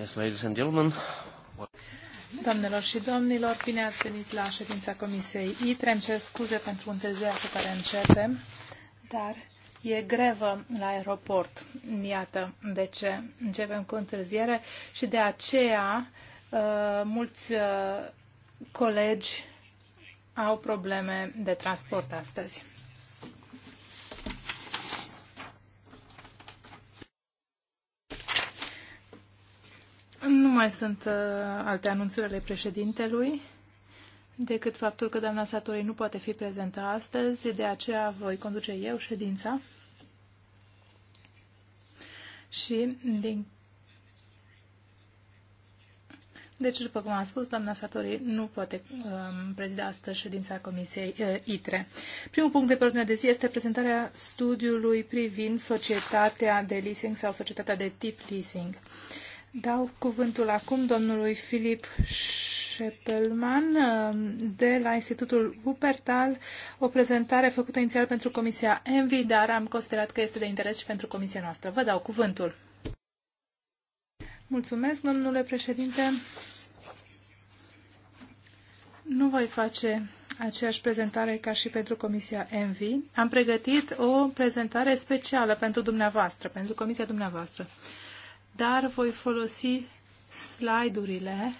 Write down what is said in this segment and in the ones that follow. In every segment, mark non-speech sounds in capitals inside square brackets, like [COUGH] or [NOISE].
Yes, ladies and gentlemen. Doamnelor și domnilor, bine ați venit la ședința Comisiei ITRE. Îmi cer scuze pentru întârzierea cu care începem, dar e grevă la aeroport. Iată de ce începem cu întârziere și de aceea uh, mulți uh, colegi au probleme de transport astăzi. mai sunt uh, alte anunțuri ale președintelui decât faptul că doamna Satori nu poate fi prezentă astăzi, de aceea voi conduce eu ședința. Și din deci, după cum am spus, doamna Satori nu poate um, prezida astăzi ședința Comisiei uh, ITRE. Primul punct de pe ordinea de zi este prezentarea studiului privind societatea de leasing sau societatea de tip leasing. Dau cuvântul acum domnului Filip Șepelman um, de la Institutul Wuppertal, o prezentare făcută inițial pentru Comisia Envi, dar am considerat că este de interes și pentru Comisia noastră. Vă dau cuvântul. Mulțumesc, domnule președinte. Nu voi face aceeași prezentare ca și pentru Comisia Envi. Am pregătit o prezentare specială pentru dumneavoastră, pentru Comisia dumneavoastră dar voi folosi slide-urile.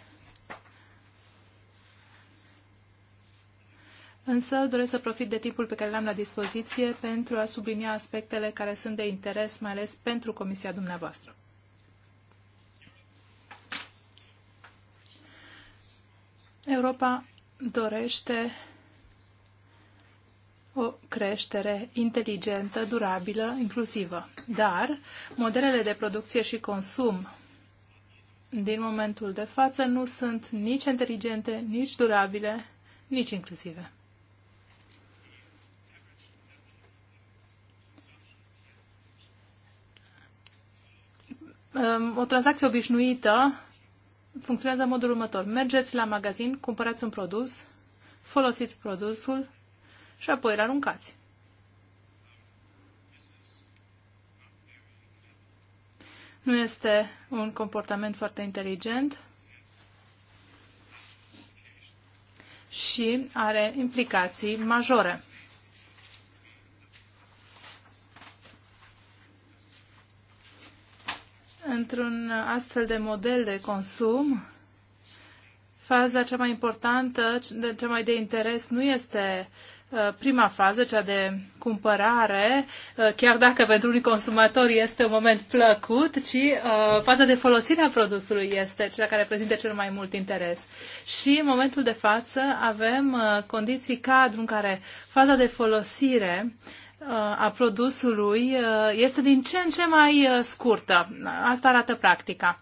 Însă doresc să profit de timpul pe care l-am la dispoziție pentru a sublinia aspectele care sunt de interes, mai ales pentru comisia dumneavoastră. Europa dorește o creștere inteligentă, durabilă, inclusivă. Dar modelele de producție și consum din momentul de față nu sunt nici inteligente, nici durabile, nici inclusive. Um, o tranzacție obișnuită funcționează în modul următor. Mergeți la magazin, cumpărați un produs, folosiți produsul, și apoi îl aruncați. Nu este un comportament foarte inteligent și are implicații majore. Într-un astfel de model de consum, faza cea mai importantă, cea mai de interes nu este Uh, prima fază, cea de cumpărare, uh, chiar dacă pentru unii consumatori este un moment plăcut, ci uh, faza de folosire a produsului este cea care prezintă cel mai mult interes. Și în momentul de față avem condiții cadru în care faza de folosire a produsului este din ce în ce mai scurtă. Asta arată practica.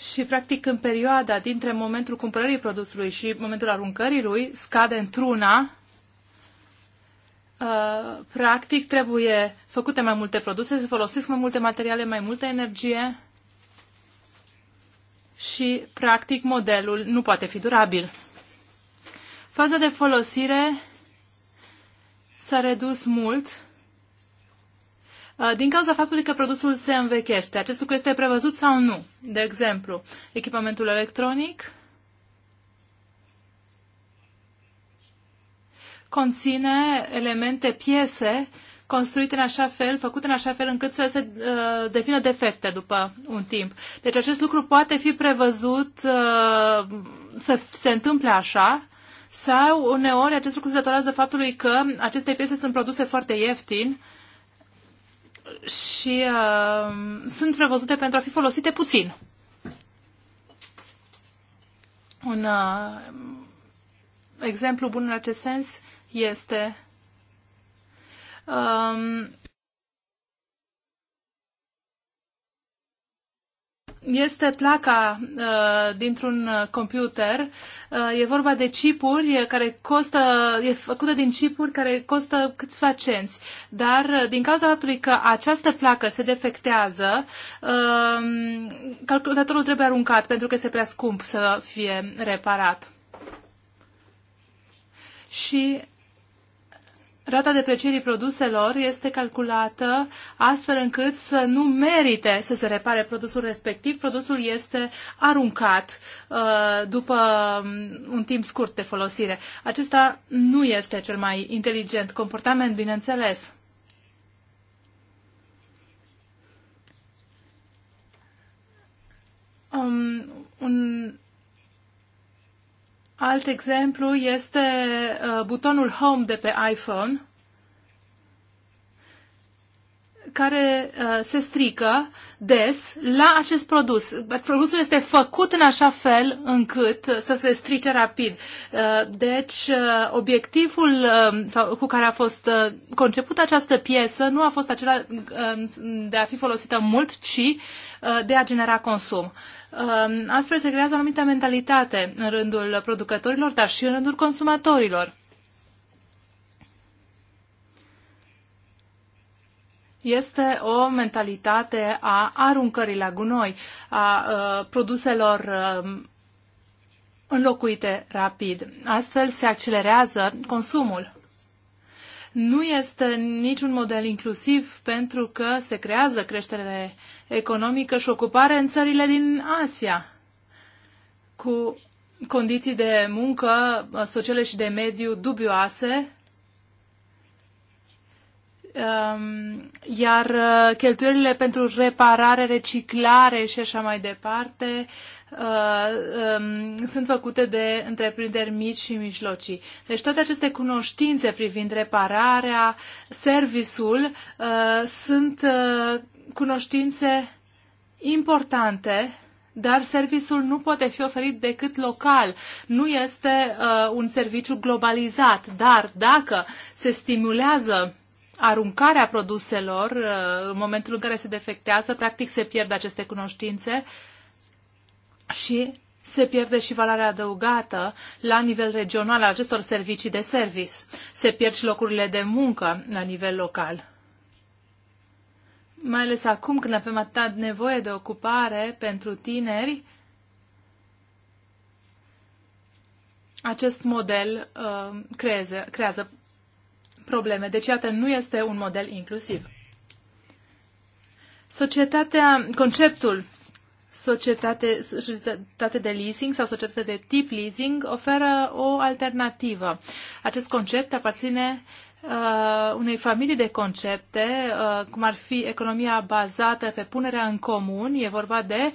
și, practic, în perioada dintre momentul cumpărării produsului și momentul aruncării lui, scade într-una. Uh, practic, trebuie făcute mai multe produse, se folosesc mai multe materiale, mai multă energie și, practic, modelul nu poate fi durabil. Faza de folosire s-a redus mult Uh, din cauza faptului că produsul se învechește. Acest lucru este prevăzut sau nu? De exemplu, echipamentul electronic conține elemente, piese construite în așa fel, făcute în așa fel încât să se uh, devină defecte după un timp. Deci acest lucru poate fi prevăzut uh, să se întâmple așa sau uneori acest lucru se datorează faptului că aceste piese sunt produse foarte ieftin și uh, sunt prevăzute pentru a fi folosite puțin. Un uh, exemplu bun în acest sens este um, este placa uh, dintr-un computer. Uh, e vorba de chipuri care costă, e făcută din chipuri care costă câțiva cenți. Dar uh, din cauza faptului că această placă se defectează, uh, calculatorul trebuie aruncat pentru că este prea scump să fie reparat. Și rata deprecierii produselor este calculată astfel încât să nu merite să se repare produsul respectiv. Produsul este aruncat uh, după um, un timp scurt de folosire. Acesta nu este cel mai inteligent comportament, bineînțeles. Um, un Alt exemplu este uh, butonul Home de pe iPhone, care uh, se strică des la acest produs. Produsul este făcut în așa fel încât uh, să se strice rapid. Deci, obiectivul cu care a fost concepută această piesă nu a fost acela de a fi folosită mult, ci de a genera consum. Um, astfel se creează o anumită mentalitate în rândul producătorilor, dar și în rândul consumatorilor. Este o mentalitate a aruncării la gunoi, a uh, produselor um, înlocuite rapid. Astfel se accelerează consumul. Nu este niciun model inclusiv pentru că se creează creștere economică și ocupare în țările din Asia, cu condiții de muncă uh, sociale și de mediu dubioase, um, iar uh, cheltuielile pentru reparare, reciclare și așa mai departe uh, um, sunt făcute de întreprinderi mici și mijlocii. Deci toate aceste cunoștințe privind repararea, servisul, uh, sunt uh, cunoștințe importante dar serviciul nu poate fi oferit decât local. Nu este uh, un serviciu globalizat, dar dacă se stimulează aruncarea produselor uh, în momentul în care se defectează, practic se pierd aceste cunoștințe uh, și se pierde și valoarea adăugată la nivel regional al acestor servicii de service. Se pierd și locurile de muncă la nivel local. Mai ales acum când avem atâta nevoie de ocupare pentru tineri, acest model uh, creeze, creează probleme. Deci, iată, nu este un model inclusiv. Societatea, conceptul societate, societate de leasing sau societate de tip leasing oferă o alternativă. Acest concept aparține uh, unei familii de concepte, uh, cum ar fi economia bazată pe punerea în comun. E vorba de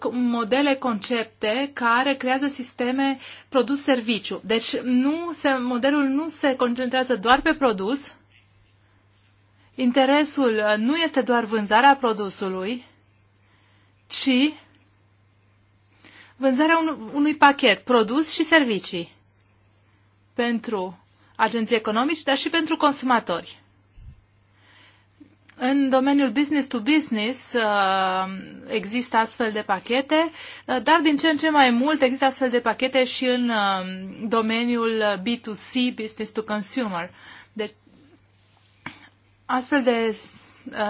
uh, modele, concepte care creează sisteme produs-serviciu. Deci nu se, modelul nu se concentrează doar pe produs, interesul uh, nu este doar vânzarea produsului, ci vânzarea un, unui pachet, produs și servicii pentru agenții economici, dar și pentru consumatori. În domeniul business to business uh, există astfel de pachete, uh, dar din ce în ce mai mult există astfel de pachete și în uh, domeniul B2C, business to consumer. Deci, astfel de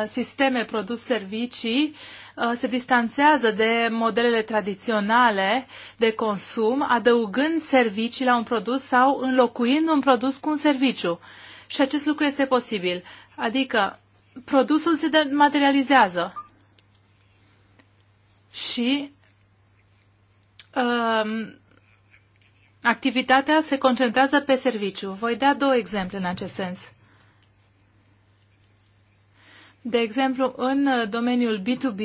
sisteme produs servicii Uh, se distanțează de modelele tradiționale de consum, adăugând servicii la un produs sau înlocuind un produs cu un serviciu. Și acest lucru este posibil. Adică produsul se materializează. Și um, activitatea se concentrează pe serviciu. Voi da două exemple în acest sens. De exemplu, în uh, domeniul B2B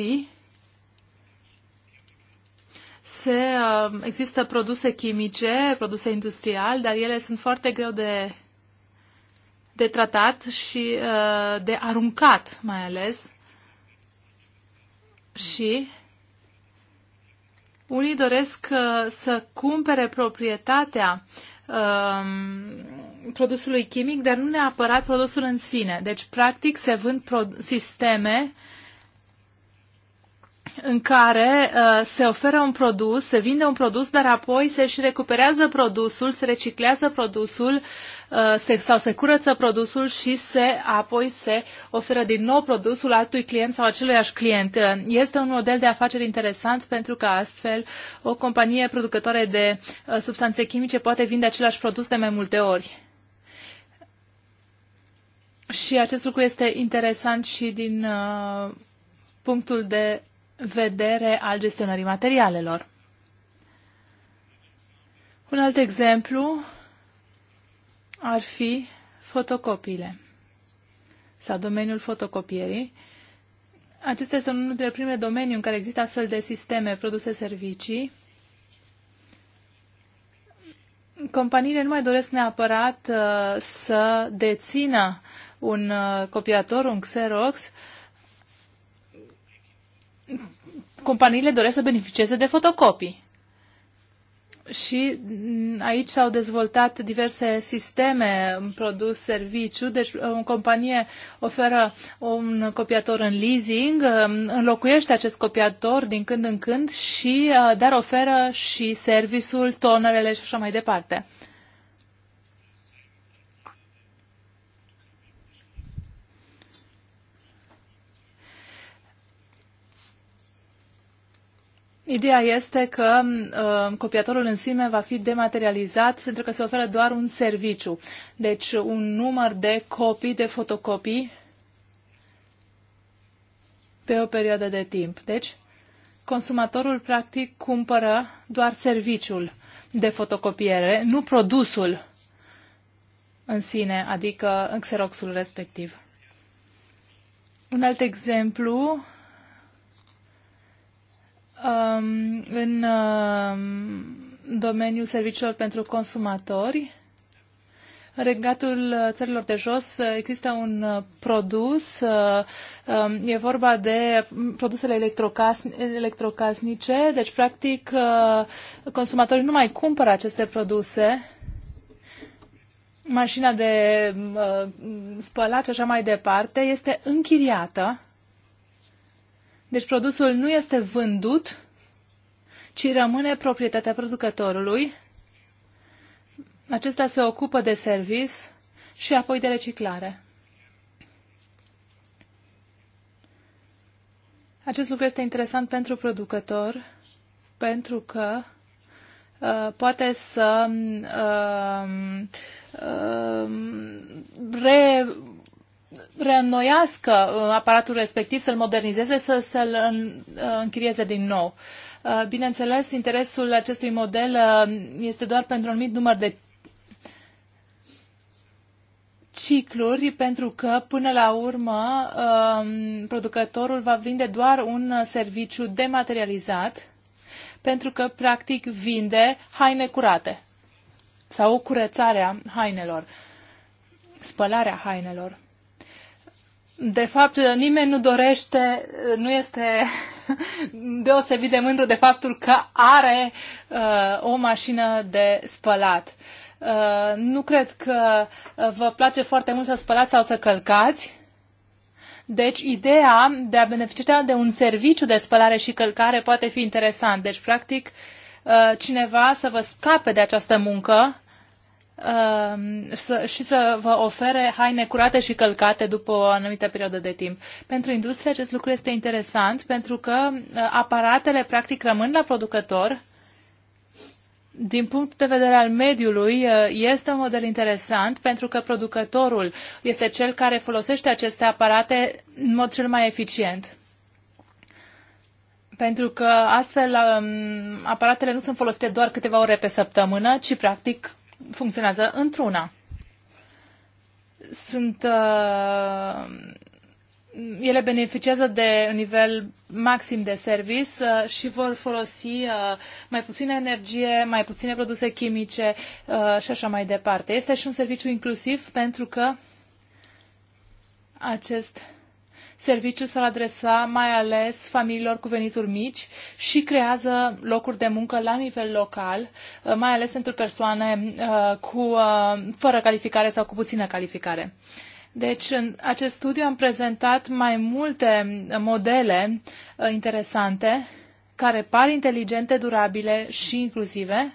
se, uh, există produse chimice, produse industriale, dar ele sunt foarte greu de, de tratat și uh, de aruncat mai ales. Și unii doresc să cumpere proprietatea um, produsului chimic, dar nu neapărat produsul în sine. Deci, practic, se vând sisteme în care uh, se oferă un produs, se vinde un produs, dar apoi se și recuperează produsul, se reciclează produsul uh, se, sau se curăță produsul și se, apoi se oferă din nou produsul altui client sau aceluiași client. Uh, este un model de afaceri interesant pentru că astfel o companie producătoare de uh, substanțe chimice poate vinde același produs de mai multe ori. Și acest lucru este interesant și din uh, punctul de vedere al gestionării materialelor. Un alt exemplu ar fi fotocopiile sau domeniul fotocopierii. Acesta este unul dintre primele domenii în care există astfel de sisteme, produse, servicii. Companiile nu mai doresc neapărat uh, să dețină un uh, copiator, un Xerox, companiile doresc să beneficieze de fotocopii. Și mm, aici s-au dezvoltat diverse sisteme, produs, serviciu, deci uh, o companie oferă un copiator în leasing, um, înlocuiește acest copiator din când în când și uh, dar oferă și serviciul, tonerele și așa mai departe. Ideea este că uh, copiatorul în sine va fi dematerializat pentru că se oferă doar un serviciu. Deci un număr de copii, de fotocopii pe o perioadă de timp. Deci consumatorul practic cumpără doar serviciul de fotocopiere, nu produsul în sine, adică xeroxul respectiv. Un alt exemplu Um, în um, domeniul serviciilor pentru consumatori. În regatul uh, țărilor de jos uh, există un uh, produs, um, e vorba de produsele electrocasnice, deci practic consumatorii nu mai cumpără aceste produse, mașina de spălat și așa mai departe este închiriată deci produsul nu este vândut, ci rămâne proprietatea producătorului. Acesta se ocupă de servis și apoi de reciclare. Acest lucru este interesant pentru producător, pentru că uh, poate să um, uh, uh, re reînnoiască uh, aparatul respectiv, să-l modernizeze, să, să-l uh, închirieze din nou. Uh, bineînțeles, interesul acestui model este doar pentru un mic număr de cicluri, pentru că, până la urmă, um, producătorul va vinde doar un serviciu dematerializat, pentru că, practic, vinde haine curate sau curățarea hainelor, spălarea hainelor de fapt, nimeni nu dorește, nu este [LAUGHS] deosebit de mândru de faptul că are uh, o mașină de spălat. Uh, nu cred că uh, vă place foarte mult să spălați sau să călcați. Deci, ideea de a beneficia de un serviciu de spălare și călcare poate fi interesant. Deci, practic, uh, cineva să vă scape de această muncă Um, să, și să vă ofere haine curate și călcate după o anumită perioadă de timp. Pentru industrie acest lucru este interesant pentru că uh, aparatele practic rămân la producător. Din punct de vedere al mediului, uh, este un model interesant pentru că producătorul este cel care folosește aceste aparate în mod cel mai eficient pentru că astfel um, aparatele nu sunt folosite doar câteva ore pe săptămână, ci practic funcționează într-una. Sunt uh, ele beneficiază de un nivel maxim de servis uh, și vor folosi uh, mai puțină energie, mai puține produse chimice uh, și așa mai departe. Este și un serviciu inclusiv pentru că acest uh, Serviciul s-ar adresa mai ales familiilor cu venituri mici și creează locuri de muncă la nivel local, uh, mai ales pentru persoane uh, cu, uh, fără calificare sau cu puțină calificare. Deci, în acest studiu am prezentat mai multe modele interesante care par inteligente, durabile și inclusive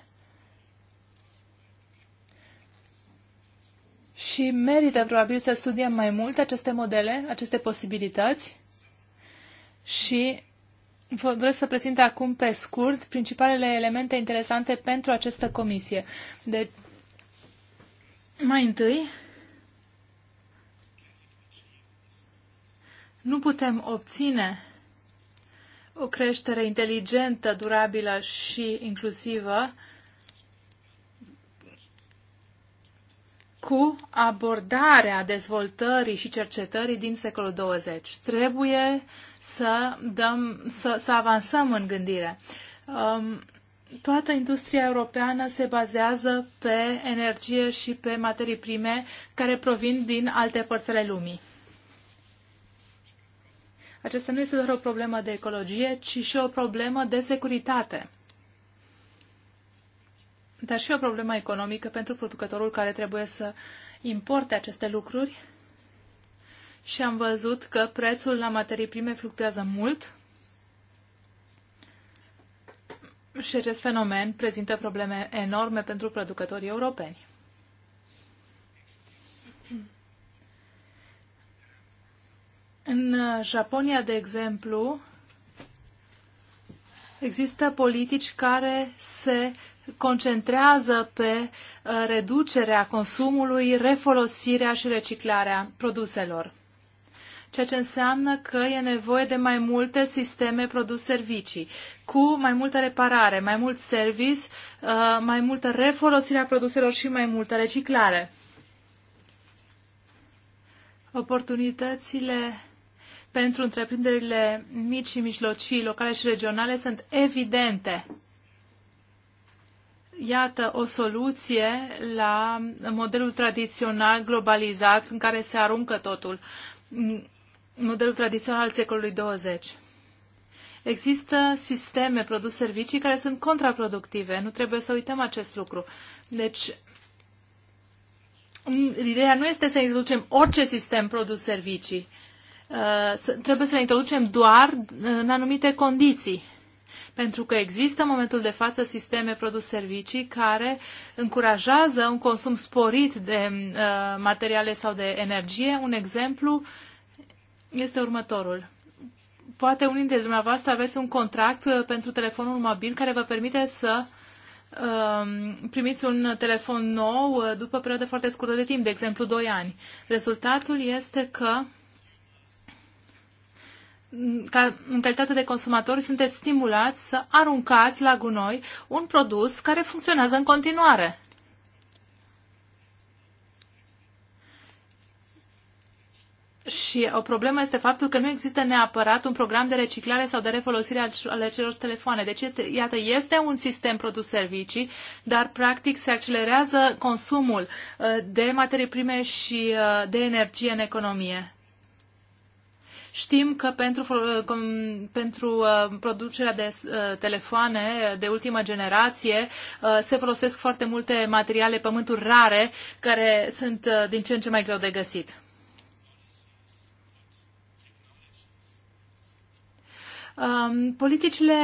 și merită probabil să studiem mai mult aceste modele, aceste posibilități și vă doresc să prezint acum pe scurt principalele elemente interesante pentru această comisie. De... Mai întâi, nu putem obține o creștere inteligentă, durabilă și inclusivă cu abordarea dezvoltării și cercetării din secolul 20. Trebuie să, dăm, să, să avansăm în gândire. Um, toată industria europeană se bazează pe energie și pe materii prime care provin din alte părți ale lumii. Aceasta nu este doar o problemă de ecologie, ci și o problemă de securitate dar și o problemă economică pentru producătorul care trebuie să importe aceste lucruri. Și am văzut că prețul la materii prime fluctuează mult și acest fenomen prezintă probleme enorme pentru producătorii europeni. În Japonia, de exemplu, există politici care se concentrează pe uh, reducerea consumului, refolosirea și reciclarea produselor. Ceea ce înseamnă că e nevoie de mai multe sisteme produs-servicii, cu mai multă reparare, mai mult service, uh, mai multă refolosire a produselor și mai multă reciclare. Oportunitățile pentru întreprinderile mici și mijlocii, locale și regionale sunt evidente iată o soluție la modelul tradițional globalizat în care se aruncă totul, modelul tradițional al secolului 20. Există sisteme, produs servicii care sunt contraproductive. Nu trebuie să uităm acest lucru. Deci, ideea nu este să introducem orice sistem, produs servicii. Uh, trebuie să le introducem doar uh, în anumite condiții. Pentru că există în momentul de față sisteme produs-servicii care încurajează un consum sporit de uh, materiale sau de energie. Un exemplu este următorul poate unii dintre dumneavoastră aveți un contract uh, pentru telefonul mobil care vă permite să um, primiți un telefon nou uh, după perioadă foarte scurtă de timp, de exemplu 2 ani. Rezultatul este că ca, în calitate de consumatori, sunteți stimulați să aruncați la gunoi un produs care funcționează în continuare. Și o problemă este faptul că nu există neapărat un program de reciclare sau de refolosire al acelor telefoane. Deci, iată, este un sistem produs-servicii, dar practic se accelerează consumul uh, de materii prime și uh, de energie în economie. Știm că pentru, uh, pentru uh, producerea de uh, telefoane de ultimă generație se folosesc foarte multe materiale, pământuri rare, care sunt din ce în ce mai greu de găsit. Um, politicile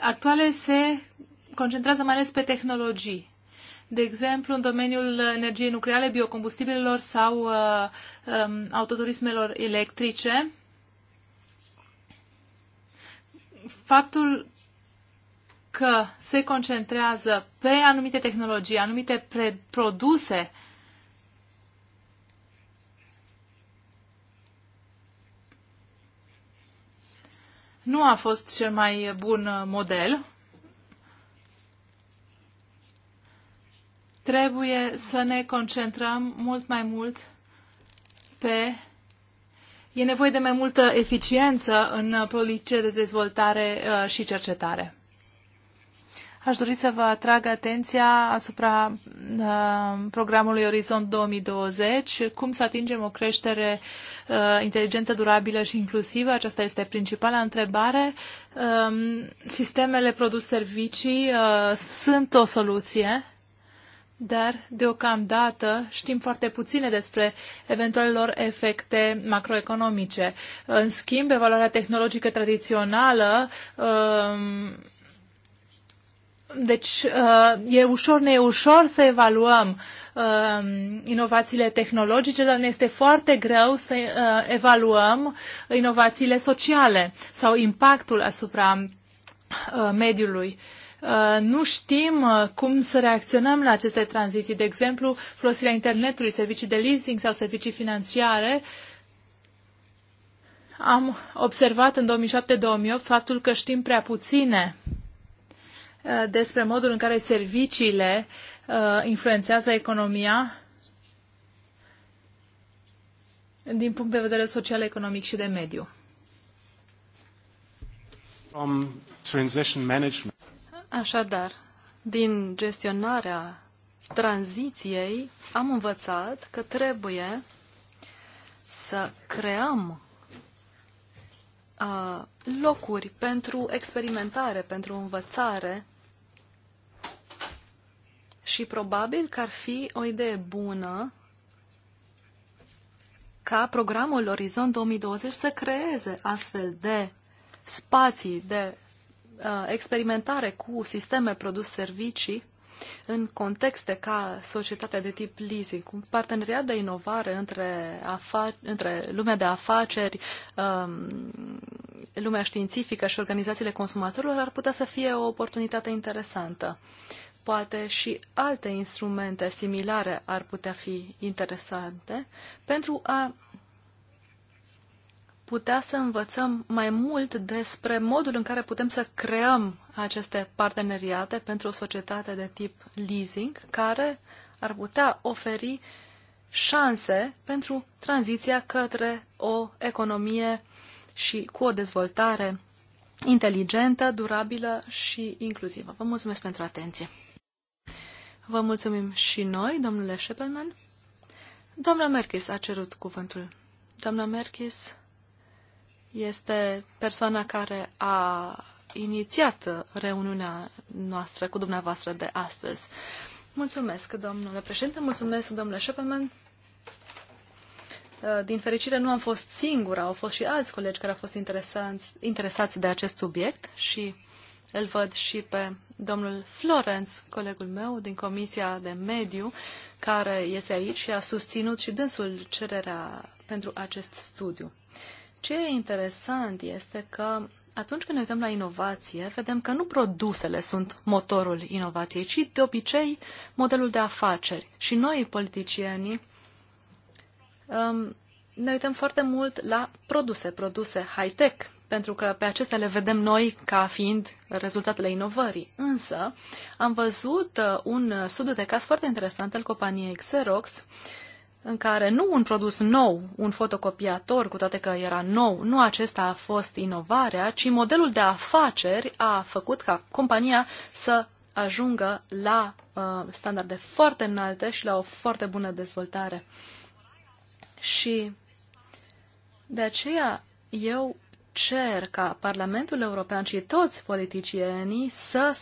actuale se concentrează mai ales pe tehnologii de exemplu, în domeniul energiei nucleare, biocombustibililor sau uh, um, autoturismelor electrice. Faptul că se concentrează pe anumite tehnologii, anumite produse nu a fost cel mai bun uh, model Trebuie să ne concentrăm mult mai mult pe E nevoie de mai multă eficiență în politice de dezvoltare uh, și cercetare. Aș dori să vă atrag atenția asupra uh, programului Orizont 2020, cum să atingem o creștere uh, inteligentă, durabilă și inclusivă. Aceasta este principala întrebare. Um, sistemele produs servicii sunt o soluție dar deocamdată știm foarte puține despre eventualelor efecte macroeconomice. În schimb, evaluarea tehnologică tradițională um, deci uh, e ușor, ne e ușor să evaluăm um, inovațiile tehnologice, dar ne este foarte greu să uh, evaluăm inovațiile sociale sau impactul asupra uh, mediului. Uh, nu știm uh, cum să reacționăm la aceste tranziții. De exemplu, folosirea internetului, servicii de leasing sau servicii financiare. Am observat în 2007-2008 faptul că știm prea puține uh, despre modul în care serviciile influențează economia din punct de vedere social, economic și de mediu. From transition management. Așadar, din gestionarea tranziției am învățat că trebuie să creăm uh, locuri pentru experimentare, pentru învățare și probabil că ar fi o idee bună ca programul Orizont 2020 să creeze astfel de spații de Uh, experimentare cu sisteme produs-servicii în contexte ca societatea de tip leasing, cu parteneriat de inovare între, între lumea de afaceri, um, lumea științifică și organizațiile consumatorilor ar putea să fie o oportunitate interesantă. Poate și alte instrumente similare ar putea fi interesante pentru a putea să învățăm mai mult despre modul în care putem să creăm aceste parteneriate pentru o societate de tip leasing, care ar putea oferi șanse pentru tranziția către o economie și cu o dezvoltare inteligentă, durabilă și inclusivă. Vă mulțumesc pentru atenție. Vă mulțumim și noi, domnule Sheppelman. Doamna Merkis a cerut cuvântul. Doamna Merkis, este persoana care a inițiat reuniunea noastră cu dumneavoastră de astăzi. Mulțumesc, domnule președinte, mulțumesc, domnule Șepeman. Uh, din fericire nu am fost singura, au fost și alți colegi care au fost interesați de acest subiect și îl văd și pe domnul Florence, colegul meu din Comisia de Mediu, care este aici și a susținut și dânsul cererea pentru acest studiu. Ce e interesant este că atunci când ne uităm la inovație, vedem că nu produsele sunt motorul inovației, ci de obicei modelul de afaceri. Și noi, politicienii, um, ne uităm foarte mult la produse, produse high-tech, pentru că pe acestea le vedem noi ca fiind rezultatele inovării. Însă, am văzut uh, un studiu de caz foarte interesant al companiei Xerox, în care nu un produs nou, un fotocopiator, cu toate că era nou, nu acesta a fost inovarea, ci modelul de afaceri a făcut ca compania să ajungă la uh, standarde foarte înalte și la o foarte bună dezvoltare. Și de aceea eu cer ca Parlamentul European și toți politicienii să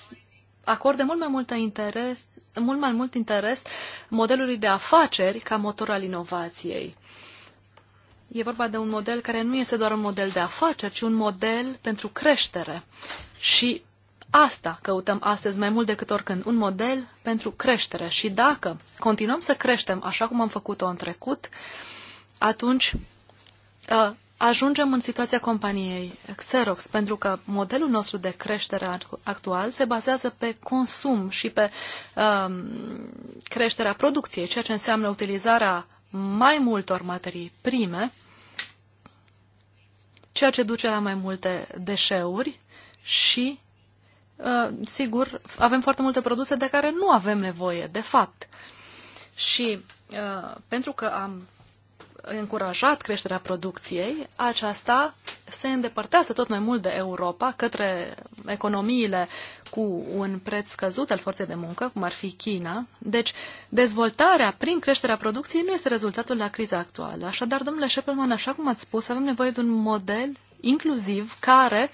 acorde mult mai, mult interes, mult mai mult interes modelului de afaceri ca motor al inovației. E vorba de un model care nu este doar un model de afaceri, ci un model pentru creștere. Și asta căutăm astăzi mai mult decât oricând, un model pentru creștere. Și dacă continuăm să creștem așa cum am făcut-o în trecut, atunci uh, ajungem în situația companiei Xerox, pentru că modelul nostru de creștere actual se bazează pe consum și pe um, creșterea producției, ceea ce înseamnă utilizarea mai multor materii prime, ceea ce duce la mai multe deșeuri și, uh, sigur, avem foarte multe produse de care nu avem nevoie, de fapt. Și uh, pentru că am încurajat creșterea producției, aceasta se îndepărtează tot mai mult de Europa către economiile cu un preț scăzut al forței de muncă, cum ar fi China. Deci, dezvoltarea prin creșterea producției nu este rezultatul la criza actuală. Așadar, domnule Șepelman, așa cum ați spus, avem nevoie de un model inclusiv care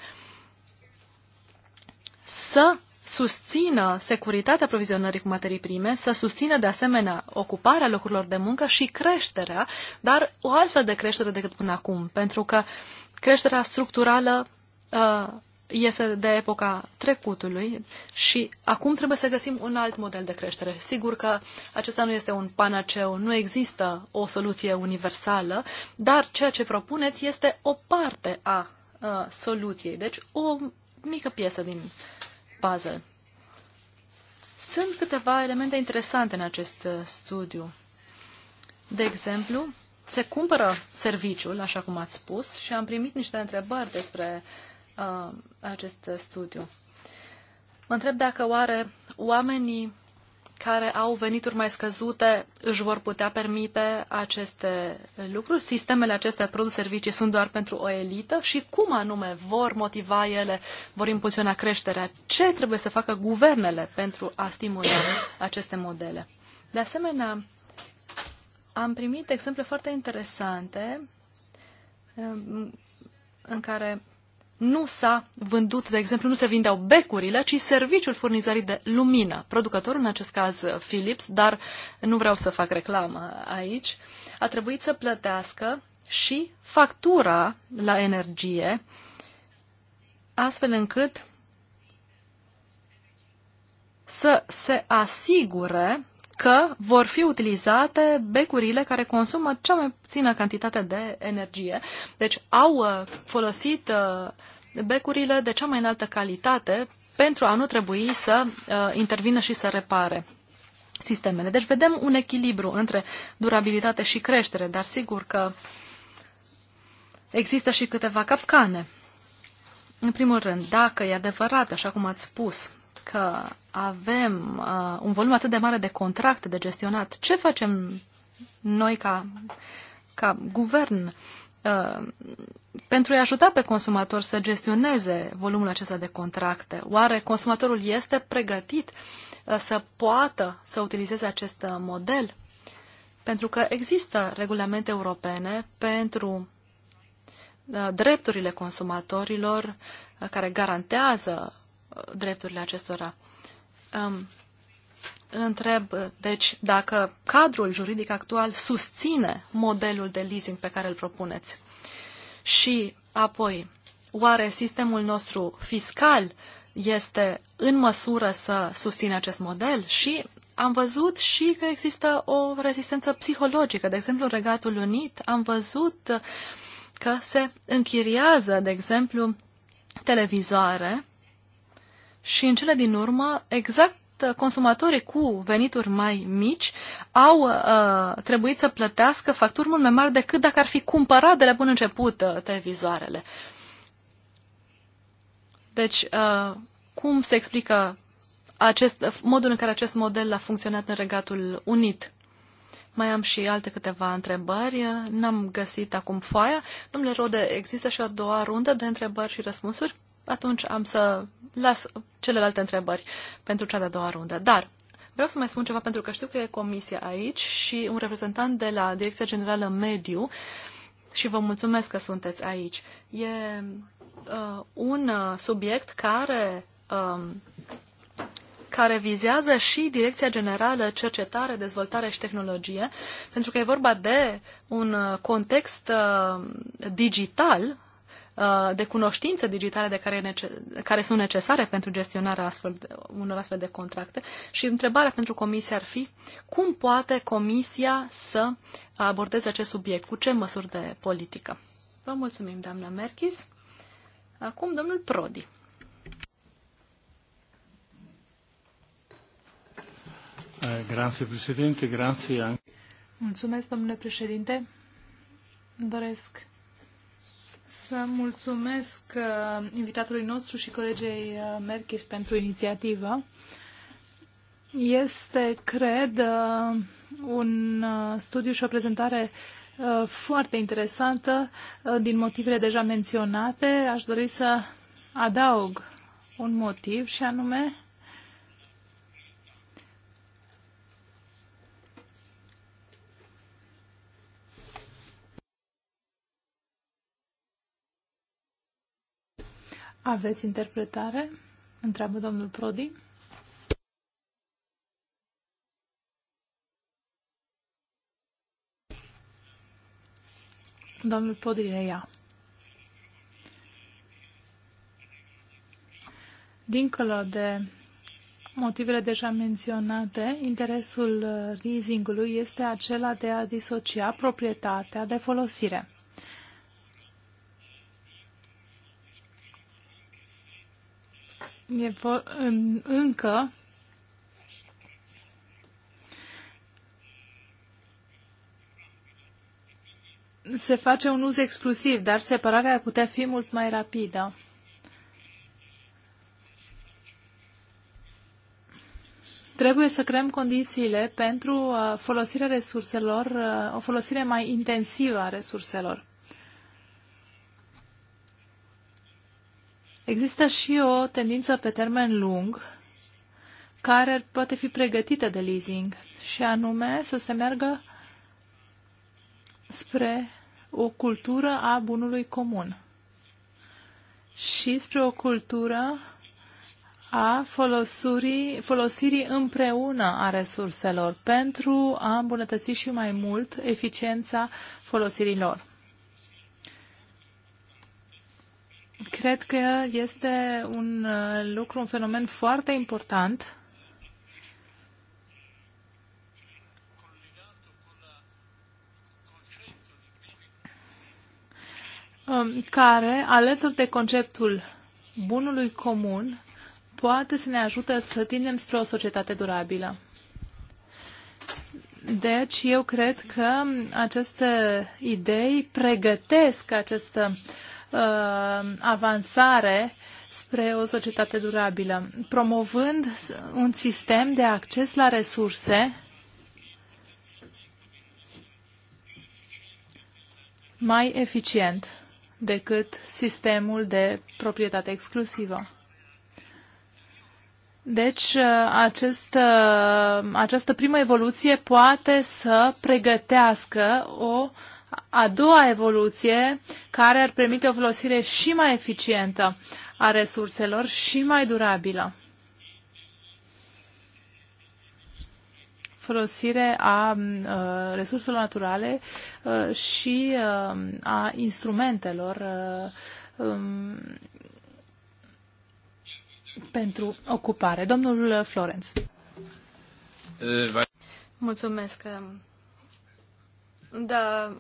să susțină securitatea provizionării cu materii prime, să susțină de asemenea ocuparea locurilor de muncă și creșterea, dar o altfel de creștere decât până acum, pentru că creșterea structurală uh, este de epoca trecutului și acum trebuie să găsim un alt model de creștere. Sigur că acesta nu este un panaceu, nu există o soluție universală, dar ceea ce propuneți este o parte a uh, soluției, deci o mică piesă din puzzle. Sunt câteva elemente interesante în acest uh, studiu. De exemplu, se cumpără serviciul, așa cum ați spus, și am primit niște întrebări despre uh, acest studiu. Mă întreb dacă oare oamenii care au venituri mai scăzute își vor putea permite aceste lucruri? Sistemele acestea produs servicii sunt doar pentru o elită și cum anume vor motiva ele, vor impulsiona creșterea? Ce trebuie să facă guvernele pentru a stimula [COUGHS] aceste modele? De asemenea, am primit exemple foarte interesante um, în care nu s-a vândut, de exemplu, nu se vindeau becurile, ci serviciul furnizării de lumină. Producătorul, în acest caz Philips, dar nu vreau să fac reclamă aici, a trebuit să plătească și factura la energie, astfel încât să se asigure că vor fi utilizate becurile care consumă cea mai puțină cantitate de energie. Deci au uh, folosit uh, becurile de cea mai înaltă calitate pentru a nu trebui să uh, intervină și să repare sistemele. Deci vedem un echilibru între durabilitate și creștere, dar sigur că există și câteva capcane. În primul rând, dacă e adevărat, așa cum ați spus, că avem uh, un volum atât de mare de contracte de gestionat, ce facem noi ca, ca guvern uh, pentru a-i ajuta pe consumator să gestioneze volumul acesta de contracte? Oare consumatorul este pregătit uh, să poată să utilizeze acest uh, model? Pentru că există regulamente europene pentru uh, drepturile consumatorilor uh, care garantează uh, drepturile acestora um, întreb, deci, dacă cadrul juridic actual susține modelul de leasing pe care îl propuneți. Și apoi, oare sistemul nostru fiscal este în măsură să susține acest model? Și am văzut și că există o rezistență psihologică. De exemplu, în Regatul Unit am văzut că se închiriază, de exemplu, televizoare și în cele din urmă, exact consumatorii cu venituri mai mici au uh, trebuit să plătească facturi mult mai mari decât dacă ar fi cumpărat de la bun început uh, televizoarele. Deci, uh, cum se explică acest, modul în care acest model a funcționat în Regatul Unit? Mai am și alte câteva întrebări. N-am găsit acum foaia. Domnule Rode, există și o a doua rundă de întrebări și răspunsuri? atunci am să las celelalte întrebări pentru cea de-a doua rundă. Dar vreau să mai spun ceva pentru că știu că e comisia aici și un reprezentant de la Direcția Generală Mediu și vă mulțumesc că sunteți aici. E uh, un uh, subiect care um, care vizează și Direcția Generală Cercetare, Dezvoltare și Tehnologie, pentru că e vorba de un uh, context uh, digital Uh, de cunoștințe digitale de care, care sunt necesare pentru gestionarea astfel de, unor astfel de contracte. Și întrebarea pentru comisie ar fi cum poate comisia să abordeze acest subiect, cu ce măsuri de politică. Vă mulțumim, doamna Merchis. Acum, domnul Prodi. Eh, grazie, președinte, grazie. Mulțumesc, domnule președinte. Doresc să mulțumesc uh, invitatului nostru și colegei uh, Merchis pentru inițiativă. Este, cred, uh, un studiu și o prezentare foarte interesantă din motivele deja menționate. Aș dori să adaug un motiv și anume Aveți interpretare? Întreabă domnul Prodi. Domnul Prodi reia. Dincolo de motivele deja menționate, interesul leasingului este acela de a disocia proprietatea de folosire. e încă se face un uz exclusiv, dar separarea ar putea fi mult mai rapidă. Trebuie să creăm condițiile pentru uh, folosirea resurselor, uh, o folosire mai intensivă a resurselor. Există și o tendință pe termen lung care poate fi pregătită de leasing și anume să se meargă spre o cultură a bunului comun și spre o cultură a folosirii, folosirii împreună a resurselor pentru a îmbunătăți și mai mult eficiența folosirii lor. Cred că este un uh, lucru, un fenomen foarte important um, care, alături de conceptul bunului comun, poate să ne ajute să tindem spre o societate durabilă. Deci, eu cred că aceste idei pregătesc această uh, Uh, avansare spre o societate durabilă, promovând un sistem de acces la resurse mai eficient decât sistemul de proprietate exclusivă. Deci, uh, acest, uh, această primă evoluție poate să pregătească o a doua evoluție care ar permite o folosire și mai eficientă a resurselor și mai durabilă. Folosire a uh, resurselor naturale uh, și uh, a instrumentelor uh, um, pentru ocupare. Domnul Florenț. Uh, Mulțumesc. Um, da,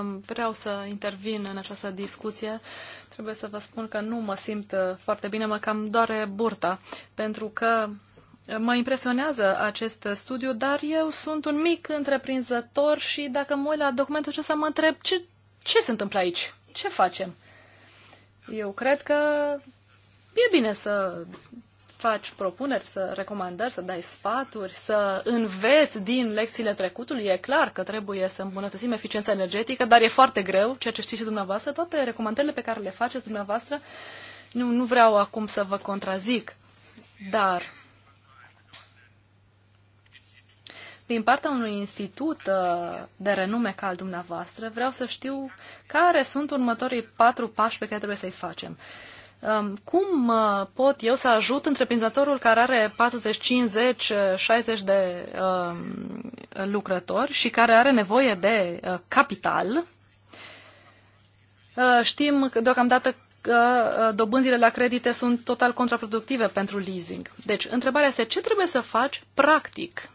um, vreau să intervin în această discuție. Trebuie să vă spun că nu mă simt uh, foarte bine, mă cam doare burta, pentru că uh, mă impresionează acest studiu, dar eu sunt un mic întreprinzător și dacă mă uit la documentul acesta mă întreb ce, ce se întâmplă aici? Ce facem? Eu cred că e bine să faci propuneri, să recomandări, să dai sfaturi, să înveți din lecțiile trecutului. E clar că trebuie să îmbunătățim eficiența energetică, dar e foarte greu, ceea ce știți și dumneavoastră. Toate recomandările pe care le faceți dumneavoastră, nu, nu vreau acum să vă contrazic, dar din partea unui institut uh, de renume ca al dumneavoastră, vreau să știu care sunt următorii patru pași pe care trebuie să-i facem. Um, cum uh, pot eu să ajut întreprinzătorul care are 40, 50, 60 de um, lucrători și care are nevoie de uh, capital? Uh, știm deocamdată că dobânzile la credite sunt total contraproductive pentru leasing. Deci, întrebarea este ce trebuie să faci practic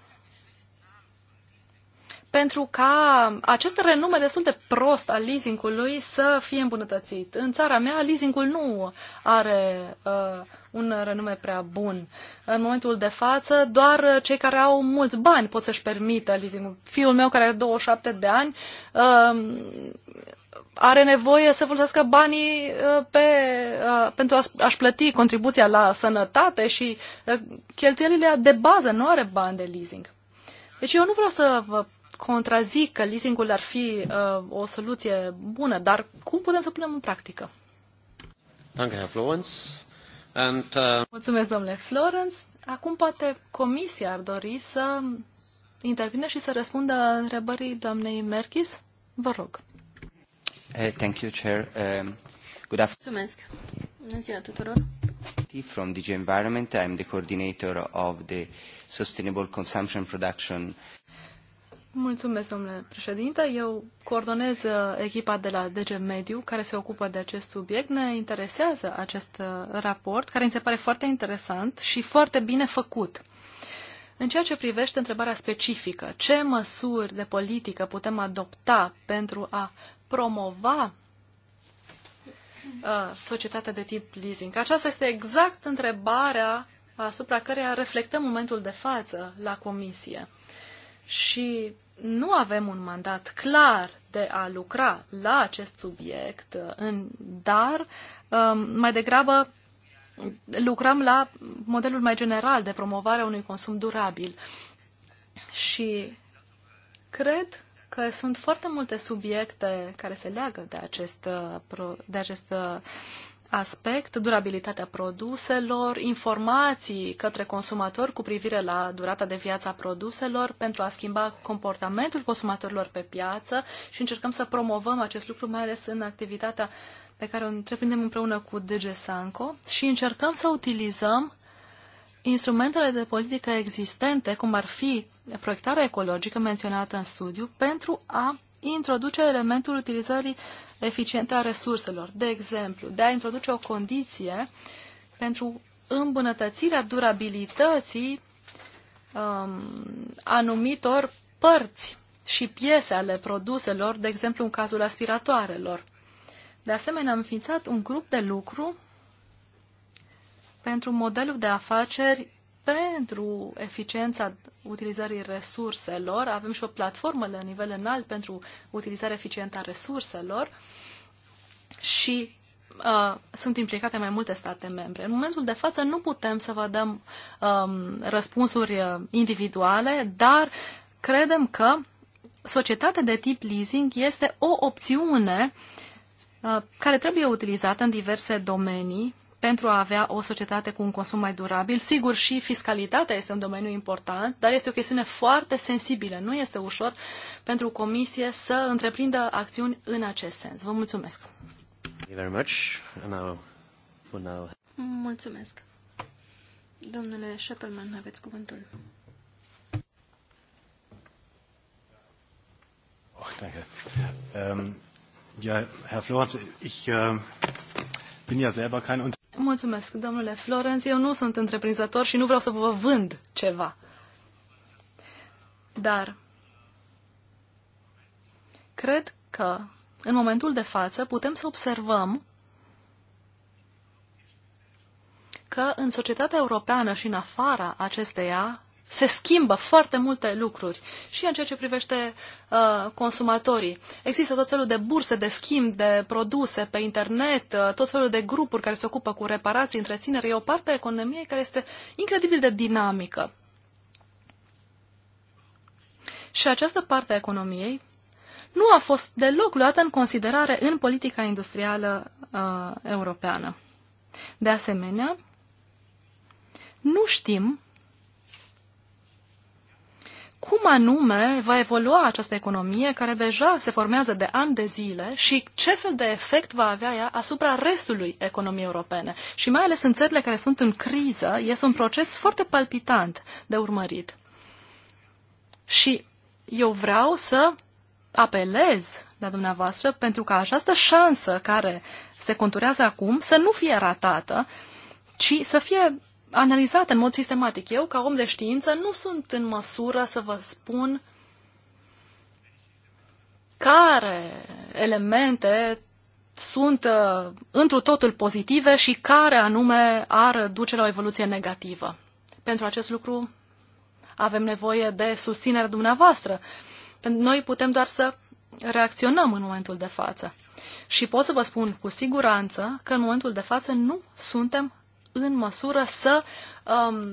pentru ca acest renume destul de prost al leasingului să fie îmbunătățit. În țara mea, leasingul nu are uh, un renume prea bun. În momentul de față, doar cei care au mulți bani pot să-și permită leasingul. Fiul meu, care are 27 de ani, uh, are nevoie să folosească banii uh, pe, uh, pentru a-și plăti contribuția la sănătate și uh, cheltuielile de bază, nu are bani de leasing. Deci eu nu vreau să vă contrazic că leasingul ar fi uh, o soluție bună, dar cum putem să punem în practică? Danke, Herr Florence. And, uh... Mulțumesc, domnule Florence. Acum poate comisia ar dori să intervine și să răspundă întrebării doamnei Merkis. Vă rog. Uh, thank you, Chair. Um, good Mulțumesc. Bună ziua tuturor. From DG Environment, I'm the coordinator of the Sustainable Consumption Production Mulțumesc, domnule președinte. Eu coordonez uh, echipa de la DG Mediu care se ocupă de acest subiect. Ne interesează acest uh, raport, care mi se pare foarte interesant și foarte bine făcut. În ceea ce privește întrebarea specifică, ce măsuri de politică putem adopta pentru a promova uh, societatea de tip leasing? Aceasta este exact întrebarea asupra căreia reflectăm momentul de față la comisie. Și nu avem un mandat clar de a lucra la acest subiect, uh, în, dar um, mai degrabă lucrăm la modelul mai general de promovare a unui consum durabil. Și cred că sunt foarte multe subiecte care se leagă de acest, uh, de acest uh, aspect, durabilitatea produselor, informații către consumator cu privire la durata de viață a produselor pentru a schimba comportamentul consumatorilor pe piață și încercăm să promovăm acest lucru, mai ales în activitatea pe care o întreprindem împreună cu DG Sanco și încercăm să utilizăm instrumentele de politică existente, cum ar fi proiectarea ecologică menționată în studiu, pentru a introduce elementul utilizării eficiente a resurselor. De exemplu, de a introduce o condiție pentru îmbunătățirea durabilității um, anumitor părți și piese ale produselor, de exemplu în cazul aspiratoarelor. De asemenea, am înființat un grup de lucru pentru modelul de afaceri pentru eficiența utilizării resurselor, avem și o platformă la nivel înalt pentru utilizarea eficientă a resurselor și uh, sunt implicate mai multe state membre. În momentul de față nu putem să vă dăm um, răspunsuri uh, individuale, dar credem că societatea de tip leasing este o opțiune uh, care trebuie utilizată în diverse domenii pentru a avea o societate cu un consum mai durabil. Sigur, și fiscalitatea este un domeniu important, dar este o chestiune foarte sensibilă. Nu este ușor pentru Comisie să întreprindă acțiuni în acest sens. Vă mulțumesc! Mulțumesc! Domnule Sheppelman, aveți cuvântul. Oh, danke. Ähm, ja, Herr Florenz, ich äh, bin ja selber kein Unternehmer. Mulțumesc, domnule Florenz. Eu nu sunt întreprinzător și nu vreau să vă vând ceva. Dar cred că în momentul de față putem să observăm că în societatea europeană și în afara acesteia se schimbă foarte multe lucruri și în ceea ce privește uh, consumatorii. Există tot felul de burse de schimb de produse pe internet, uh, tot felul de grupuri care se ocupă cu reparații, întreținere. E o parte a economiei care este incredibil de dinamică. Și această parte a economiei nu a fost deloc luată în considerare în politica industrială uh, europeană. De asemenea, nu știm cum anume va evolua această economie care deja se formează de ani de zile și ce fel de efect va avea ea asupra restului economiei europene. Și mai ales în țările care sunt în criză, este un proces foarte palpitant de urmărit. Și eu vreau să apelez la dumneavoastră pentru ca această șansă care se conturează acum să nu fie ratată, ci să fie analizat în mod sistematic. Eu, ca om de știință, nu sunt în măsură să vă spun care elemente sunt uh, întru totul pozitive și care anume ar duce la o evoluție negativă. Pentru acest lucru avem nevoie de susținerea dumneavoastră. Noi putem doar să reacționăm în momentul de față. Și pot să vă spun cu siguranță că în momentul de față nu suntem în măsură să um,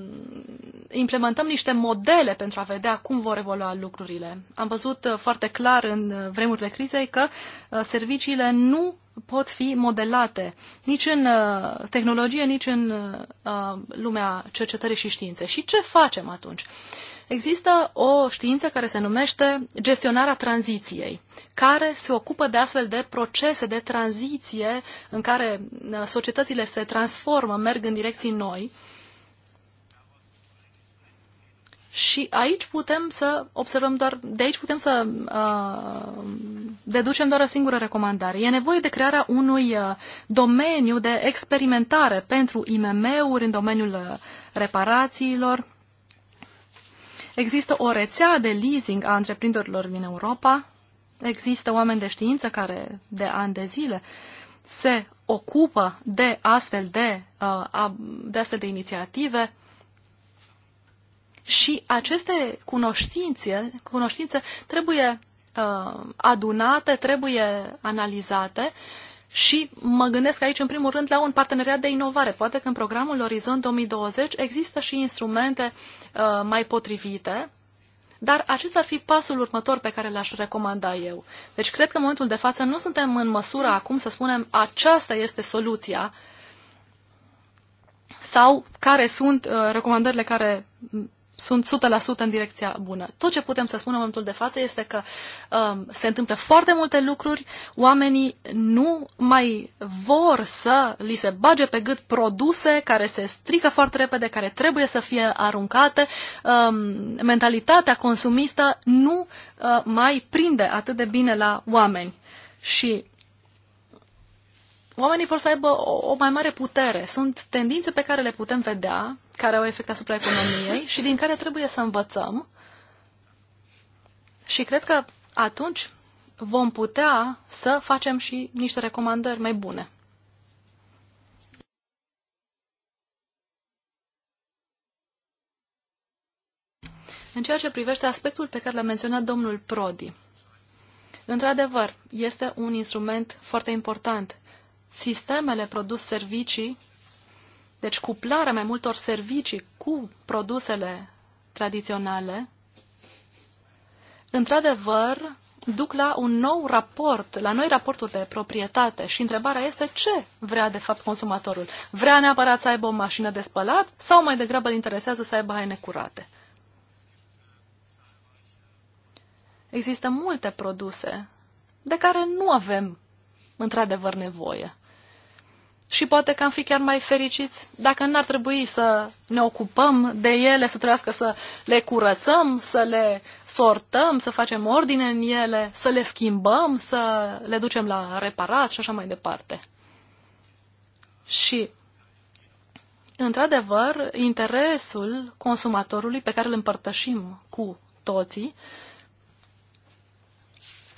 implementăm niște modele pentru a vedea cum vor evolua lucrurile. Am văzut uh, foarte clar în uh, vremurile crizei că uh, serviciile nu pot fi modelate nici în tehnologie, nici în lumea cercetării și științe. Și ce facem atunci? Uh, Există o știință care se numește gestionarea tranziției, care se ocupă de astfel de procese de tranziție în care uh, societățile se transformă, merg în direcții noi. Și aici putem să observăm doar, de aici putem să uh, deducem doar o singură recomandare. E nevoie de crearea unui uh, domeniu de experimentare pentru IMM-uri în domeniul uh, reparațiilor, Există o rețea de leasing a întreprinderilor din Europa. Există oameni de știință care de ani de zile se ocupă de astfel de, uh, de astfel de inițiative și aceste cunoștințe, cunoștințe trebuie uh, adunate, trebuie analizate și mă gândesc aici, în primul rând, la un parteneriat de inovare. Poate că în programul Orizont 2020 există și instrumente uh, mai potrivite, dar acesta ar fi pasul următor pe care l-aș recomanda eu. Deci cred că în momentul de față nu suntem în măsură acum să spunem aceasta este soluția sau care sunt uh, recomandările care sunt 100% în direcția bună. Tot ce putem să spunem în momentul de față este că um, se întâmplă foarte multe lucruri, oamenii nu mai vor să li se bage pe gât produse care se strică foarte repede, care trebuie să fie aruncate. Um, mentalitatea consumistă nu uh, mai prinde atât de bine la oameni. Și oamenii vor să aibă o, o mai mare putere. Sunt tendințe pe care le putem vedea, care au efect asupra economiei și din care trebuie să învățăm. Și cred că atunci vom putea să facem și niște recomandări mai bune. În ceea ce privește aspectul pe care l-a menționat domnul Prodi, într-adevăr, este un instrument foarte important sistemele produs-servicii, deci cuplarea mai multor servicii cu produsele tradiționale, într-adevăr, duc la un nou raport, la noi raporturi de proprietate și întrebarea este ce vrea de fapt consumatorul. Vrea neapărat să aibă o mașină de spălat sau mai degrabă îl interesează să aibă haine curate? Există multe produse de care nu avem într-adevăr nevoie și poate că am fi chiar mai fericiți dacă n-ar trebui să ne ocupăm de ele, să trebuiască să le curățăm, să le sortăm, să facem ordine în ele, să le schimbăm, să le ducem la reparat și așa mai departe. Și, într-adevăr, interesul consumatorului pe care îl împărtășim cu toții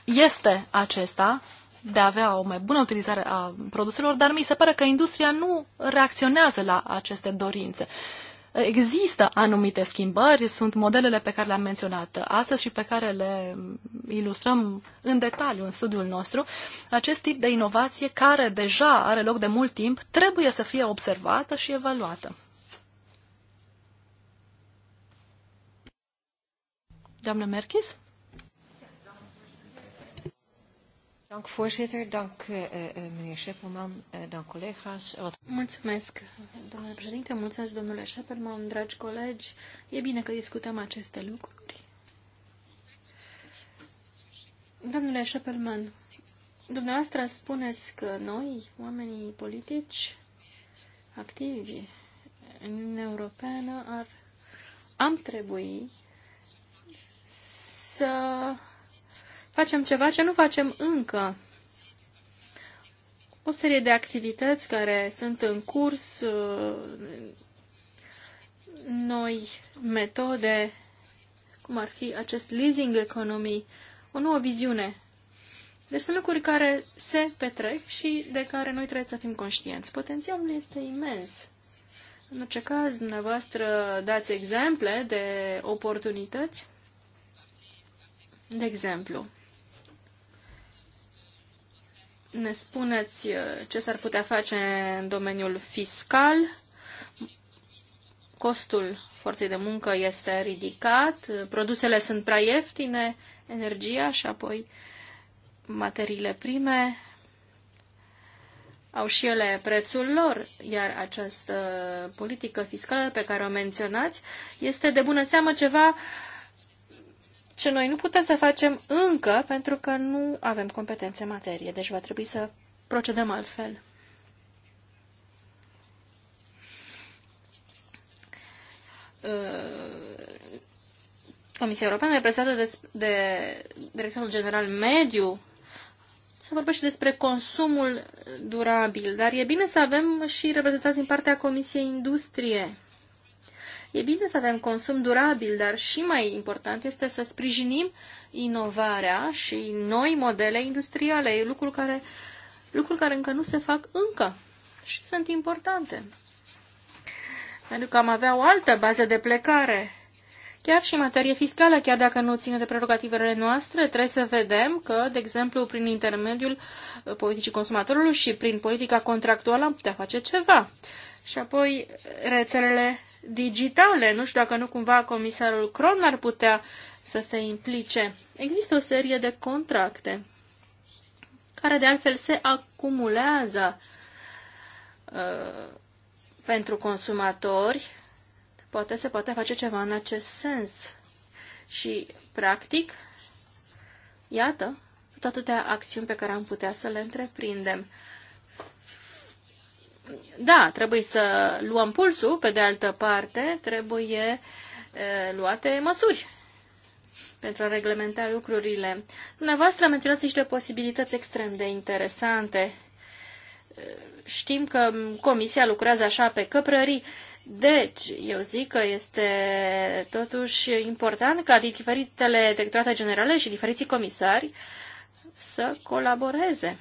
este acesta de a avea o mai bună utilizare a produselor, dar mi se pare că industria nu reacționează la aceste dorințe. Există anumite schimbări, sunt modelele pe care le-am menționat astăzi și pe care le ilustrăm în detaliu în studiul nostru. Acest tip de inovație, care deja are loc de mult timp, trebuie să fie observată și evaluată. Doamnă Merchis? Dank, voorzitter. Dank, uh, meneer Seppelman. Uh, eh, dank, collega's. Wat... Mulțumesc, domnule președinte. Mulțumesc, domnule Seppelman, dragi colegi. E bine că discutăm aceste lucruri. Domnule Seppelman, dumneavoastră spuneți că noi, oamenii politici, activi în Uniunea Europeană, ar, am trebui să facem ceva ce nu facem încă. O serie de activități care sunt în curs, uh, noi metode, cum ar fi acest leasing economy, o nouă viziune. Deci sunt lucruri care se petrec și de care noi trebuie să fim conștienți. Potențialul este imens. În orice caz, dumneavoastră dați exemple de oportunități. De exemplu, ne spuneți uh, ce s-ar putea face în domeniul fiscal. Costul forței de muncă este ridicat, produsele sunt prea ieftine, energia și apoi materiile prime au și ele prețul lor, iar această politică fiscală pe care o menționați este de bună seamă ceva uh, ce noi nu putem să facem încă pentru că nu avem competențe în materie, deci va trebui să procedăm altfel. Uh, Comisia Europeană, reprezentată de, de Directorul General Mediu, se vorbește despre consumul durabil, dar e bine să avem și reprezentați din partea Comisiei Industrie E bine să avem consum durabil, dar și mai important este să sprijinim inovarea și noi modele industriale, e lucruri care, lucruri care încă nu se fac încă și sunt importante. Pentru că am avea o altă bază de plecare. Chiar și în materie fiscală, chiar dacă nu ține de prerogativele noastre, trebuie să vedem că, de exemplu, prin intermediul politicii consumatorului și prin politica contractuală am putea face ceva. Și apoi rețelele digitale. Nu știu dacă nu cumva comisarul Cron ar putea să se implice. Există o serie de contracte care de altfel se acumulează uh, pentru consumatori. Poate se poate face ceva în acest sens. Și, practic, iată, tot atâtea acțiuni pe care am putea să le întreprindem da, trebuie să luăm pulsul, pe de altă parte, trebuie luate măsuri pentru a reglementa lucrurile. Dumneavoastră menționați niște posibilități extrem de interesante. Știm că comisia lucrează așa pe căprării, deci eu zic că este totuși important ca diferitele directorate generale și diferiții comisari să colaboreze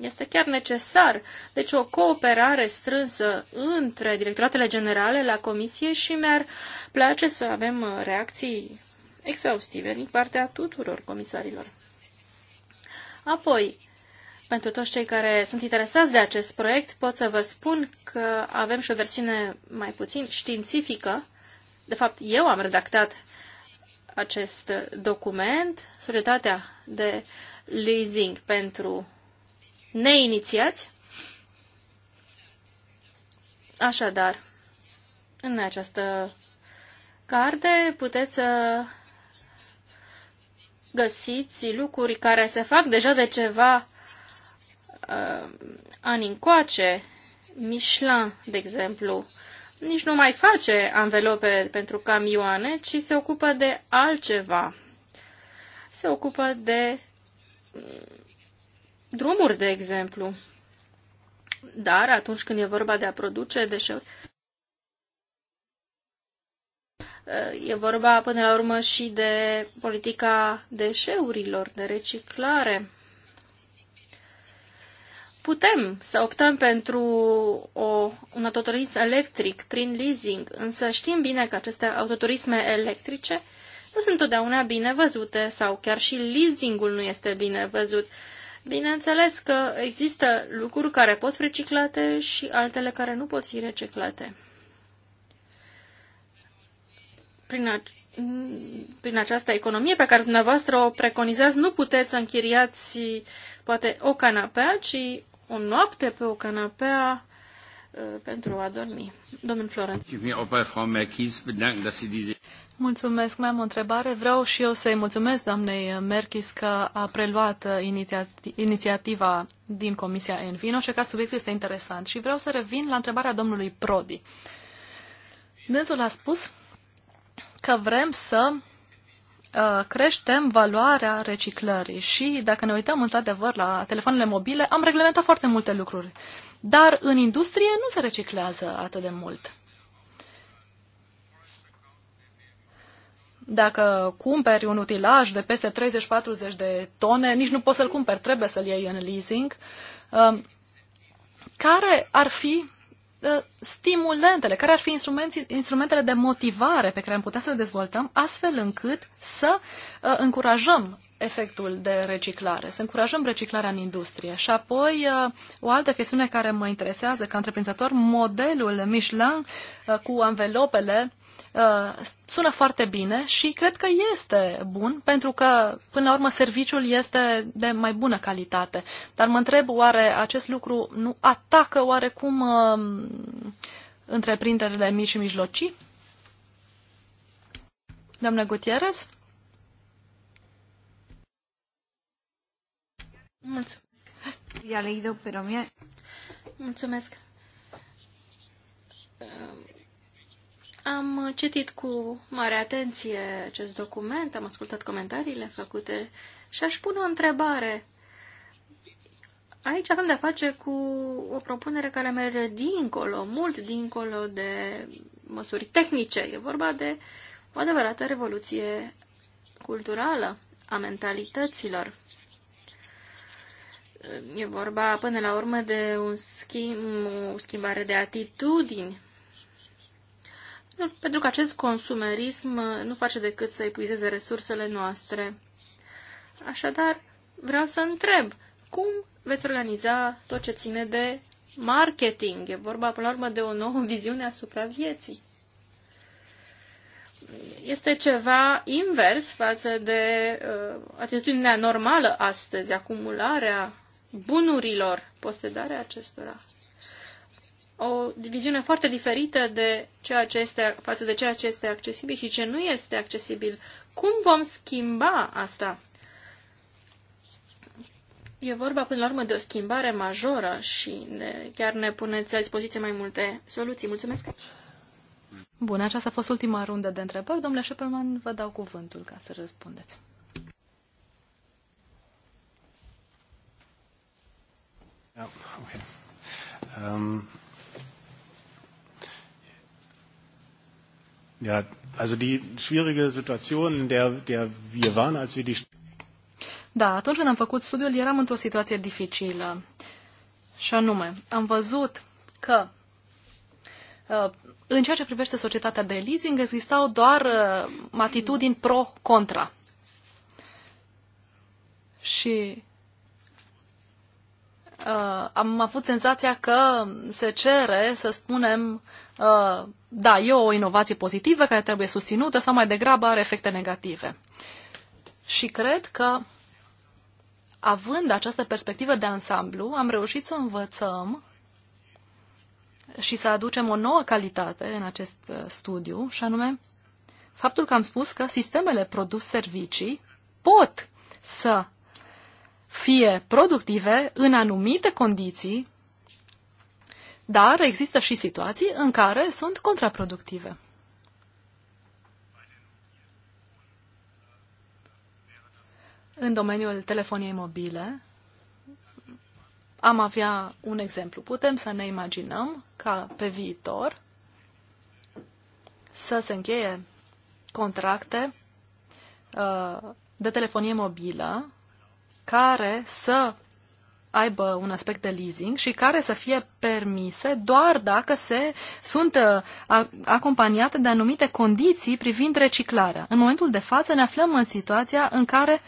este chiar necesar. Deci o cooperare strânsă între directoratele generale la comisie și mi-ar place să avem uh, reacții exhaustive din partea tuturor comisarilor. Apoi, pentru toți cei care sunt interesați de acest proiect, pot să vă spun că avem și o versiune mai puțin științifică. De fapt, eu am redactat acest document, Societatea de Leasing pentru neinițiați. Așadar, în această carte puteți să găsiți lucruri care se fac deja de ceva uh, ani încoace. Michelin, de exemplu, nici nu mai face anvelope pentru camioane, ci se ocupă de altceva. Se ocupă de drumuri, de exemplu. Dar atunci când e vorba de a produce deșeuri, e vorba până la urmă și de politica deșeurilor, de reciclare. Putem să optăm pentru o, un autoturism electric prin leasing, însă știm bine că aceste autoturisme electrice nu sunt întotdeauna bine văzute sau chiar și leasingul nu este bine văzut. Bineînțeles că există lucruri care pot fi reciclate și altele care nu pot fi reciclate. Prin, a, prin această economie pe care dumneavoastră o preconizați, nu puteți să închiriați poate o canapea, ci o noapte pe o canapea Uh, pentru a dormi. Domnul Florent. Mulțumesc. Mai am o întrebare. Vreau și eu să-i mulțumesc doamnei Merchis că a preluat uh, inițiativa din Comisia Envi. În orice caz, subiectul este interesant și vreau să revin la întrebarea domnului Prodi. Dânsul a spus că vrem să Uh, creștem valoarea reciclării și dacă ne uităm într-adevăr la telefoanele mobile, am reglementat foarte multe lucruri. Dar în industrie nu se reciclează atât de mult. Dacă cumperi un utilaj de peste 30-40 de tone, nici nu poți să-l cumperi, trebuie să-l iei în leasing. Um, care ar fi Ă, stimulentele, care ar fi instrumentele de motivare pe care am putea să le dezvoltăm, astfel încât să ă, încurajăm efectul de reciclare, să încurajăm reciclarea în industrie. Și apoi, ă, o altă chestiune care mă interesează ca întreprinzător, modelul Michelin cu anvelopele Uh, sună foarte bine și cred că este bun, pentru că, până la urmă, serviciul este de mai bună calitate. Dar mă întreb, oare acest lucru nu atacă oarecum um, întreprinderile mici și mijlocii? Doamna Gutierrez? Mulțumesc. Mulțumesc. Am citit cu mare atenție acest document, am ascultat comentariile făcute și aș pune o întrebare. Aici avem de-a face cu o propunere care merge dincolo, mult dincolo de măsuri tehnice. E vorba de o adevărată revoluție culturală a mentalităților. E vorba până la urmă de un schimb, o schimbare de atitudini pentru că acest consumerism uh, nu face decât să epuizeze resursele noastre. Așadar, vreau să întreb, cum veți organiza tot ce ține de marketing? E vorba, până la urmă, de o nouă [LAUGHS] viziune asupra vieții. Este ceva invers față de uh, atitudinea normală astăzi, acumularea bunurilor, posedarea acestora o viziune foarte diferită de ceea ce este, față de ceea ce este accesibil și ce nu este accesibil. Cum vom schimba asta? E vorba până la urmă de o schimbare majoră și ne, chiar ne puneți la dispoziție mai multe soluții. Mulțumesc! Bun, aceasta a fost ultima rundă de întrebări. Domnule Șepelman, vă dau cuvântul ca să răspundeți. Yeah, okay. um... Ja, also die schwierige Situation, in der, der wir waren, als wir die... Da, atunci când am făcut studiul, eram într-o situație dificilă. Și anume, am văzut că uh, în ceea ce privește societatea de leasing existau doar uh, atitudini pro-contra. Și uh, am avut senzația că se cere să spunem, uh, da, e o inovație pozitivă care trebuie susținută sau mai degrabă are efecte negative. Și cred că, având această perspectivă de ansamblu, am reușit să învățăm și să aducem o nouă calitate în acest uh, studiu, și anume faptul că am spus că sistemele produs servicii pot să fie productive în anumite condiții, dar există și situații în care sunt contraproductive. În domeniul telefoniei mobile am avea un exemplu. Putem să ne imaginăm ca pe viitor să se încheie contracte uh, de telefonie mobilă care să aibă un aspect de leasing și care să fie permise doar dacă se sunt uh, acompaniate de anumite condiții privind reciclarea. În momentul de față ne aflăm în situația în care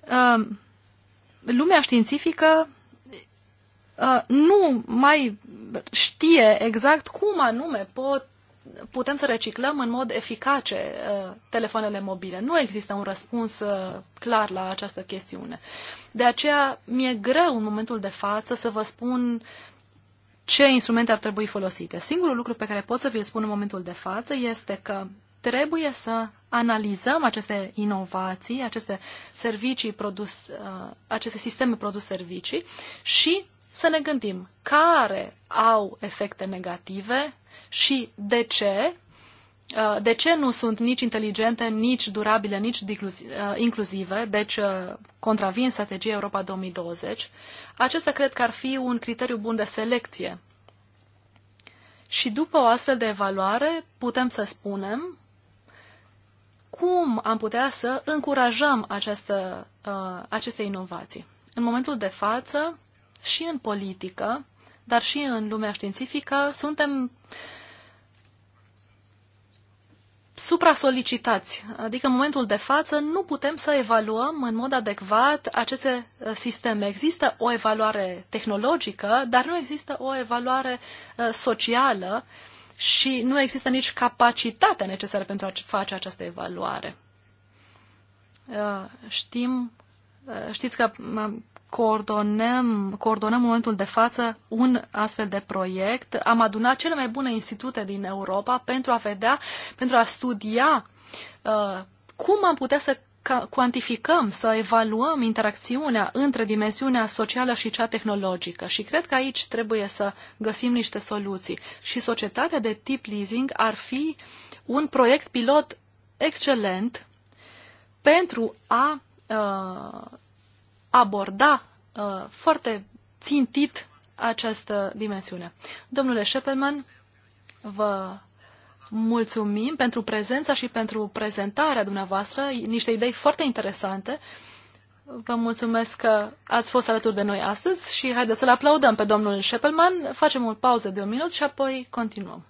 uh, lumea științifică uh, nu mai știe exact cum anume pot putem să reciclăm în mod eficace uh, telefoanele mobile. Nu există un răspuns uh, clar la această chestiune. De aceea mi-e greu în momentul de față să vă spun ce instrumente ar trebui folosite. Singurul lucru pe care pot să vi-l spun în momentul de față este că trebuie să analizăm aceste inovații, aceste servicii produs, uh, aceste sisteme produs servicii și să ne gândim care au efecte negative și de ce, uh, de ce nu sunt nici inteligente, nici durabile, nici uh, inclusive, deci uh, contravin strategia Europa 2020. Acesta cred că ar fi un criteriu bun de selecție. Și după o astfel de evaluare putem să spunem cum am putea să încurajăm această, aceste inovații. În momentul de față, și în politică, dar și în lumea științifică, suntem supra-solicitați. Adică în momentul de față nu putem să evaluăm în mod adecvat aceste uh, sisteme. Există o evaluare tehnologică, dar nu există o evaluare uh, socială și nu există nici capacitatea necesară pentru a face această evaluare. Uh, știm, știți că coordonăm, coordonăm în momentul de față un astfel de proiect. Am adunat cele mai bune institute din Europa pentru a vedea, pentru a studia uh, cum am putea să cuantificăm, să evaluăm interacțiunea între dimensiunea socială și cea tehnologică. Și cred că aici trebuie să găsim niște soluții. Și societatea de tip leasing ar fi un proiect pilot excelent pentru a uh, aborda uh, foarte țintit această dimensiune. Domnule Scheppelman, vă mulțumim pentru prezența și pentru prezentarea dumneavoastră, niște idei foarte interesante. Vă mulțumesc că ați fost alături de noi astăzi și haideți să-l aplaudăm pe domnul Scheppelman. Facem o pauză de un minut și apoi continuăm.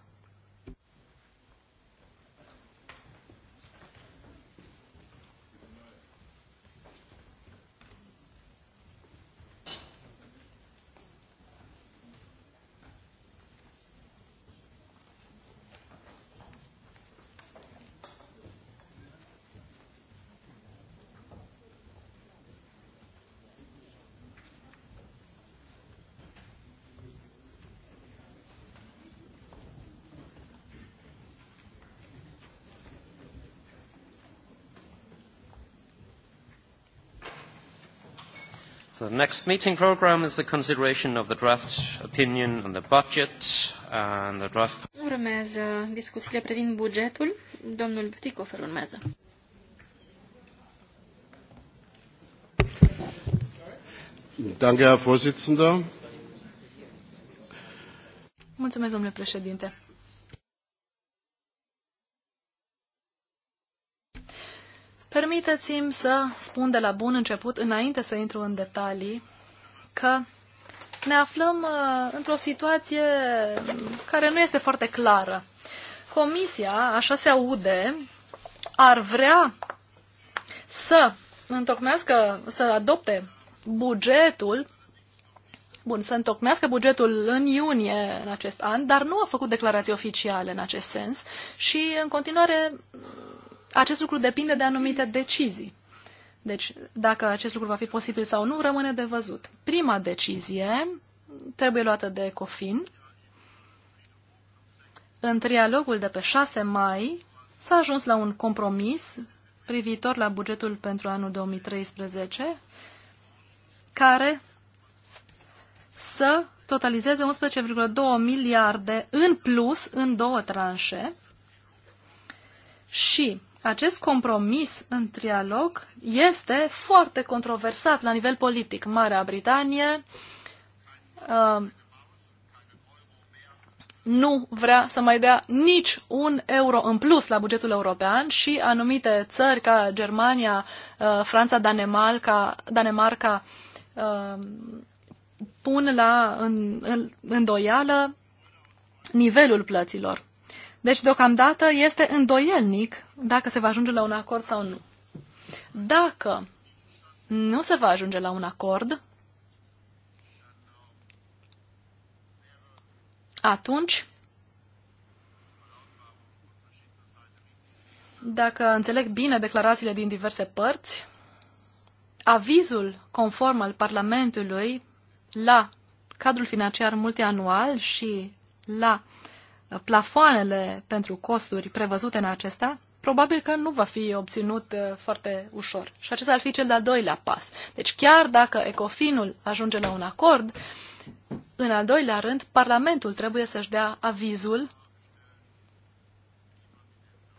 the next meeting program is the consideration of the draft opinion on the budget and the draft... Urmează discuțiile privind bugetul. Domnul Buticofer urmează. Danke, Herr Vorsitzender. Mulțumesc, domnule președinte. Permiteți-mi să spun de la bun început, înainte să intru în detalii, că ne aflăm uh, într-o situație care nu este foarte clară. Comisia, așa se aude, ar vrea să întocmească, să adopte bugetul, bun, să întocmească bugetul în iunie în acest an, dar nu a făcut declarații oficiale în acest sens și în continuare acest lucru depinde de anumite decizii. Deci, dacă acest lucru va fi posibil sau nu, rămâne de văzut. Prima decizie trebuie luată de COFIN. În trialogul de pe 6 mai s-a ajuns la un compromis privitor la bugetul pentru anul 2013, care să totalizeze 11,2 miliarde în plus în două tranșe și acest compromis în trialog este foarte controversat la nivel politic. Marea Britanie uh, nu vrea să mai dea nici un euro în plus la bugetul european și anumite țări ca Germania, uh, Franța, Danemarca, Danemarca uh, pun la îndoială nivelul plăților. Deci, deocamdată, este îndoielnic dacă se va ajunge la un acord sau nu. Dacă nu se va ajunge la un acord, atunci, dacă înțeleg bine declarațiile din diverse părți, avizul conform al Parlamentului la cadrul financiar multianual și la uh, plafoanele pentru costuri prevăzute în acestea, probabil că nu va fi obținut uh, foarte ușor. Și acesta ar fi cel de-al doilea pas. Deci chiar dacă Ecofinul ajunge la un acord, în al doilea rând, Parlamentul trebuie să-și dea avizul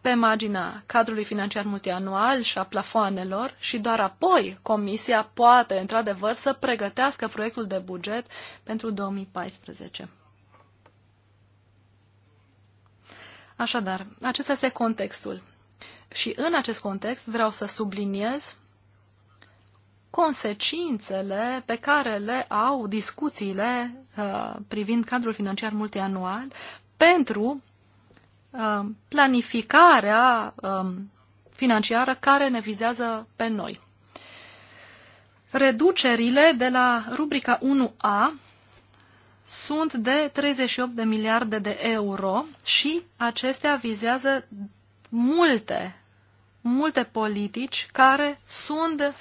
pe marginea cadrului financiar multianual și a plafoanelor și doar apoi Comisia poate, într-adevăr, să pregătească proiectul de buget pentru 2014. Așadar, acesta este contextul. Și în acest context vreau să subliniez consecințele pe care le au discuțiile uh, privind cadrul financiar multianual pentru uh, planificarea uh, financiară care ne vizează pe noi. Reducerile de la rubrica 1A sunt de 38 de miliarde de euro și acestea vizează multe, multe politici care sunt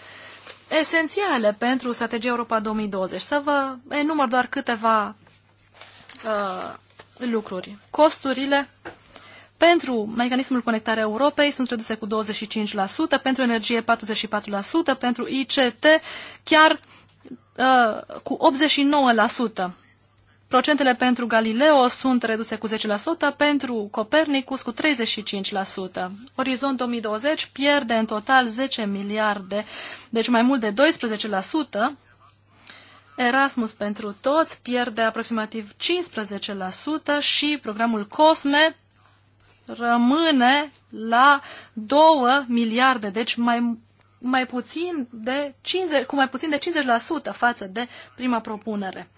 esențiale pentru strategia Europa 2020. Să vă enumăr doar câteva uh, lucruri. Costurile pentru mecanismul conectare Europei sunt reduse cu 25%, pentru energie 44%, pentru ICT chiar uh, cu 89%. Procentele pentru Galileo sunt reduse cu 10%, pentru Copernicus cu 35%. Orizont 2020 pierde în total 10 miliarde, deci mai mult de 12%. Erasmus pentru toți pierde aproximativ 15% și programul COSME rămâne la 2 miliarde, deci mai, mai puțin de 50, cu mai puțin de 50% față de prima propunere.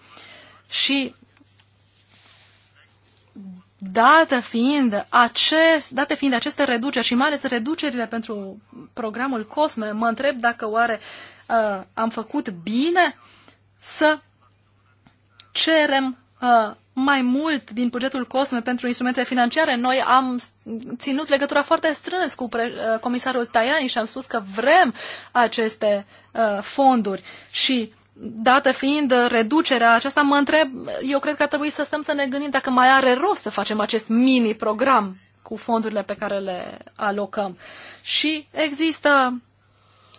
Și Dată fiind, acest, date fiind aceste reduceri și mai ales reducerile pentru programul COSME, mă întreb dacă oare uh, am făcut bine să cerem uh, mai mult din bugetul COSME pentru instrumentele financiare. Noi am ținut legătura foarte strâns cu pre, uh, comisarul Tajani și am spus că vrem aceste uh, fonduri și dată fiind reducerea aceasta, mă întreb, eu cred că ar trebui să stăm să ne gândim dacă mai are rost să facem acest mini-program cu fondurile pe care le alocăm. Și există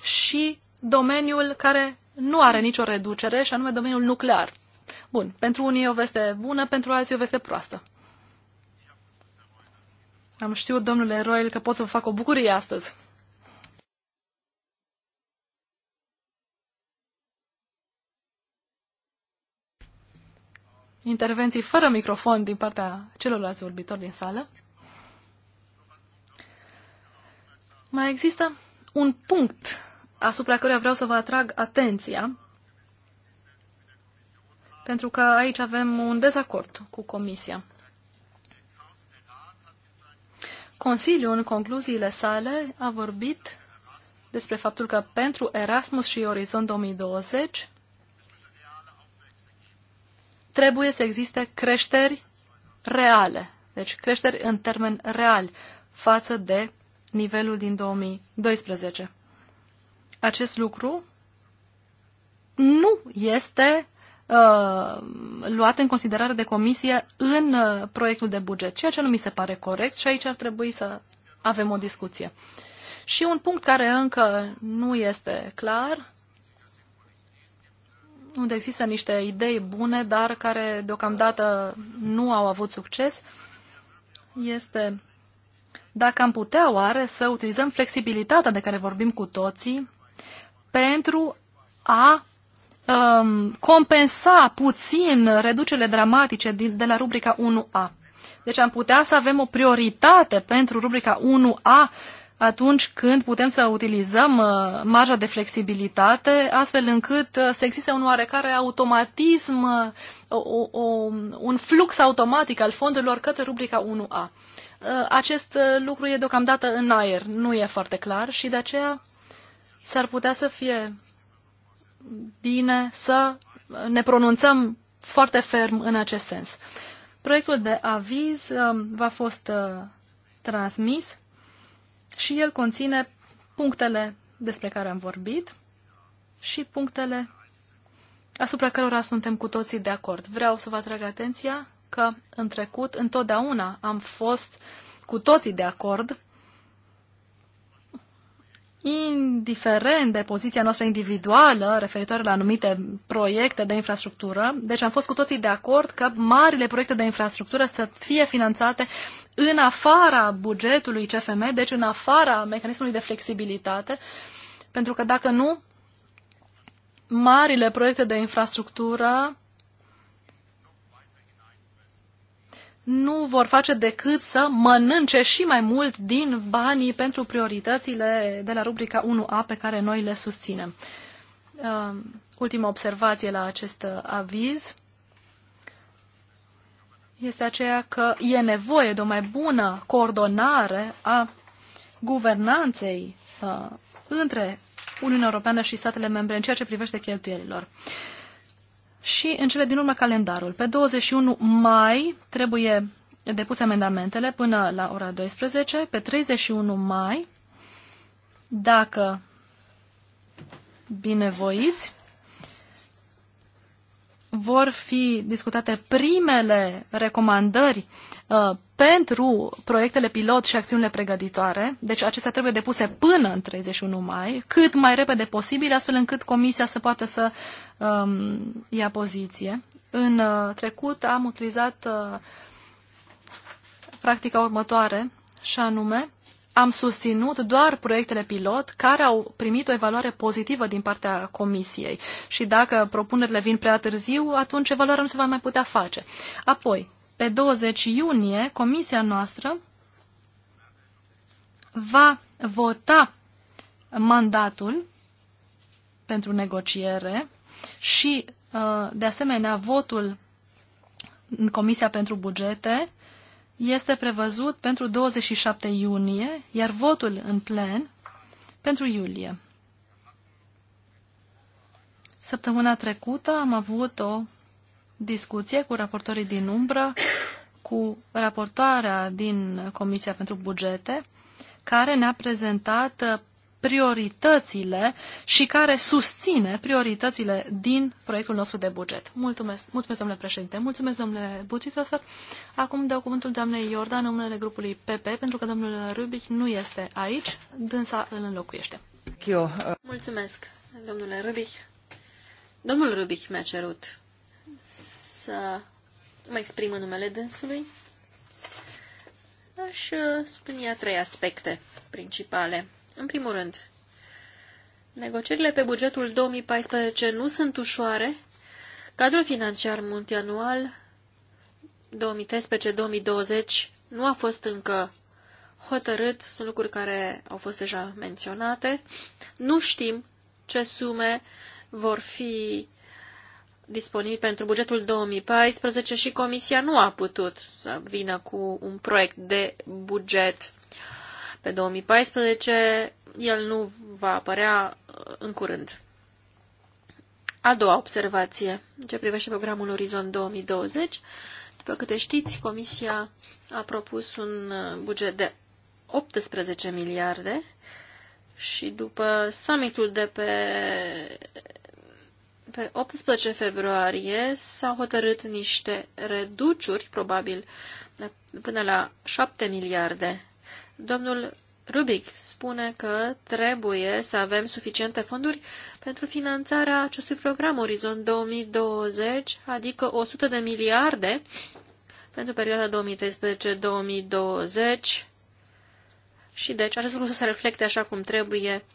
și domeniul care nu are nicio reducere, și anume domeniul nuclear. Bun, pentru unii e o veste bună, pentru alții e o veste proastă. Am știut, domnule Royal, că pot să vă fac o bucurie astăzi. intervenții fără microfon din partea celorlalți vorbitori din sală. Mai există un punct asupra căruia vreau să vă atrag atenția, pentru că aici avem un dezacord cu Comisia. Consiliul, în concluziile sale, a vorbit despre faptul că pentru Erasmus și Orizont 2020 trebuie să existe creșteri reale, deci creșteri în termen real față de nivelul din 2012. Acest lucru nu este uh, luat în considerare de comisie în uh, proiectul de buget, ceea ce nu mi se pare corect și aici ar trebui să avem o discuție. Și un punct care încă nu este clar unde există niște idei bune, dar care deocamdată nu au avut succes, este dacă am putea oare să utilizăm flexibilitatea de care vorbim cu toții pentru a um, compensa puțin reducerile dramatice de la rubrica 1A. Deci am putea să avem o prioritate pentru rubrica 1A atunci când putem să utilizăm uh, marja de flexibilitate, astfel încât uh, să existe un oarecare automatism, uh, o, o, un flux automatic al fondurilor către rubrica 1A. Acest lucru e deocamdată în aer, nu e foarte clar și de aceea s-ar putea să fie bine să ne pronunțăm foarte ferm în acest sens. Proiectul de aviz va fost transmis și el conține punctele despre care am vorbit și punctele asupra cărora suntem cu toții de acord. Vreau să vă atrag atenția că în trecut întotdeauna am fost cu toții de acord indiferent de poziția noastră individuală referitoare la anumite proiecte de infrastructură. Deci am fost cu toții de acord că marile proiecte de infrastructură să fie finanțate în afara bugetului CFM, deci în afara mecanismului de flexibilitate, pentru că dacă nu, marile proiecte de infrastructură nu vor face decât să mănânce și mai mult din banii pentru prioritățile de la rubrica 1A pe care noi le susținem. Uh, ultima observație la acest uh, aviz este aceea că e nevoie de o mai bună coordonare a guvernanței uh, între Uniunea Europeană și statele membre în ceea ce privește cheltuielilor. Uh, și în cele din urmă calendarul. Pe 21 mai trebuie depuse amendamentele până la ora 12. Pe 31 mai, dacă binevoiți, vor fi discutate primele recomandări uh, pentru proiectele pilot și acțiunile pregătitoare. Deci acestea trebuie depuse până în 31 mai, cât mai repede posibil, astfel încât comisia să poată să um, ia poziție. În uh, trecut am utilizat uh, practica următoare, și anume am susținut doar proiectele pilot care au primit o evaluare pozitivă din partea comisiei și dacă propunerile vin prea târziu, atunci evaluarea nu se va mai putea face. Apoi, pe 20 iunie, comisia noastră va vota mandatul pentru negociere și, uh, de asemenea, votul în Comisia pentru Bugete este prevăzut pentru 27 iunie, iar votul în plen pentru iulie. Săptămâna trecută am avut o discuție cu raportorii din umbră, cu raportoarea din Comisia pentru Bugete, care ne-a prezentat prioritățile și care susține prioritățile din proiectul nostru de buget. Mulțumesc, mulțumesc domnule președinte, mulțumesc domnule Butikofer. Acum dau cuvântul doamnei Iordan în numele grupului PP, pentru că domnul Rubic nu este aici, dânsa îl înlocuiește. Mulțumesc, domnule Rubic. Domnul Rubic mi-a cerut să mă exprim în numele dânsului. Aș sublinia trei aspecte principale în primul rând, negocierile pe bugetul 2014 nu sunt ușoare. Cadrul financiar multianual 2013-2020 nu a fost încă hotărât, sunt lucruri care au fost deja menționate. Nu știm ce sume vor fi disponibili pentru bugetul 2014 și Comisia nu a putut să vină cu un proiect de buget pe 2014, el nu va apărea uh, în curând. A doua observație, ce privește programul Orizont 2020, după câte știți, Comisia a propus un uh, buget de 18 miliarde și după summitul de pe, pe 18 februarie s-au hotărât niște reduceri, probabil până la 7 miliarde Domnul Rubic spune că trebuie să avem suficiente fonduri pentru finanțarea acestui program Orizont 2020, adică 100 de miliarde pentru perioada 2013-2020 și deci acest lucru să se reflecte așa cum trebuie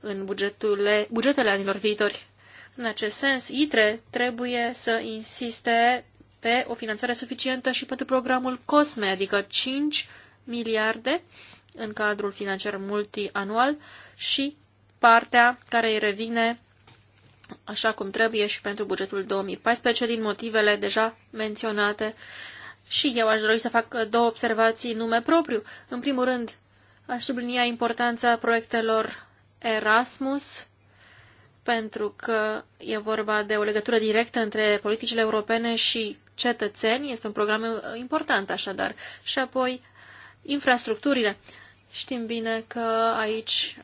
în bugetule, bugetele anilor viitori. În acest sens, ITRE trebuie să insiste pe o finanțare suficientă și pentru programul COSME, adică 5 miliarde în cadrul financiar multianual și partea care îi revine așa cum trebuie și pentru bugetul 2014 din motivele deja menționate. Și eu aș dori să fac două observații nume propriu. În primul rând, aș sublinia importanța proiectelor Erasmus, pentru că e vorba de o legătură directă între politicile europene și cetățeni. Este un program important, așadar. Și apoi, infrastructurile. Știm bine că aici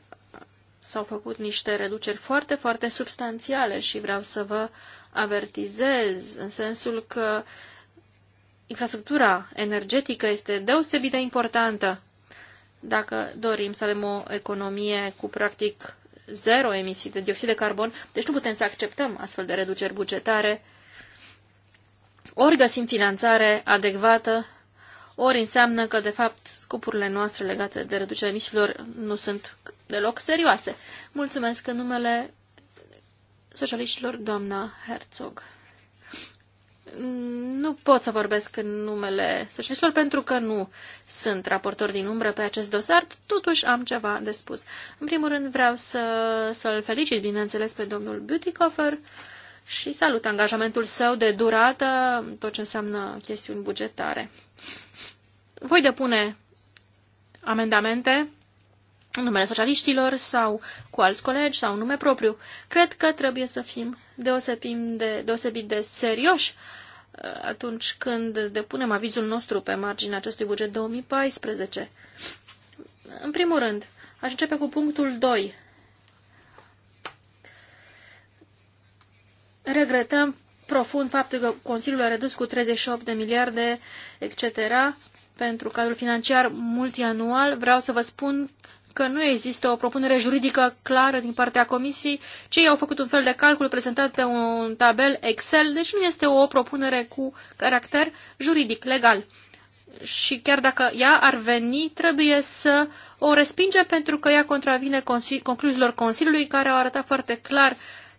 s-au făcut niște reduceri foarte, foarte substanțiale și vreau să vă avertizez în sensul că infrastructura energetică este deosebit de importantă dacă dorim să avem o economie cu practic zero emisii de dioxid de carbon, deci nu putem să acceptăm astfel de reduceri bugetare. Ori găsim finanțare adecvată ori înseamnă că, de fapt, scopurile noastre legate de reducerea emisiilor nu sunt deloc serioase. Mulțumesc în numele socialiștilor, doamna Herzog. Nu pot să vorbesc în numele socialiștilor pentru că nu sunt raportor din umbră pe acest dosar, totuși am ceva de spus. În primul rând vreau să, să-l felicit, bineînțeles, pe domnul Beautycoffer și salut angajamentul său de durată, tot ce înseamnă chestiuni bugetare. Voi depune amendamente în numele socialiștilor sau cu alți colegi sau în nume propriu. Cred că trebuie să fim deosebim de, deosebit de serioși uh, atunci când depunem avizul nostru pe marginea acestui buget 2014. În primul rând, aș începe cu punctul 2, regretăm profund faptul că Consiliul a redus cu 38 de miliarde, etc., pentru cadrul financiar multianual. Vreau să vă spun că nu există o propunere juridică clară din partea Comisiei. Cei au făcut un fel de calcul prezentat pe un tabel Excel, deci nu este o propunere cu caracter juridic, legal. Și chiar dacă ea ar veni, trebuie să o respinge pentru că ea contravine concluziilor Consiliului, care au arătat foarte clar uh,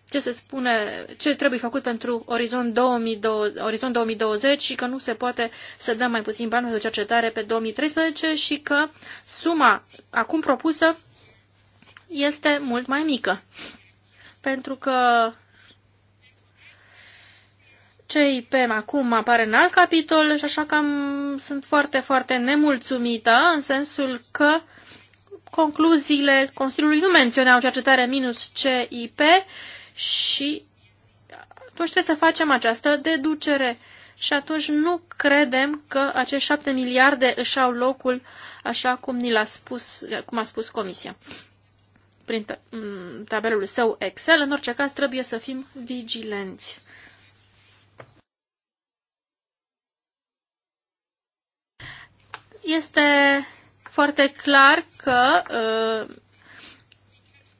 ce se spune, ce trebuie făcut pentru Orizont 2020, Orizont 2020 și că nu se poate să dăm mai puțin bani pentru cercetare pe 2013 și că suma acum propusă este mult mai mică. Pentru că cei pe acum apare în alt capitol și așa că sunt foarte, foarte nemulțumită în sensul că concluziile Consiliului nu menționau cercetare minus CIP și atunci trebuie să facem această deducere. Și atunci nu credem că acești șapte miliarde își au locul așa cum ni l-a spus, cum a spus Comisia prin tabelul său Excel. În orice caz, trebuie să fim vigilenți. Este foarte clar că uh,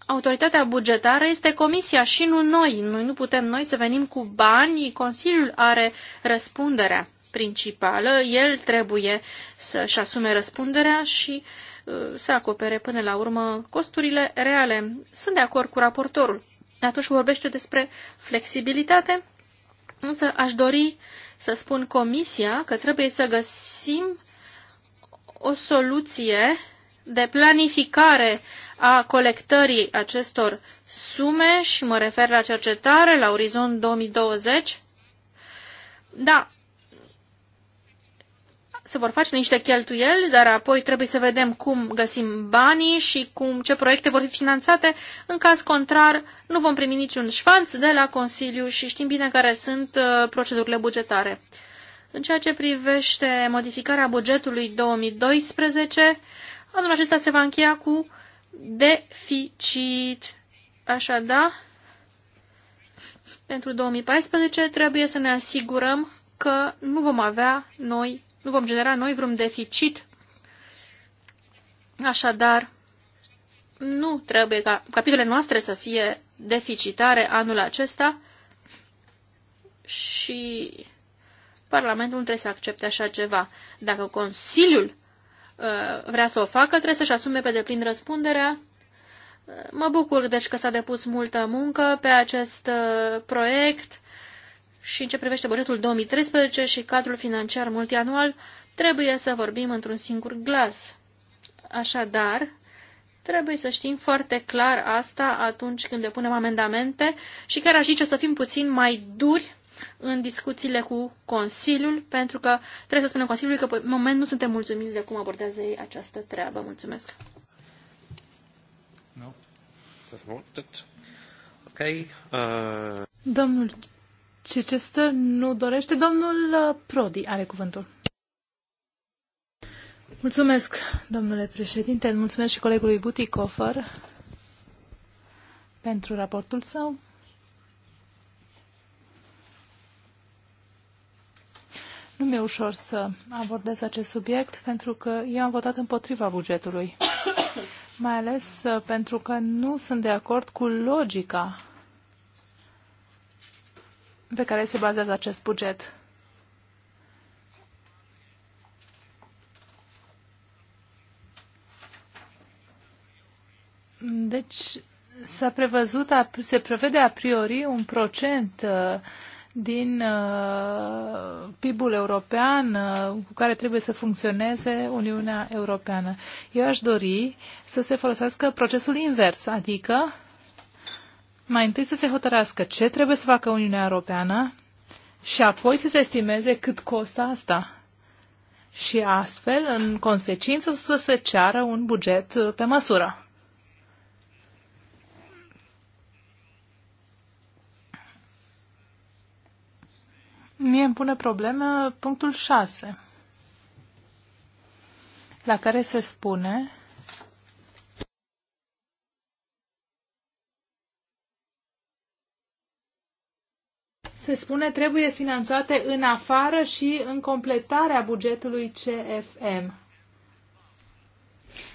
autoritatea bugetară este comisia și nu noi. Noi nu putem noi să venim cu bani, Consiliul are răspunderea principală, el trebuie să-și asume răspunderea și uh, să acopere până la urmă costurile reale. Sunt de acord cu raportorul. Atunci vorbește despre flexibilitate, însă aș dori să spun comisia că trebuie să găsim o soluție de planificare a colectării acestor sume și mă refer la cercetare, la orizont 2020. Da, se vor face niște cheltuieli, dar apoi trebuie să vedem cum găsim banii și cum, ce proiecte vor fi finanțate. În caz contrar, nu vom primi niciun șfanț de la Consiliu și știm bine care sunt uh, procedurile bugetare. În ceea ce privește modificarea bugetului 2012, Anul acesta se va încheia cu deficit. așa da. pentru 2014 trebuie să ne asigurăm că nu vom avea noi, nu vom genera noi vreun deficit. Așadar, nu trebuie ca capitolele noastre să fie deficitare anul acesta și Parlamentul nu trebuie să accepte așa ceva. Dacă Consiliul Uh, vrea să o facă, trebuie să-și asume pe deplin răspunderea. Uh, mă bucur, deci, că s-a depus multă muncă pe acest uh, proiect și în ce privește bugetul 2013 și cadrul financiar multianual, trebuie să vorbim într-un singur glas. Așadar, trebuie să știm foarte clar asta atunci când depunem amendamente și chiar aș zice să fim puțin mai duri în discuțiile cu Consiliul, pentru că trebuie să spunem Consiliului că pe moment nu suntem mulțumiți de cum abordează ei această treabă. Mulțumesc. No. Okay. Uh... Domnul Chichester nu dorește. Domnul uh, Prodi are cuvântul. Mulțumesc, domnule președinte. Mulțumesc și colegului Butikofer pentru raportul său. Nu mi-e ușor să abordez acest subiect pentru că eu am votat împotriva bugetului, [COUGHS] mai ales uh, pentru că nu sunt de acord cu logica pe care se bazează acest buget. Deci, s-a prevăzut, se prevede a priori un procent uh, din uh, PIB-ul european uh, cu care trebuie să funcționeze Uniunea Europeană. Eu aș dori să se folosească procesul invers, adică mai întâi să se hotărască ce trebuie să facă Uniunea Europeană și apoi să se estimeze cât costă asta. Și astfel, în consecință, să se ceară un buget uh, pe măsură. Mie îmi pune problemă punctul 6, la care se spune se spune trebuie finanțate în afară și în completarea bugetului CFM.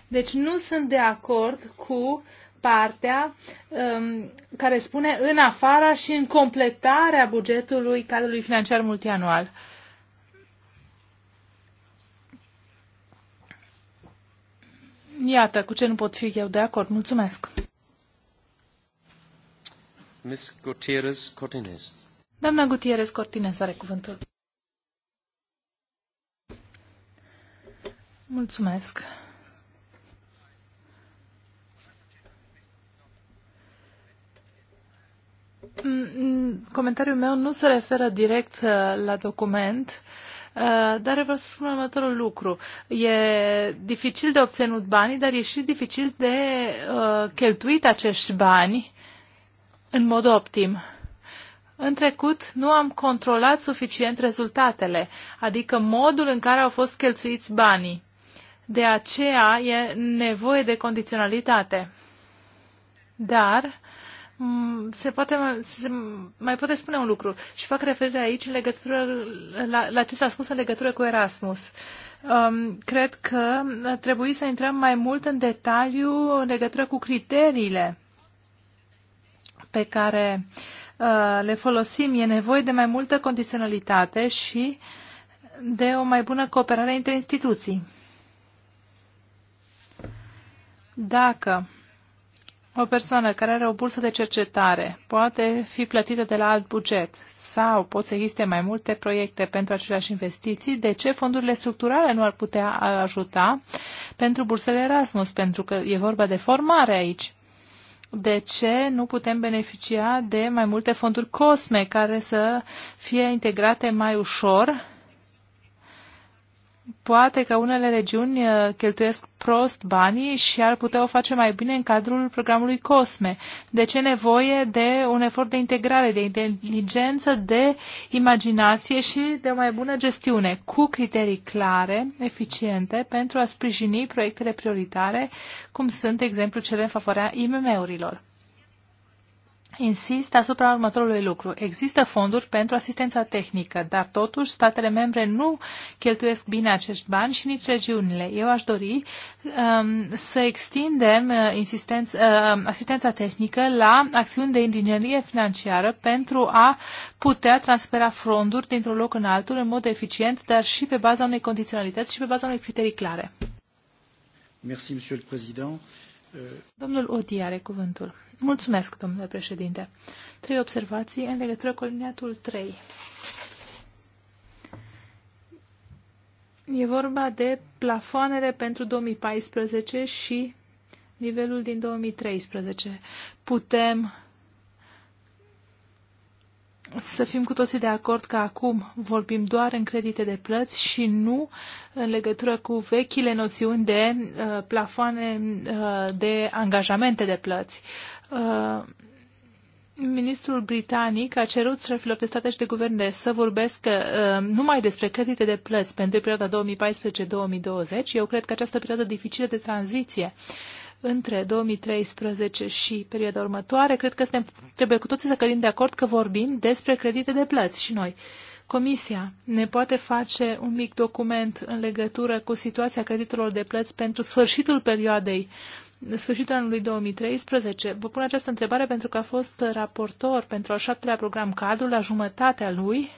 Deci nu sunt de acord cu partea um, care spune în afara și în completarea bugetului cadrului financiar multianual. Iată, cu ce nu pot fi eu de acord. Mulțumesc. Ms. Gutierrez Cortines. Doamna Gutierrez Cortines are cuvântul. Mulțumesc. Mm, comentariul meu nu se referă direct uh, la document, uh, dar vreau să spun următorul lucru. E dificil de obținut banii, dar e și dificil de uh, cheltuit acești bani în mod optim. În trecut nu am controlat suficient rezultatele, adică modul în care au fost cheltuiți banii. De aceea e nevoie de condiționalitate. Dar Mm, se poate se mai poate spune un lucru și fac referire aici în legătură la, la ce s-a spus în legătură cu Erasmus. Um, cred că trebuie să intrăm mai mult în detaliu în legătură cu criteriile pe care uh, le folosim. E nevoie de mai multă condiționalitate și de o mai bună cooperare între instituții. Dacă o persoană care are o bursă de cercetare poate fi plătită de la alt buget sau pot să existe mai multe proiecte pentru aceleași investiții, de ce fondurile structurale nu ar putea ajuta pentru bursele Erasmus? Pentru că e vorba de formare aici. De ce nu putem beneficia de mai multe fonduri COSME care să fie integrate mai ușor poate că unele regiuni uh, cheltuiesc prost banii și ar putea o face mai bine în cadrul programului COSME. De ce nevoie de un efort de integrare, de inteligență, de imaginație și de o mai bună gestiune, cu criterii clare, eficiente, pentru a sprijini proiectele prioritare, cum sunt, de exemplu, cele în favoarea IMM-urilor insist asupra următorului lucru. Există fonduri pentru asistența tehnică, dar totuși statele membre nu cheltuiesc bine acești bani și nici regiunile. Eu aș dori um, să extindem uh, uh, asistența tehnică la acțiuni de inginerie financiară pentru a putea transfera fonduri dintr-un loc în altul în mod eficient, dar și pe baza unei condiționalități și pe baza unei criterii clare. Merci, Domnul Odi are cuvântul. Mulțumesc, domnule președinte. Trei observații în legătură cu liniatul 3. E vorba de plafoanele pentru 2014 și nivelul din 2013. Putem să fim cu toții de acord că acum vorbim doar în credite de plăți și nu în legătură cu vechile noțiuni de uh, plafoane uh, de angajamente de plăți. Uh, Uh, ministrul britanic a cerut șefilor de state și de guverne să vorbesc uh, numai despre credite de plăți pentru perioada 2014-2020. Eu cred că această perioadă dificilă de tranziție între 2013 și perioada următoare, cred că suntem, trebuie cu toții să cădim de acord că vorbim despre credite de plăți și noi. Comisia ne poate face un mic document în legătură cu situația creditelor de plăți pentru sfârșitul perioadei sfârșitul anului 2013. Vă pun această întrebare pentru că a fost raportor pentru al șaptelea program cadru la jumătatea lui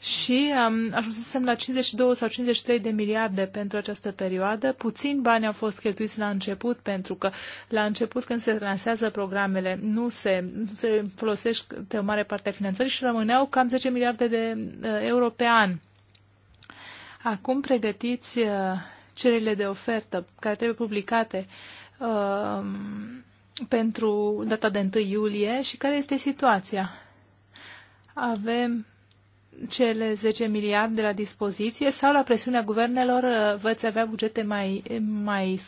și am um, ajunsesem la 52 sau 53 de miliarde pentru această perioadă. Puțin bani au fost cheltuiți la început, pentru că la început când se lansează programele nu se, nu se folosește o mare parte a finanțării și rămâneau cam 10 miliarde de uh, euro pe an. Acum pregătiți uh, cererile de ofertă care trebuie publicate uh, pentru data de 1 iulie și care este situația. Avem cele 10 miliarde la dispoziție sau la presiunea guvernelor uh, veți avea bugete mai, mai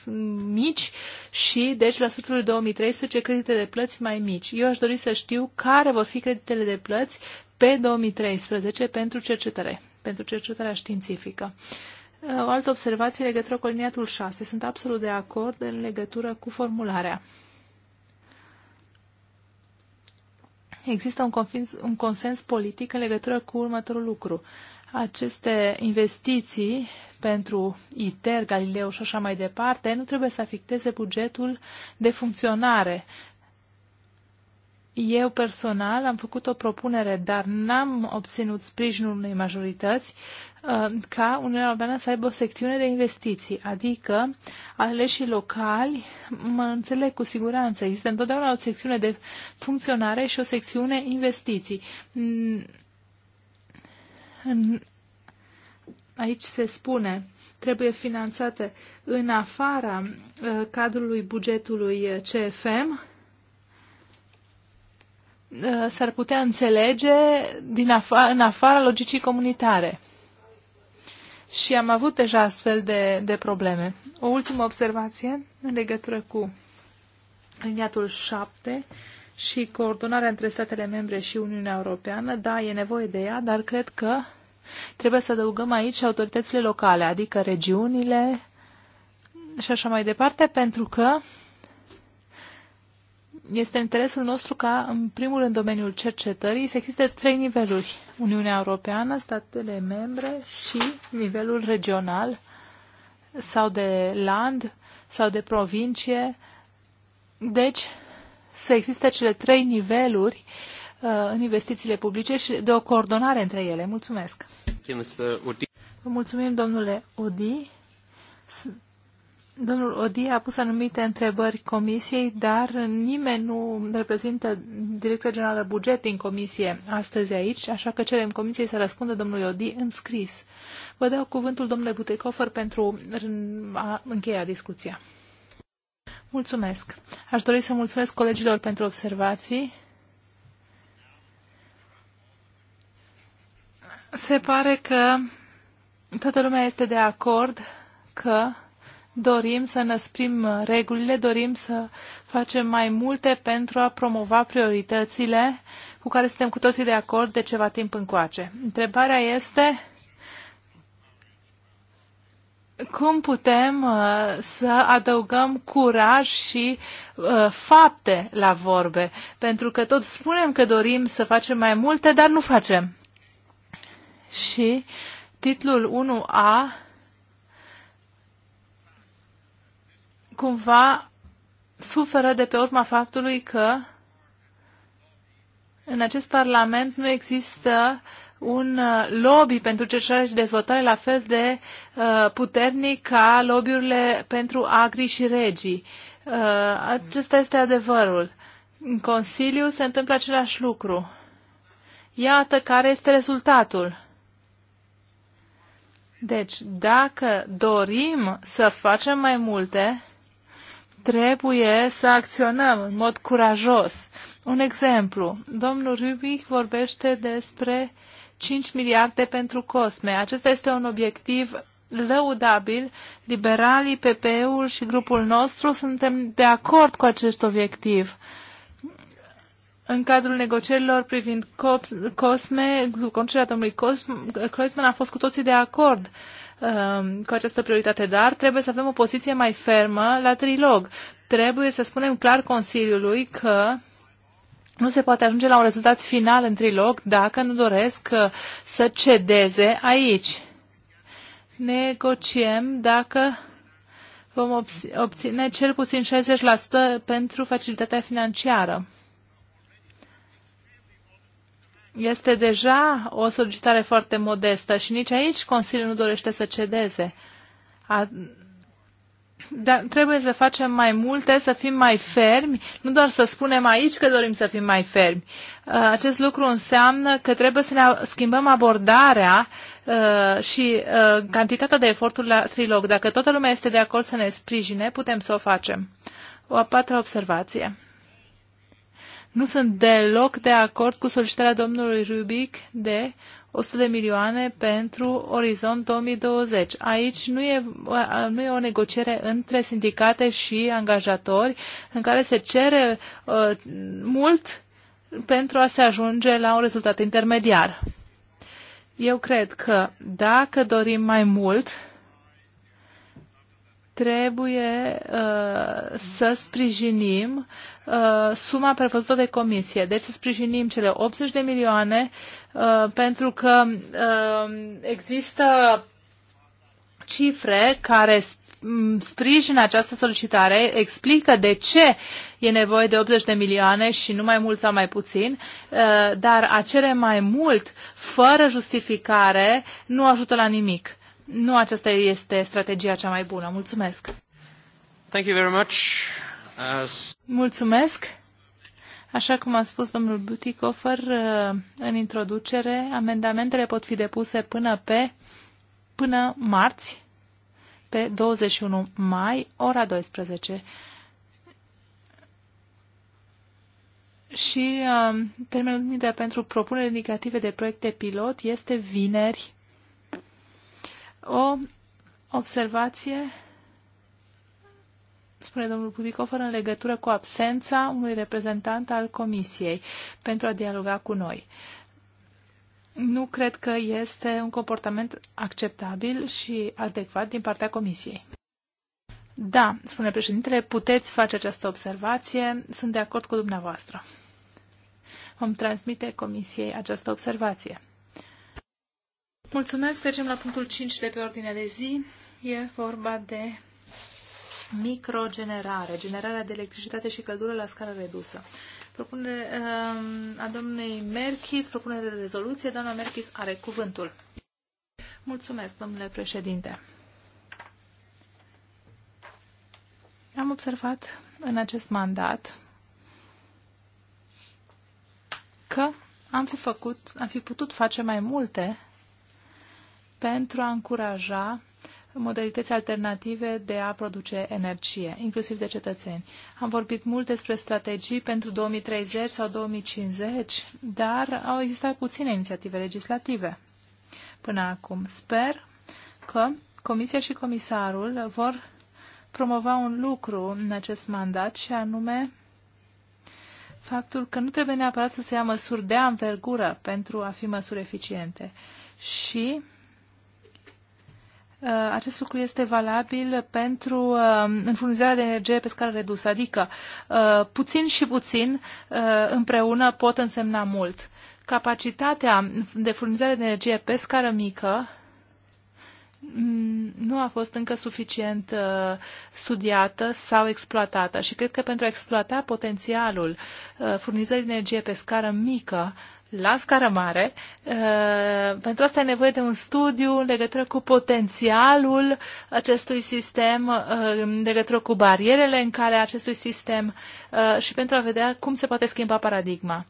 mici și deci la sfârșitul 2013 credite de plăți mai mici. Eu aș dori să știu care vor fi creditele de plăți pe 2013 pentru cercetare, pentru cercetarea științifică. O altă observație legătură cu liniatul 6. Sunt absolut de acord în legătură cu formularea. Există un, confins, un consens politic în legătură cu următorul lucru. Aceste investiții pentru ITER, Galileu și așa mai departe nu trebuie să afecteze bugetul de funcționare eu personal am făcut o propunere, dar n-am obținut sprijinul unei majorități Uh, ca Uniunea Europeană să aibă o secțiune de investiții, adică aleșii locali, mă înțeleg cu siguranță, există întotdeauna o secțiune de funcționare și o secțiune investiții. Aici se spune, trebuie finanțate în afara uh, cadrului bugetului CFM, uh, s-ar putea înțelege din afa- în afara logicii comunitare și am avut deja astfel de, de probleme. O ultimă observație în legătură cu liniatul 7 și coordonarea între statele membre și Uniunea Europeană. Da, e nevoie de ea, dar cred că trebuie să adăugăm aici autoritățile locale, adică regiunile și așa mai departe, pentru că este interesul nostru ca, în primul rând, domeniul cercetării, să existe trei niveluri. Uniunea Europeană, statele membre și nivelul regional sau de land sau de provincie. Deci, să existe cele trei niveluri uh, în investițiile publice și de o coordonare între ele. Mulțumesc! Vă mulțumim, domnule Odi. Domnul Odi a pus anumite întrebări comisiei, dar nimeni nu reprezintă director generală buget din comisie astăzi aici, așa că cerem comisiei să răspundă domnului Odi în scris. Vă dau cuvântul domnule Butecofer pentru a încheia discuția. Mulțumesc. Aș dori să mulțumesc colegilor pentru observații. Se pare că toată lumea este de acord că dorim să năsprim regulile, dorim să facem mai multe pentru a promova prioritățile cu care suntem cu toții de acord de ceva timp încoace. Întrebarea este cum putem uh, să adăugăm curaj și uh, fapte la vorbe, pentru că tot spunem că dorim să facem mai multe, dar nu facem. Și titlul 1A cumva suferă de pe urma faptului că în acest Parlament nu există un uh, lobby pentru cercetare și dezvoltare la fel de uh, puternic ca lobbyurile pentru agri și regii. Uh, acesta este adevărul. În Consiliu se întâmplă același lucru. Iată care este rezultatul. Deci, dacă dorim să facem mai multe, trebuie să acționăm în mod curajos. Un exemplu, domnul Rubic vorbește despre 5 miliarde pentru COSME. Acesta este un obiectiv lăudabil. Liberalii, PPE-ul și grupul nostru suntem de acord cu acest obiectiv. În cadrul negocierilor privind COSME, conducerea domnului Kreuzmann a fost cu toții de acord Um, cu această prioritate, dar trebuie să avem o poziție mai fermă la trilog. Trebuie să spunem clar Consiliului că nu se poate ajunge la un rezultat final în trilog dacă nu doresc uh, să cedeze aici. Negociem dacă vom obține cel puțin 60% pentru facilitatea financiară este deja o solicitare foarte modestă și nici aici Consiliul nu dorește să cedeze. A, dar trebuie să facem mai multe, să fim mai fermi, nu doar să spunem aici că dorim să fim mai fermi. Acest lucru înseamnă că trebuie să ne schimbăm abordarea și cantitatea de eforturi la trilog. Dacă toată lumea este de acord să ne sprijine, putem să o facem. O a patra observație. Nu sunt deloc de acord cu solicitarea domnului Rubic de 100 de milioane pentru Orizont 2020. Aici nu e, nu e o negociere între sindicate și angajatori în care se cere uh, mult pentru a se ajunge la un rezultat intermediar. Eu cred că dacă dorim mai mult, trebuie uh, să sprijinim uh, suma prevăzută de comisie. Deci să sprijinim cele 80 de milioane uh, pentru că uh, există cifre care mm, sprijină această solicitare, explică de ce e nevoie de 80 de milioane și nu mai mult sau mai puțin, uh, dar a cere mai mult fără justificare nu ajută la nimic nu aceasta este strategia cea mai bună. Mulțumesc! Thank you very much. As... Mulțumesc! Așa cum a spus domnul Butikofer uh, în introducere, amendamentele pot fi depuse până pe până marți, pe 21 mai, ora 12. Și uh, termenul limită pentru propuneri indicative de proiecte pilot este vineri o observație, spune domnul Pudicofer, în legătură cu absența unui reprezentant al Comisiei pentru a dialoga cu noi. Nu cred că este un comportament acceptabil și adecvat din partea Comisiei. Da, spune președintele, puteți face această observație, sunt de acord cu dumneavoastră. Vom transmite Comisiei această observație. Mulțumesc. Trecem la punctul 5 de pe ordinea de zi. E vorba de microgenerare, generarea de electricitate și căldură la scară redusă. Propune um, a domnului Merchis, propunere de rezoluție. Doamna Merchis are cuvântul. Mulțumesc, domnule președinte. Am observat în acest mandat că am fi, făcut, am fi putut face mai multe pentru a încuraja modalități alternative de a produce energie, inclusiv de cetățeni. Am vorbit mult despre strategii pentru 2030 sau 2050, dar au existat puține inițiative legislative până acum. Sper că Comisia și Comisarul vor promova un lucru în acest mandat și anume faptul că nu trebuie neapărat să se ia măsuri de anvergură pentru a fi măsuri eficiente. Și Uh, acest lucru este valabil pentru uh, înfurnizarea de energie pe scară redusă, adică uh, puțin și puțin împreună pot însemna mult. Capacitatea de furnizare de energie pe scară mică mm, nu a fost încă suficient studiată sau exploatată și cred că pentru a exploata potențialul furnizării de energie pe scară mică la scară mare. Uh, pentru asta e nevoie de un studiu în legătură cu potențialul acestui sistem, uh, în legătură cu barierele în care acestui sistem uh, și pentru a vedea cum se poate schimba paradigma.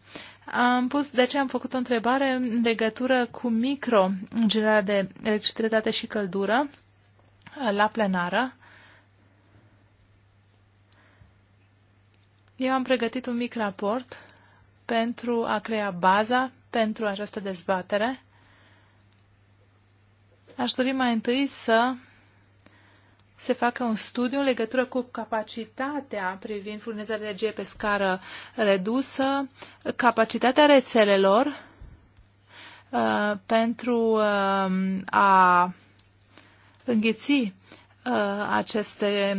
Am pus, de ce am făcut o întrebare în legătură cu micro în general de electricitate și căldură la plenară. Eu am pregătit un mic raport pentru a crea baza pentru această dezbatere. Aș dori mai întâi să se facă un studiu în legătură cu capacitatea privind furnizarea de energie pe scară redusă, capacitatea rețelelor uh, pentru uh, a înghiți uh, aceste,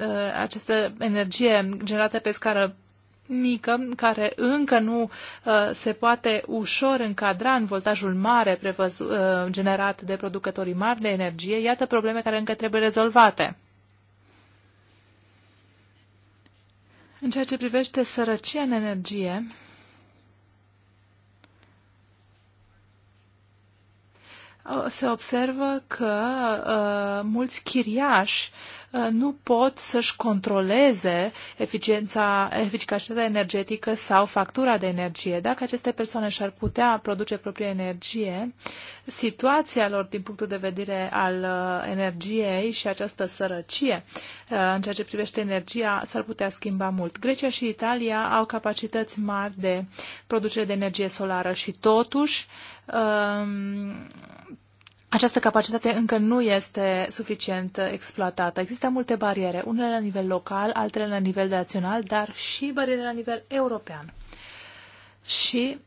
uh, aceste energie generată pe scară mică, care încă nu uh, se poate ușor încadra în voltajul mare prevăzu, uh, generat de producătorii mari de energie, iată probleme care încă trebuie rezolvate. În ceea ce privește sărăcia în energie, uh, se observă că uh, mulți chiriași nu pot să-și controleze eficiența, eficacitatea energetică sau factura de energie. Dacă aceste persoane și-ar putea produce propria energie, situația lor din punctul de vedere al uh, energiei și această sărăcie uh, în ceea ce privește energia s-ar putea schimba mult. Grecia și Italia au capacități mari de producere de energie solară și totuși um, această capacitate încă nu este suficient exploatată. Există multe bariere, unele la nivel local, altele la nivel național, dar și bariere la nivel european. Și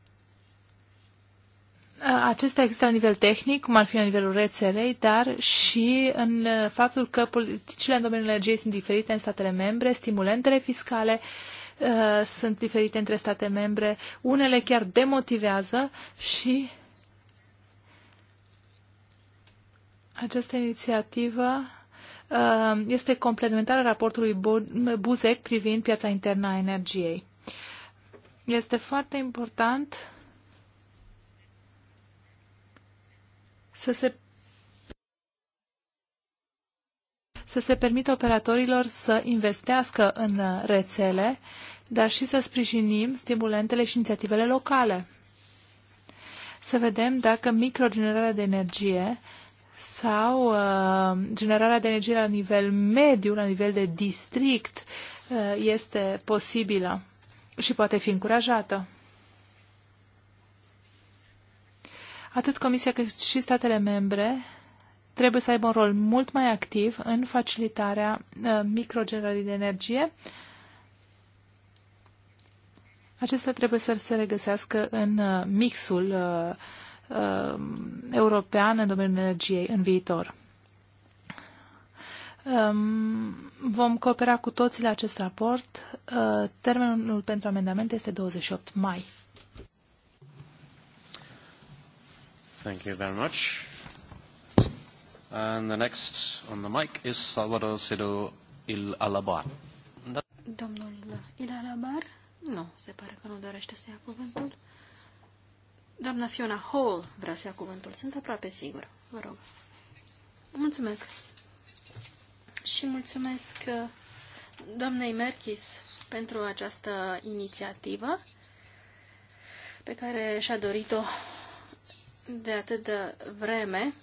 acestea există la nivel tehnic, cum ar fi la nivelul rețelei, dar și în faptul că politicile în domeniul energiei sunt diferite în statele membre, stimulentele fiscale uh, sunt diferite între state membre, unele chiar demotivează și uh, Această inițiativă uh, este complementară raportului Buzek privind piața internă a energiei. Este foarte important să se să se permită operatorilor să investească în rețele, dar și să sprijinim stimulentele și inițiativele locale. Să vedem dacă microgenerarea de energie sau uh, generarea de energie la nivel mediu, la nivel de district, uh, este posibilă și poate fi încurajată. Atât Comisia cât și statele membre trebuie să aibă un rol mult mai activ în facilitarea uh, microgenerării de energie. Acestea trebuie să se regăsească în uh, mixul uh, uh, european în domeniul energiei în viitor. Um, vom coopera cu toți la acest raport. Uh, termenul pentru amendamente este 28 mai. Thank you very much. And the next on the mic is Salvador Cedo Il Alabar. Domnul Il Alabar? Nu, se pare că nu dorește să ia cuvântul. Doamna Fiona Hall vrea să ia cuvântul. Sunt aproape sigură. Vă rog. Mulțumesc. Și mulțumesc uh, doamnei Merkis pentru această inițiativă pe care și-a dorit-o de atât de vreme.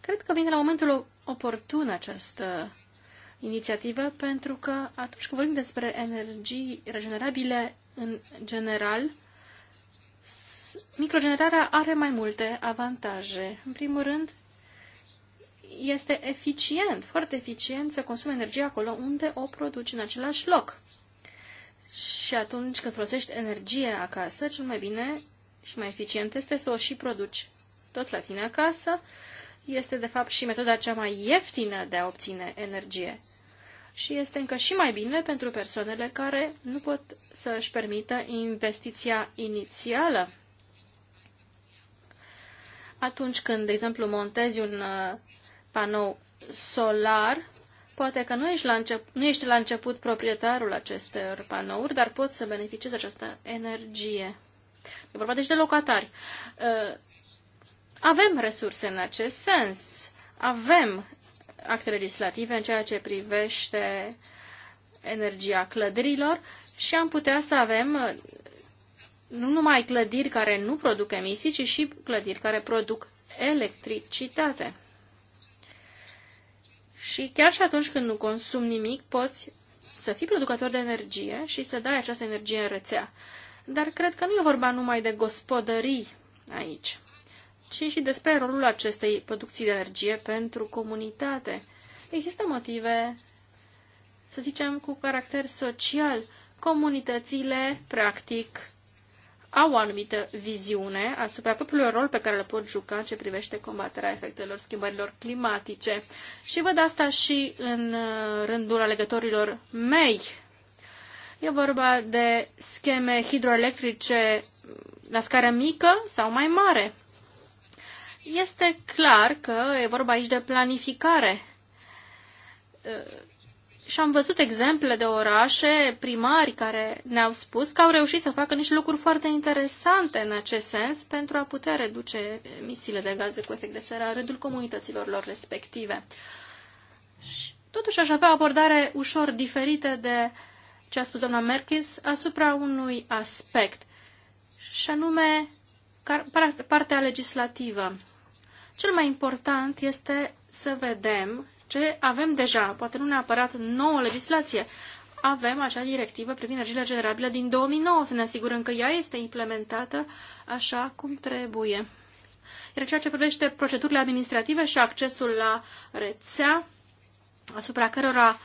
Cred că vine la momentul oportun această inițiativă, pentru că atunci când vorbim despre energii regenerabile în general, microgenerarea are mai multe avantaje. În primul rând, este eficient, foarte eficient să consumi energie acolo unde o produci în același loc. Și atunci când folosești energie acasă, cel mai bine și mai eficient este să o și produci tot la tine acasă. Este, de fapt, și metoda cea mai ieftină de a obține energie. Și este încă și mai bine pentru persoanele care nu pot să își permită investiția inițială atunci când, de exemplu, montezi un uh, panou solar, poate că nu ești la început, nu ești la început proprietarul acestor panouri, dar poți să beneficiezi această energie. E vorba deci de locatari. Uh, avem resurse în acest sens. Avem acte legislative în ceea ce privește energia clădirilor și am putea să avem uh, nu numai clădiri care nu produc emisii, ci și clădiri care produc electricitate. Și chiar și atunci când nu consumi nimic, poți să fii producător de energie și să dai această energie în rețea. Dar cred că nu e vorba numai de gospodării aici, ci și despre rolul acestei producții de energie pentru comunitate. Există motive, să zicem, cu caracter social. Comunitățile, practic, au o anumită viziune asupra propriului rol pe care le pot juca în ce privește combaterea efectelor schimbărilor climatice. Și văd asta și în uh, rândul alegătorilor mei. E vorba de scheme hidroelectrice la scară mică sau mai mare. Este clar că e vorba aici de planificare uh, și am văzut exemple de orașe, primari care ne-au spus că au reușit să facă niște lucruri foarte interesante în acest sens pentru a putea reduce emisiile de gaze cu efect de seră în rândul comunităților lor respective. Și totuși aș avea abordare ușor diferită de ce a spus doamna Merkis asupra unui aspect, și anume partea legislativă. Cel mai important este să vedem ce avem deja, poate nu neapărat nouă legislație, avem acea directivă privind energiile generabile din 2009, să ne asigurăm că ea este implementată așa cum trebuie. Iar ceea ce privește procedurile administrative și accesul la rețea, asupra cărora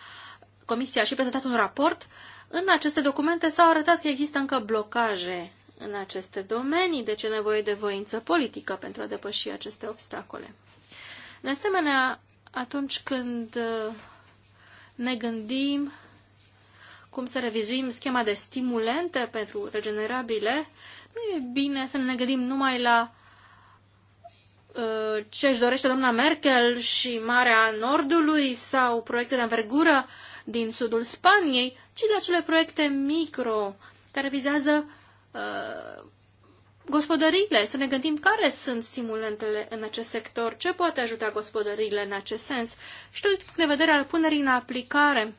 Comisia și prezentat un raport, în aceste documente s-au arătat că există încă blocaje în aceste domenii, deci e nevoie de voință politică pentru a depăși aceste obstacole. De asemenea, atunci când uh, ne gândim cum să revizuim schema de stimulente pentru regenerabile, nu e bine să ne gândim numai la uh, ce își dorește doamna Merkel și Marea Nordului sau proiecte de învergură din sudul Spaniei, ci la cele proiecte micro care vizează uh, gospodăriile, să ne gândim care sunt stimulentele în acest sector, ce poate ajuta gospodăriile în acest sens și tot din de vedere al punerii în aplicare.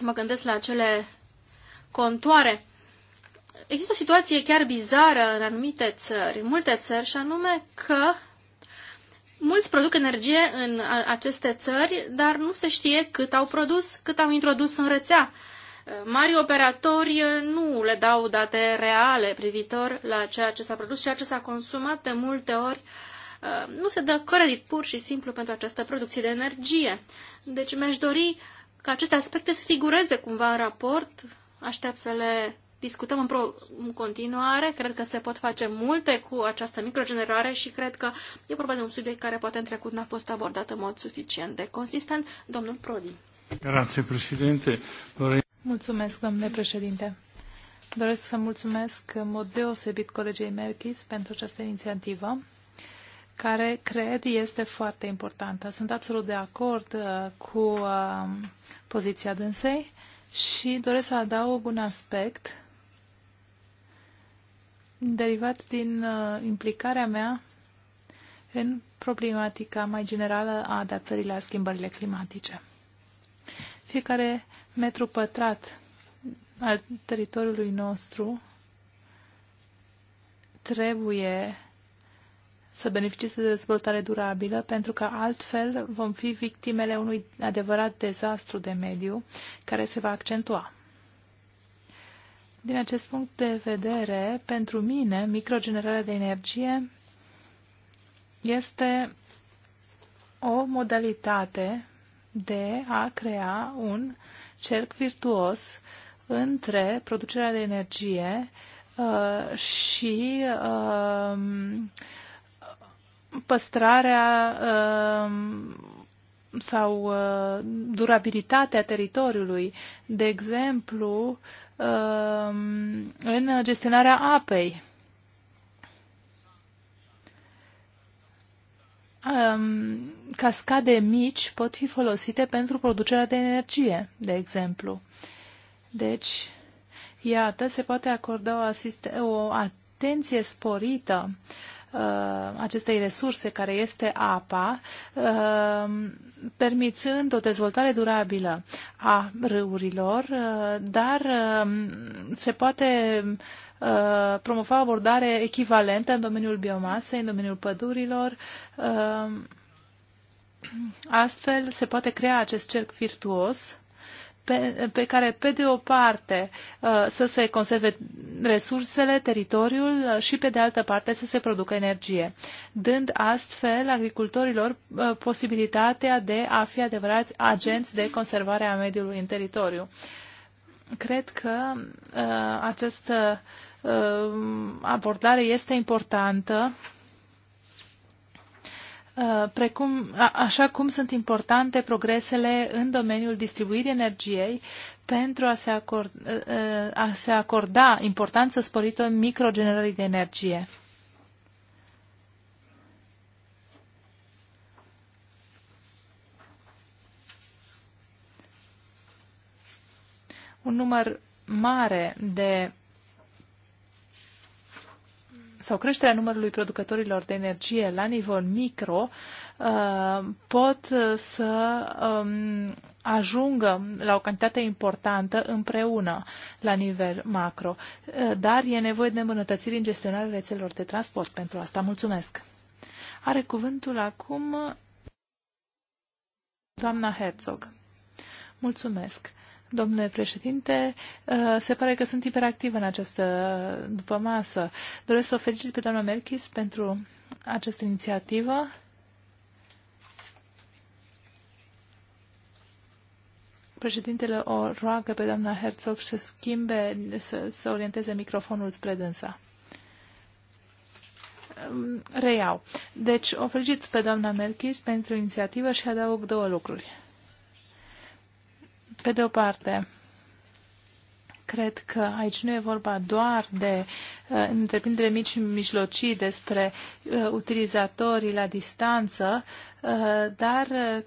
Mă gândesc la acele contoare. Există o situație chiar bizară în anumite țări, în multe țări, și anume că mulți produc energie în aceste țări, dar nu se știe cât au produs, cât au introdus în rețea mari operatori nu le dau date reale privitor la ceea ce s-a produs, ceea ce s-a consumat de multe ori. Uh, nu se dă credit pur și simplu pentru această producție de energie. Deci mi-aș dori ca aceste aspecte să figureze cumva în raport. Aștept să le discutăm în, pro- în continuare. Cred că se pot face multe cu această microgenerare și cred că e vorba de un subiect care poate în trecut n-a fost abordat în mod suficient de consistent. Domnul Prodi. Grazie, președinte. Mulțumesc, domnule președinte. Doresc să mulțumesc în mod deosebit colegei Merkis pentru această inițiativă, care cred este foarte importantă. Sunt absolut de acord uh, cu uh, poziția dânsei și doresc să adaug un aspect derivat din uh, implicarea mea în problematica mai generală a adaptării la schimbările climatice. Fiecare metru pătrat al teritoriului nostru trebuie să beneficieze de dezvoltare durabilă, pentru că altfel vom fi victimele unui adevărat dezastru de mediu care se va accentua. Din acest punct de vedere, pentru mine, microgenerarea de energie este o modalitate de a crea un cerc virtuos între producerea de energie uh, și uh, păstrarea uh, sau uh, durabilitatea teritoriului. De exemplu, uh, în gestionarea apei um, cascade mici pot fi folosite pentru producerea de energie, de exemplu. Deci, iată, se poate acorda o, o atenție sporită uh, acestei resurse care este apa, um, permițând o dezvoltare durabilă a râurilor, uh, dar um, se poate Uh, promova o abordare echivalentă în domeniul biomasei, în domeniul pădurilor. Uh, astfel se poate crea acest cerc virtuos pe, pe care, pe de o parte, uh, să se conserve resursele, teritoriul și, pe de altă parte, să se producă energie, dând astfel agricultorilor posibilitatea de a fi adevărați agenți de conservare a mediului în teritoriu. Cred că această Ehm, abordare este importantă, eh, precum, așa cum sunt importante progresele în domeniul distribuirii energiei pentru a se, acord, eh, eh, a se acorda importanță sporită microgenerării de energie. Un număr mare de sau creșterea numărului producătorilor de energie la nivel micro uh, pot uh, să um, ajungă la o cantitate importantă împreună la nivel macro. Uh, dar e nevoie de îmbunătățiri în gestionarea rețelor de transport pentru asta. Mulțumesc! Are cuvântul acum doamna Herzog. Mulțumesc! Domnule președinte, uh, se pare că sunt hiperactivă în această uh, după masă. Doresc să o felicit pe doamna Merchis pentru această inițiativă. Președintele o roagă pe doamna Herzog să schimbe, să, să orienteze microfonul spre dânsa. Um, reiau. Deci, o felicit pe doamna Merchis pentru inițiativă și adaug două lucruri. Pe de o parte, cred că aici nu e vorba doar de uh, întreprindere mici și mijlocii, despre uh, utilizatorii la distanță, uh, dar uh,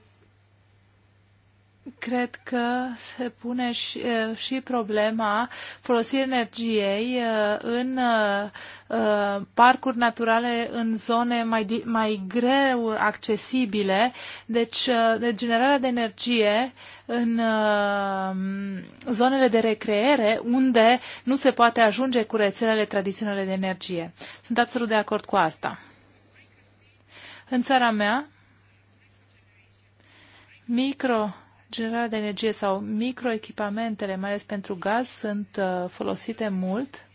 cred că se pune și, și problema folosirii energiei în parcuri naturale, în zone mai, mai greu accesibile. Deci, de generarea de energie în zonele de recreere, unde nu se poate ajunge cu rețelele tradiționale de energie. Sunt absolut de acord cu asta. În țara mea, micro generarea de energie sau microechipamentele, mai ales pentru gaz, sunt uh, folosite mult.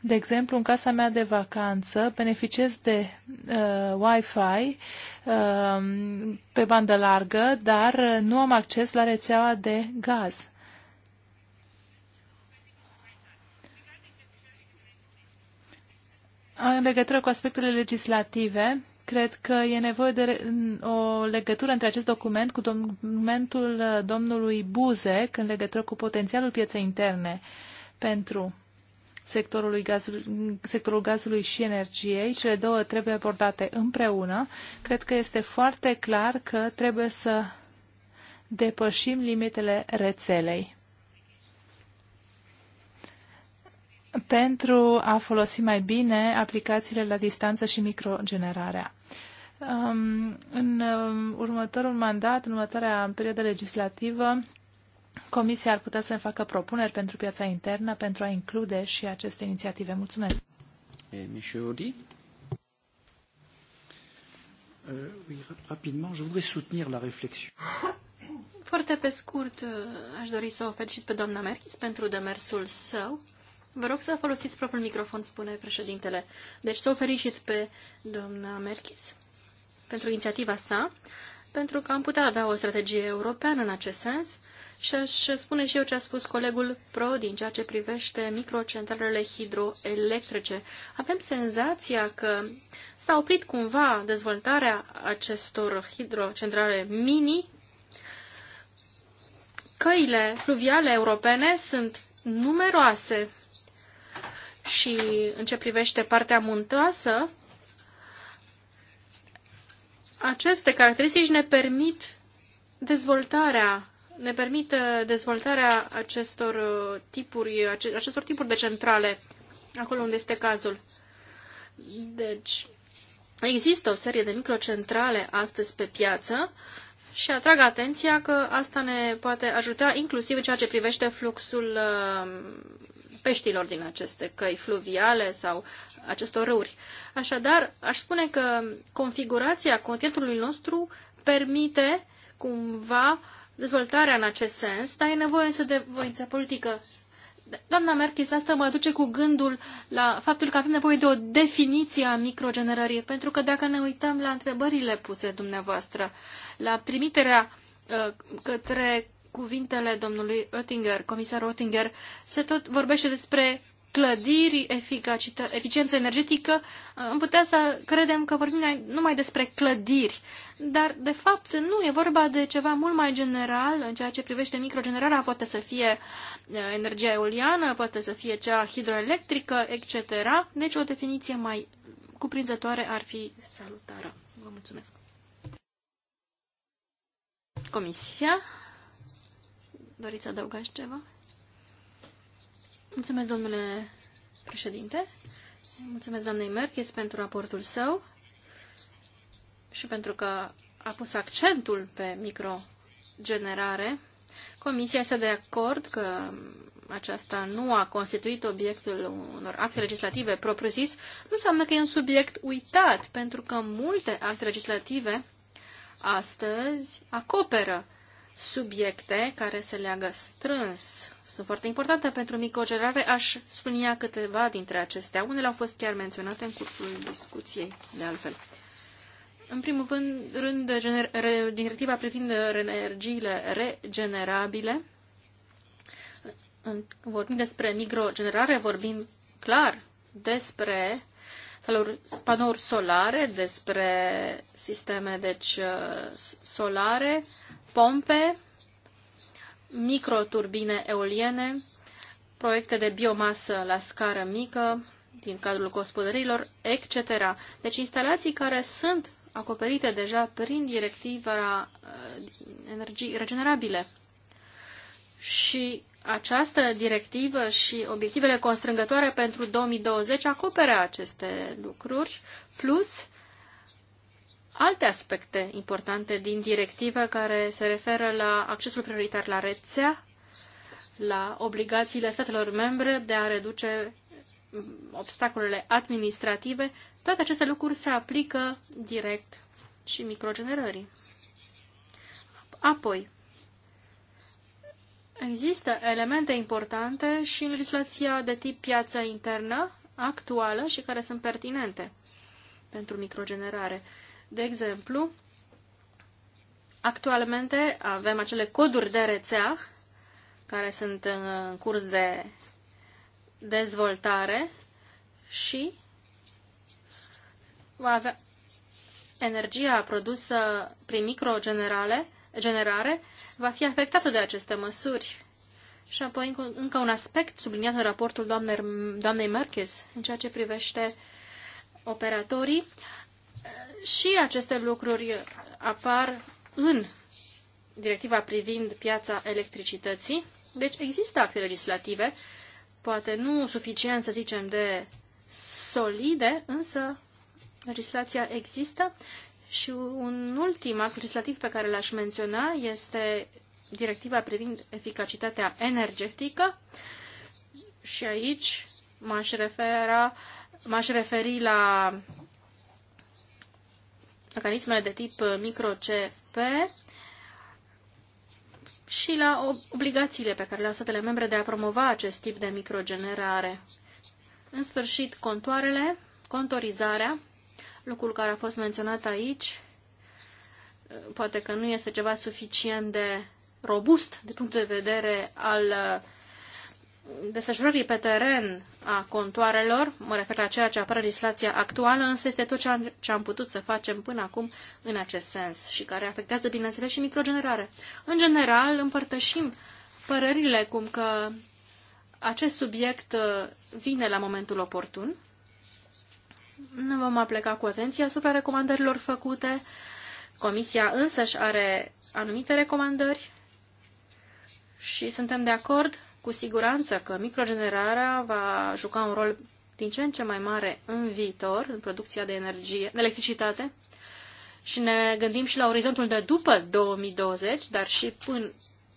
De exemplu, în casa mea de vacanță beneficiez de uh, Wi-Fi uh, pe bandă largă, dar nu am acces la rețeaua de gaz. În legătură cu aspectele legislative, Cred că e nevoie de o legătură între acest document cu documentul uh, domnului Buzek în legătură cu potențialul pieței interne pentru sectorului gazului, sectorul gazului și energiei. Cele două trebuie abordate împreună. Cred că este foarte clar că trebuie să depășim limitele rețelei. pentru a folosi mai bine aplicațiile la distanță și microgenerarea. Um, în um, următorul mandat, în următoarea perioadă legislativă, Comisia ar putea să ne facă propuneri pentru piața internă pentru a include și aceste inițiative. Mulțumesc! Eh, Mișuri. Euh, la Foarte pe scurt, euh, aș dori să o felicit pe doamna Merkis pentru demersul său Vă rog să folosiți propriul microfon, spune președintele. Deci să o felicit pe doamna Merchis pentru inițiativa sa, pentru că am putea avea o strategie europeană în acest sens și aș spune și eu ce a spus colegul Pro din ceea ce privește microcentralele hidroelectrice. Avem senzația că s-a oprit cumva dezvoltarea acestor hidrocentrale mini. Căile fluviale europene sunt numeroase și în ce privește partea muntoasă, aceste caracteristici ne permit dezvoltarea ne permit uh, dezvoltarea acestor uh, tipuri, uh, acestor tipuri de centrale, acolo unde este cazul. Deci, există o serie de microcentrale astăzi pe piață și atrag atenția că asta ne poate ajuta inclusiv ceea ce privește fluxul peștilor din aceste căi fluviale sau acestor râuri. Așadar, aș spune că configurația continentului nostru permite cumva dezvoltarea în acest sens, dar e nevoie însă de voință politică. Doamna Merkis, asta mă aduce cu gândul la faptul că avem nevoie de o definiție a microgenerării, pentru că dacă ne uităm la întrebările puse dumneavoastră, la trimiterea uh, către cuvintele domnului Oettinger, comisar Oettinger, se tot vorbește despre clădiri, eficiență energetică. Am putea să credem că vorbim numai despre clădiri, dar de fapt nu, e vorba de ceva mult mai general în ceea ce privește microgenerarea, poate să fie energia eoliană, poate să fie cea hidroelectrică, etc. Deci o definiție mai cuprinzătoare ar fi salutară. Vă mulțumesc! Comisia, Doriți să adăugați ceva? Mulțumesc, domnule președinte. Mulțumesc, doamnei Merkis, pentru raportul său și pentru că a pus accentul pe microgenerare. Comisia este de acord că aceasta nu a constituit obiectul unor acte legislative propriu-zis, nu înseamnă că e un subiect uitat, pentru că multe acte legislative astăzi acoperă subiecte care se leagă strâns. Sunt foarte importante pentru microgerare. Aș sublinia câteva dintre acestea. Unele au fost chiar menționate în cursul discuției, de altfel. În primul rând, rând directiva privind energiile regenerabile. vorbim despre microgenerare, vorbim clar despre panouri solare, despre sisteme deci, uh, solare, pompe, microturbine eoliene, proiecte de biomasă la scară mică, din cadrul gospodărilor, etc. Deci instalații care sunt acoperite deja prin directiva uh, energii regenerabile. Și această directivă și obiectivele constrângătoare pentru 2020 acoperă aceste lucruri, plus alte aspecte importante din directivă care se referă la accesul prioritar la rețea, la obligațiile statelor membre de a reduce obstacolele administrative, toate aceste lucruri se aplică direct și microgenerării. Apoi, există elemente importante și în legislația de tip piață internă actuală și care sunt pertinente pentru microgenerare. De exemplu, actualmente avem acele coduri de rețea care sunt în curs de dezvoltare și va avea energia produsă prin microgenerare generare va fi afectată de aceste măsuri. Și apoi încă un aspect subliniat în raportul doamnei, doamnei Marquez în ceea ce privește operatorii și aceste lucruri apar în directiva privind piața electricității. Deci există acte legislative, poate nu suficient să zicem de solide, însă legislația există. Și un ultim act legislativ pe care l-aș menționa este directiva privind eficacitatea energetică și aici m-aș referi la mecanismele de tip uh, micro-CFP și la obligațiile pe care le-au statele membre de a promova acest tip de microgenerare. În sfârșit, contoarele, contorizarea, lucrul care a fost menționat aici, uh, poate că nu este ceva suficient de robust de punct de vedere al uh, desfășurării pe teren a contoarelor, mă refer la ceea ce apare legislația actuală, însă este tot ce am, ce am putut să facem până acum în acest sens și care afectează, bineînțeles, și microgenerare. În general, împărtășim părerile cum că acest subiect uh, vine la momentul oportun. Ne vom apleca cu atenție asupra recomandărilor făcute. Comisia însăși are anumite recomandări și suntem de acord cu siguranță că microgenerarea va juca un rol din ce în ce mai mare în viitor, în producția de energie, de electricitate, și ne gândim și la orizontul de după 2020, dar și până,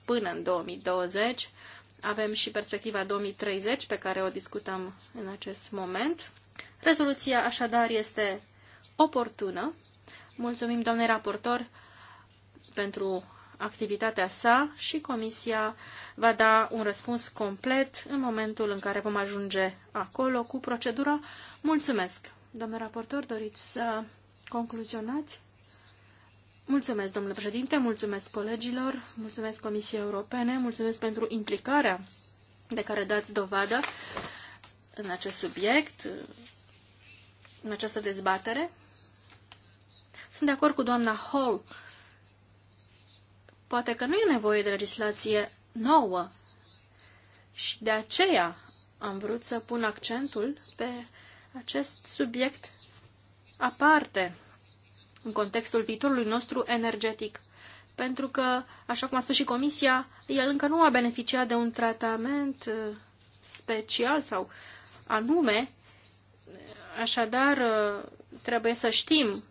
până în 2020. Avem și perspectiva 2030 pe care o discutăm în acest moment. Rezoluția așadar este oportună. Mulțumim, doamne raportor, pentru activitatea sa și Comisia va da un răspuns complet în momentul în care vom ajunge acolo cu procedura. Mulțumesc! Domnule raportor, doriți să concluzionați? Mulțumesc, domnule președinte, mulțumesc colegilor, mulțumesc Comisiei Europene, mulțumesc pentru implicarea de care dați dovadă în acest subiect, în această dezbatere. Sunt de acord cu doamna Hall Poate că nu e nevoie de legislație nouă și de aceea am vrut să pun accentul pe acest subiect aparte în contextul viitorului nostru energetic. Pentru că, așa cum a spus și Comisia, el încă nu a beneficiat de un tratament uh, special sau anume, așadar uh, trebuie să știm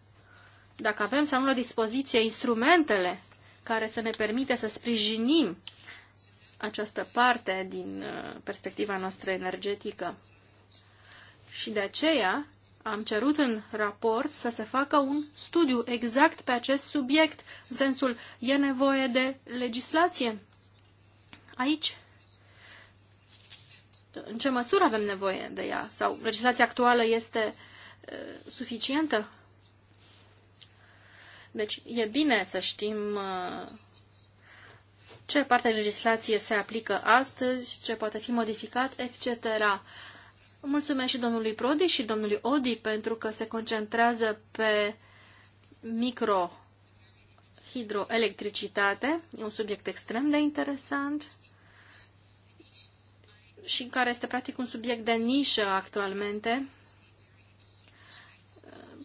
dacă avem sau nu la dispoziție instrumentele care să ne permite să sprijinim această parte din uh, perspectiva noastră energetică. Și de aceea am cerut în raport să se facă un studiu exact pe acest subiect, în sensul e nevoie de legislație. Aici, în ce măsură avem nevoie de ea? Sau legislația actuală este uh, suficientă? Deci e bine să știm uh, ce parte de legislație se aplică astăzi, ce poate fi modificat, etc. Mulțumesc și domnului Prodi și domnului Odi pentru că se concentrează pe microhidroelectricitate, e un subiect extrem de interesant și care este practic un subiect de nișă actualmente.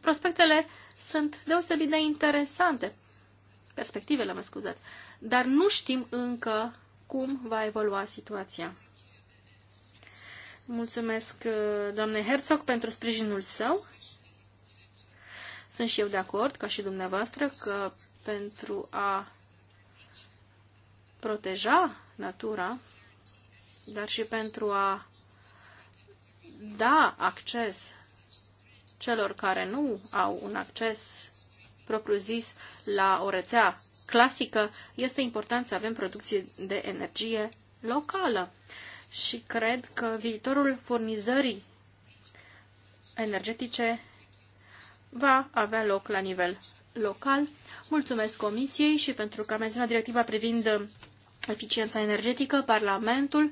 Prospectele sunt deosebit de interesante, perspectivele, mă scuzați, dar nu știm încă cum va evolua situația. Mulțumesc uh, doamne Herzog pentru sprijinul său. Sunt și eu de acord, ca și dumneavoastră, că pentru a proteja natura, dar și pentru a da acces celor care nu au un acces propriu-zis la o rețea clasică, este important să avem producție de energie locală. Și cred că viitorul furnizării energetice va avea loc la nivel local. Mulțumesc Comisiei și pentru că a menționat directiva privind eficiența energetică, Parlamentul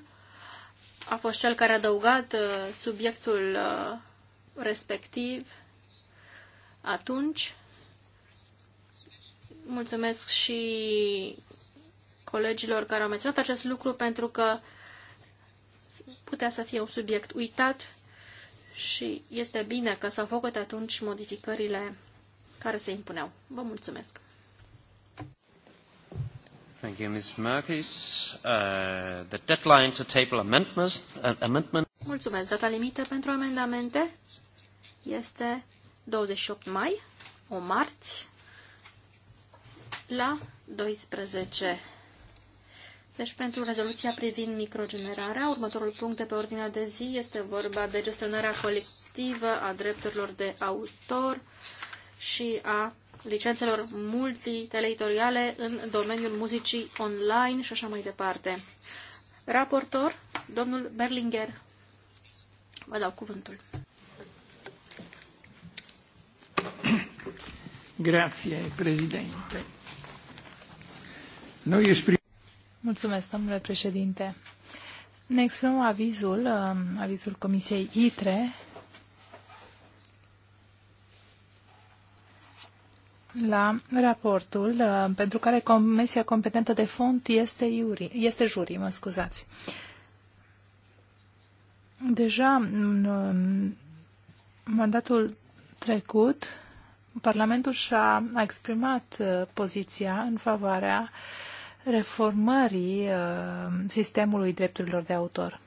a fost cel care a adăugat uh, subiectul uh, respectiv, atunci, mulțumesc și colegilor care au menționat acest lucru pentru că putea să fie un subiect uitat și este bine că s-au făcut atunci modificările care se impuneau. Vă mulțumesc! Thank you, Ms. Merkis. Uh, the deadline to table amendments, uh, amendment Mulțumesc. Data limită pentru amendamente este 28 mai, o marți, la 12. Deci, pentru rezoluția privind microgenerarea, următorul punct de pe ordinea de zi este vorba de gestionarea colectivă a drepturilor de autor și a licențelor multiteritoriale în domeniul muzicii online și așa mai departe. Raportor, domnul Berlinger. Vă dau cuvântul. Grazie, președinte. Noi exprim... Mulțumesc, domnule președinte. Ne exprimăm avizul, um, avizul Comisiei ITRE la raportul um, pentru care Comisia competentă de fond este, iuri, este jurii, mă scuzați. Uh, Deja în mandatul trecut, Parlamentul și-a exprimat uh, poziția în favoarea reformării uh, sistemului drepturilor de autor.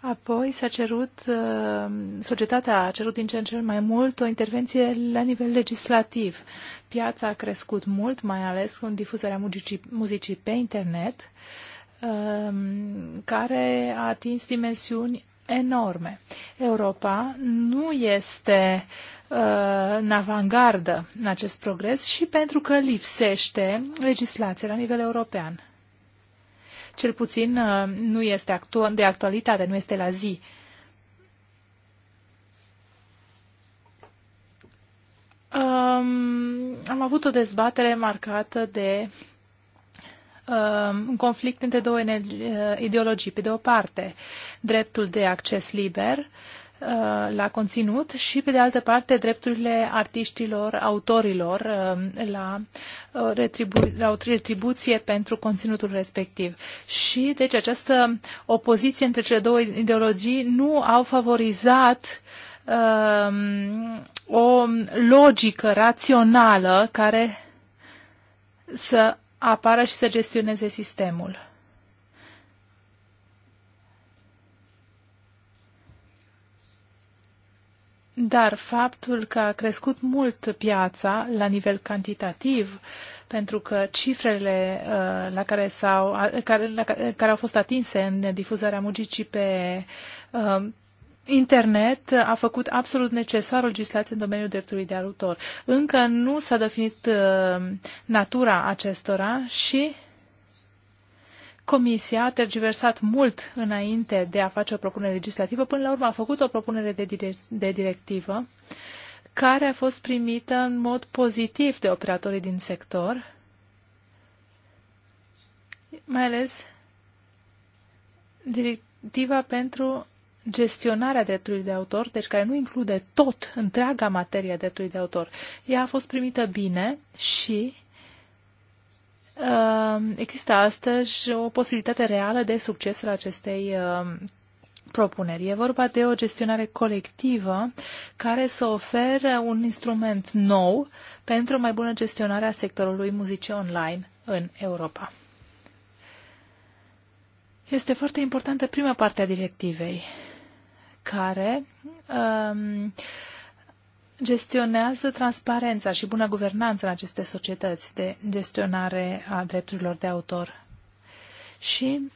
Apoi s-a cerut, uh, societatea a cerut din ce în ce mai mult o intervenție la nivel legislativ. Piața a crescut mult, mai ales în difuzarea muzicii, muzicii pe internet, um, care a atins dimensiuni enorme. Europa nu este uh, în avangardă în acest progres și pentru că lipsește legislația la nivel european. Cel puțin uh, nu este de actualitate, nu este la zi. Um, am avut o dezbatere marcată de Um, un conflict între două uh, ideologii. Pe de o parte, dreptul de acces liber uh, la conținut și, pe de altă parte, drepturile artiștilor, autorilor um, la, uh, retribu- la o retribuție pentru conținutul respectiv. Și, deci, această opoziție între cele două ideologii nu au favorizat um, o logică rațională care să apară și să gestioneze sistemul. Dar faptul că a crescut mult piața la nivel cantitativ, pentru că cifrele uh, la, care, s-au, care, la care, care au fost atinse în difuzarea mugicii pe uh, internet a făcut absolut necesar o legislație în domeniul dreptului de autor. Încă nu s-a definit uh, natura acestora și Comisia a tergiversat mult înainte de a face o propunere legislativă, până la urmă a făcut o propunere de, de directivă care a fost primită în mod pozitiv de operatorii din sector, mai ales directiva pentru gestionarea dreptului de autor, deci care nu include tot, întreaga materie a dreptului de autor. Ea a fost primită bine și uh, există astăzi o posibilitate reală de succes la acestei uh, propuneri. E vorba de o gestionare colectivă care să ofere un instrument nou pentru o mai bună gestionare a sectorului muzicii online în Europa. Este foarte importantă prima parte a directivei, care um, gestionează transparența și bună guvernanță în aceste societăți de gestionare a drepturilor de autor. Și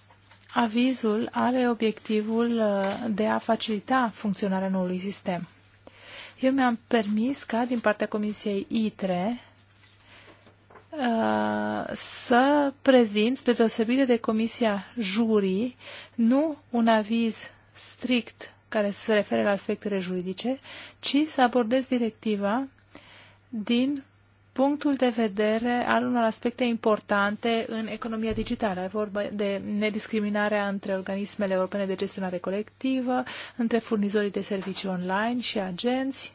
avizul are obiectivul uh, de a facilita funcționarea noului sistem. Eu mi-am permis ca din partea Comisiei ITRE uh, să prezint, spre deosebire de Comisia Jurii, nu un aviz strict care se refere la aspectele juridice, ci să abordez directiva din punctul de vedere al unor aspecte importante în economia digitală. E vorba de nediscriminarea între organismele europene de gestionare colectivă, între furnizorii de servicii online și agenți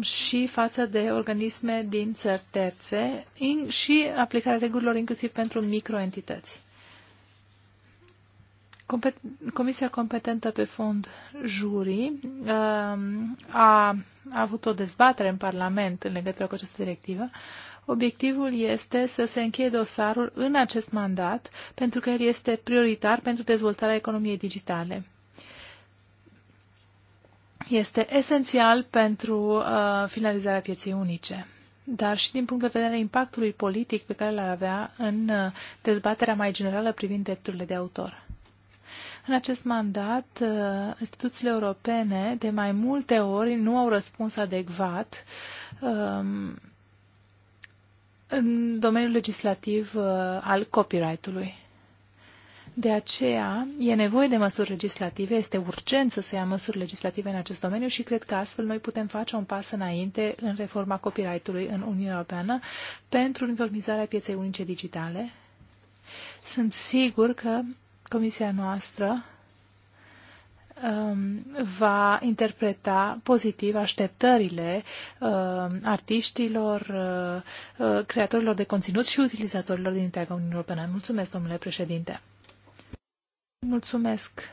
și față de organisme din țări terțe și aplicarea regulilor inclusiv pentru microentități. Comisia competentă pe fond juri um, a avut o dezbatere în Parlament în legătură cu această directivă. Obiectivul este să se încheie dosarul în acest mandat, pentru că el este prioritar pentru dezvoltarea economiei digitale. Este esențial pentru uh, finalizarea pieței unice dar și din punct de vedere impactului politic pe care l-ar avea în uh, dezbaterea mai generală privind drepturile de autor. În acest mandat, uh, instituțiile europene de mai multe ori nu au răspuns adecvat um, în domeniul legislativ uh, al copyright-ului. De aceea e nevoie de măsuri legislative, este urgent să se ia măsuri legislative în acest domeniu și cred că astfel noi putem face un pas înainte în reforma copyright-ului în Uniunea Europeană pentru uniformizarea pieței unice digitale. Sunt sigur că comisia noastră um, va interpreta pozitiv așteptările um, uh, artiștilor, uh, creatorilor de conținut și utilizatorilor din întreaga Uniunea Europeană. Mulțumesc, domnule președinte. Mulțumesc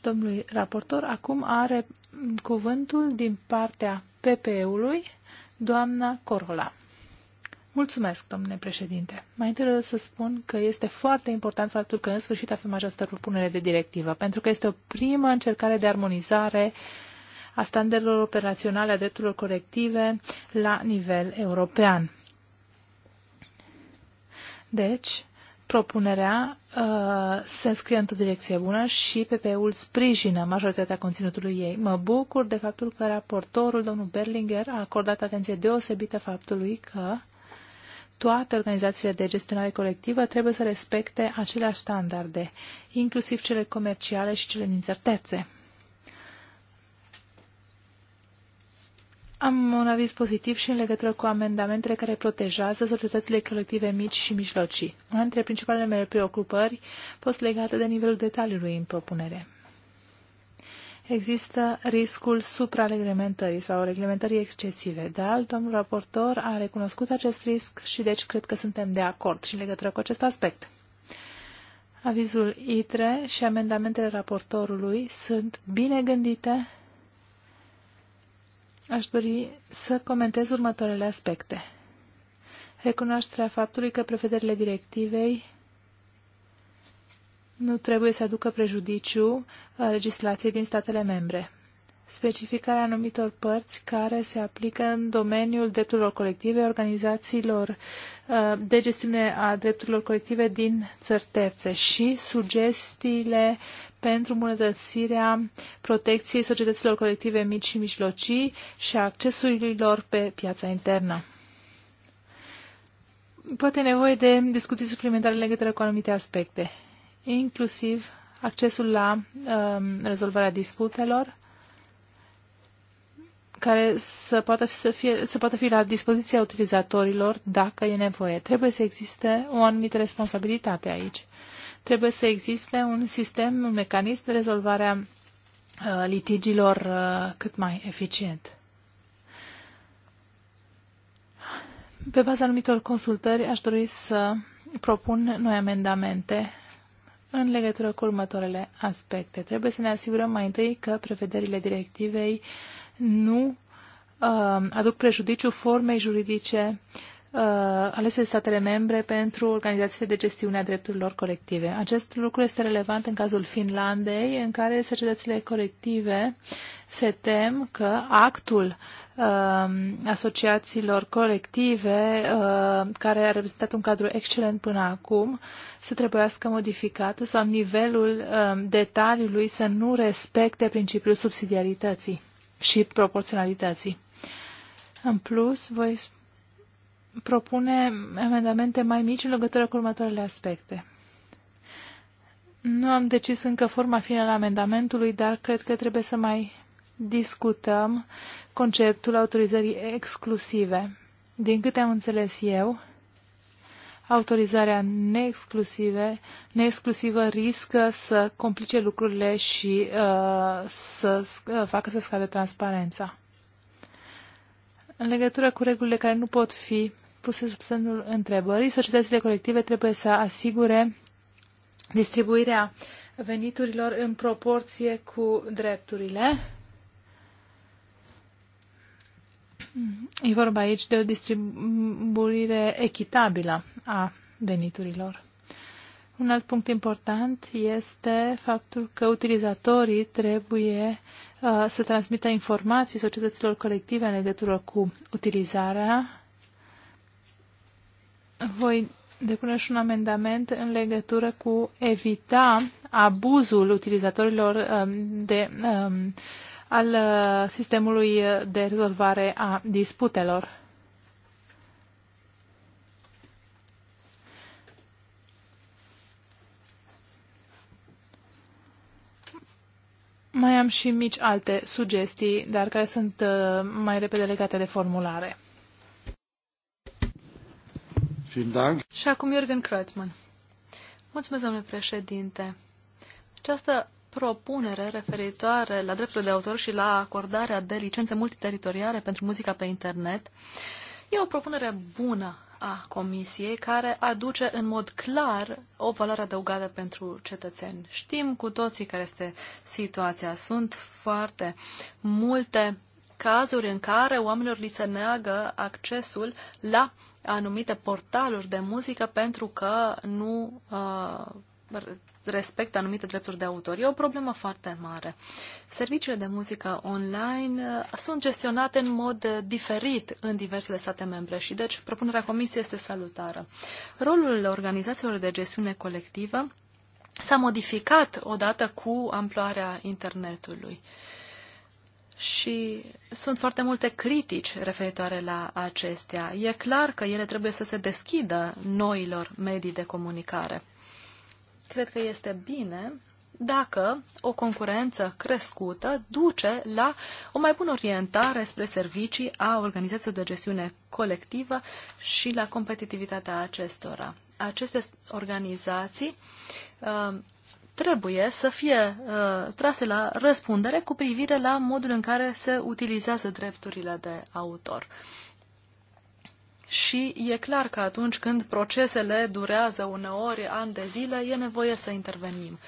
domnului raportor. Acum are cuvântul din partea PPE-ului doamna Corola. Mulțumesc, domnule președinte. Mai întâi să spun că este foarte important faptul că în sfârșit avem această propunere de directivă, pentru că este o primă încercare de armonizare a standardelor operaționale a drepturilor colective la nivel european. Deci, propunerea uh, se înscrie într-o direcție bună și ppe ul sprijină majoritatea conținutului ei. Mă bucur de faptul că raportorul, domnul Berlinger, a acordat atenție deosebită faptului că uh, toate organizațiile de gestionare colectivă trebuie să respecte aceleași standarde, inclusiv cele comerciale și cele din terțe. Am un aviz pozitiv și în legătură cu amendamentele care protejează societățile colective mici și mijlocii. Una dintre principalele mele preocupări fost legată de nivelul detaliului în propunere există riscul suprareglementării sau reglementării excesive, dar domnul raportor a recunoscut acest risc și deci cred că suntem de acord și în legătură cu acest aspect. Avizul ITRE și amendamentele raportorului sunt bine gândite. Aș dori să comentez următoarele aspecte. Recunoașterea faptului că prevederile directivei nu trebuie să aducă prejudiciu uh, legislației din statele membre. Specificarea anumitor părți care se aplică în domeniul drepturilor colective, organizațiilor uh, de gestiune a drepturilor colective din țări terțe și sugestiile pentru îmbunătățirea protecției societăților colective mici și mijlocii și a accesului lor pe piața internă poate nevoie de discuții suplimentare legătură cu anumite aspecte inclusiv accesul la um, rezolvarea disputelor, care să poată, fi, să, fie, să poată fi la dispoziția utilizatorilor dacă e nevoie. Trebuie să existe o anumită responsabilitate aici. Trebuie să existe un sistem, un mecanism de rezolvare a uh, litigilor uh, cât mai eficient. Pe baza anumitor consultări aș dori să propun noi amendamente în legătură cu următoarele aspecte. Trebuie să ne asigurăm mai întâi că prevederile directivei nu uh, aduc prejudiciu formei juridice uh, alese de statele membre pentru organizațiile de gestiune a drepturilor colective. Acest lucru este relevant în cazul Finlandei, în care societățile colective se tem că actul uh, Um, asociațiilor colective, uh, care a reprezentat un cadru excelent până acum, să trebuiască modificată sau nivelul um, detaliului să nu respecte principiul subsidiarității și proporționalității. În plus, voi propune amendamente mai mici în legătură cu următoarele aspecte. Nu am decis încă forma finală a amendamentului, dar cred că trebuie să mai discutăm conceptul autorizării exclusive. Din câte am înțeles eu, autorizarea neexclusive, neexclusivă riscă să complice lucrurile și uh, să uh, facă să scadă transparența. În legătură cu regulile care nu pot fi puse sub semnul întrebării, societățile colective trebuie să asigure distribuirea veniturilor în proporție cu drepturile E vorba aici de o distribuire echitabilă a veniturilor. Un alt punct important este faptul că utilizatorii trebuie uh, să transmită informații societăților colective în legătură cu utilizarea. Voi depune și un amendament în legătură cu evita abuzul utilizatorilor um, de um, al uh, sistemului de rezolvare a disputelor. Mai am și mici alte sugestii, dar care sunt uh, mai repede legate de formulare. Și acum Jürgen Kreuzmann. Mulțumesc, domnule președinte. Această propunere referitoare la dreptul de autor și la acordarea de licențe multiteritoriale pentru muzica pe internet. E o propunere bună a Comisiei care aduce în mod clar o valoare adăugată pentru cetățeni. Știm cu toții care este situația. Sunt foarte multe cazuri în care oamenilor li se neagă accesul la anumite portaluri de muzică pentru că nu uh, respectă anumite drepturi de autor. E o problemă foarte mare. Serviciile de muzică online uh, sunt gestionate în mod uh, diferit în diversele state membre și deci propunerea comisiei este salutară. Rolul organizațiilor de gestiune colectivă s-a modificat odată cu amploarea internetului. Și sunt foarte multe critici referitoare la acestea. E clar că ele trebuie să se deschidă noilor medii de comunicare. Cred că este bine dacă o concurență crescută duce la o mai bună orientare spre servicii a organizațiilor de gestiune colectivă și la competitivitatea acestora. Aceste organizații uh, trebuie să fie uh, trase la răspundere cu privire la modul în care se utilizează drepturile de autor. Și e clar că atunci când procesele durează uneori ani de zile, e nevoie să intervenim.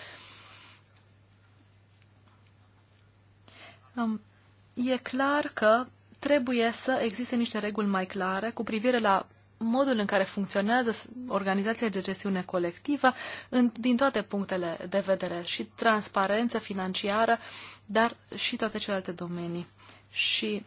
E clar că trebuie să existe niște reguli mai clare cu privire la modul în care funcționează organizația de gestiune colectivă în, din toate punctele de vedere și transparență financiară, dar și toate celelalte domenii. Și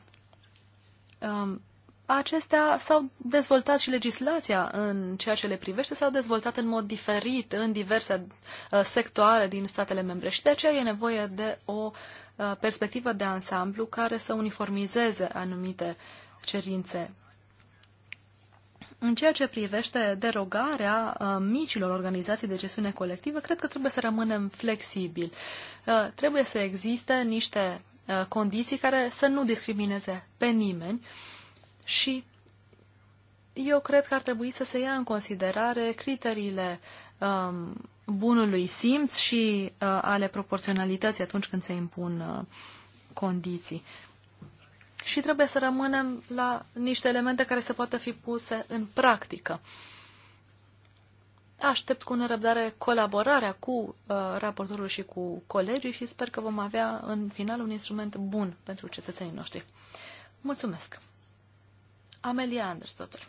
um, acestea s-au dezvoltat și legislația în ceea ce le privește, s-au dezvoltat în mod diferit în diverse uh, sectoare din statele membre și de aceea e nevoie de o uh, perspectivă de ansamblu care să uniformizeze anumite cerințe. În ceea ce privește derogarea uh, micilor organizații de gestiune colectivă, cred că trebuie să rămânem flexibili. Trebuie să existe niște condiții care să nu discrimineze pe nimeni, și eu cred că ar trebui să se ia în considerare criteriile um, bunului simț și uh, ale proporționalității atunci când se impun uh, condiții. Și trebuie să rămânem la niște elemente care se poată fi puse în practică. Aștept cu nerăbdare colaborarea cu uh, raportorul și cu colegii și sper că vom avea în final un instrument bun pentru cetățenii noștri. Mulțumesc! Amelia Andersdotter.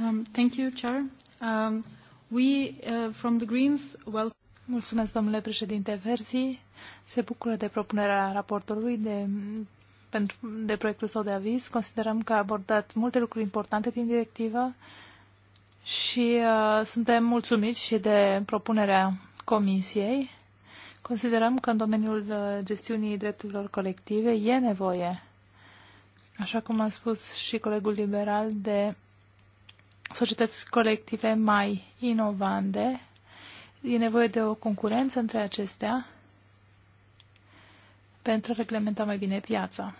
Um, thank you, Chair. Um, we uh, from the Greens welcome Mulțumesc, domnule președinte Verzi. Se bucură de propunerea raportorului de, pentru, de proiectul său de aviz. Considerăm că a abordat multe lucruri importante din directivă și uh, suntem mulțumiți și de propunerea Comisiei. Considerăm că în domeniul uh, gestiunii drepturilor colective e nevoie așa cum a spus și colegul liberal, de societăți colective mai inovante. E nevoie de o concurență între acestea pentru a reglementa mai bine piața.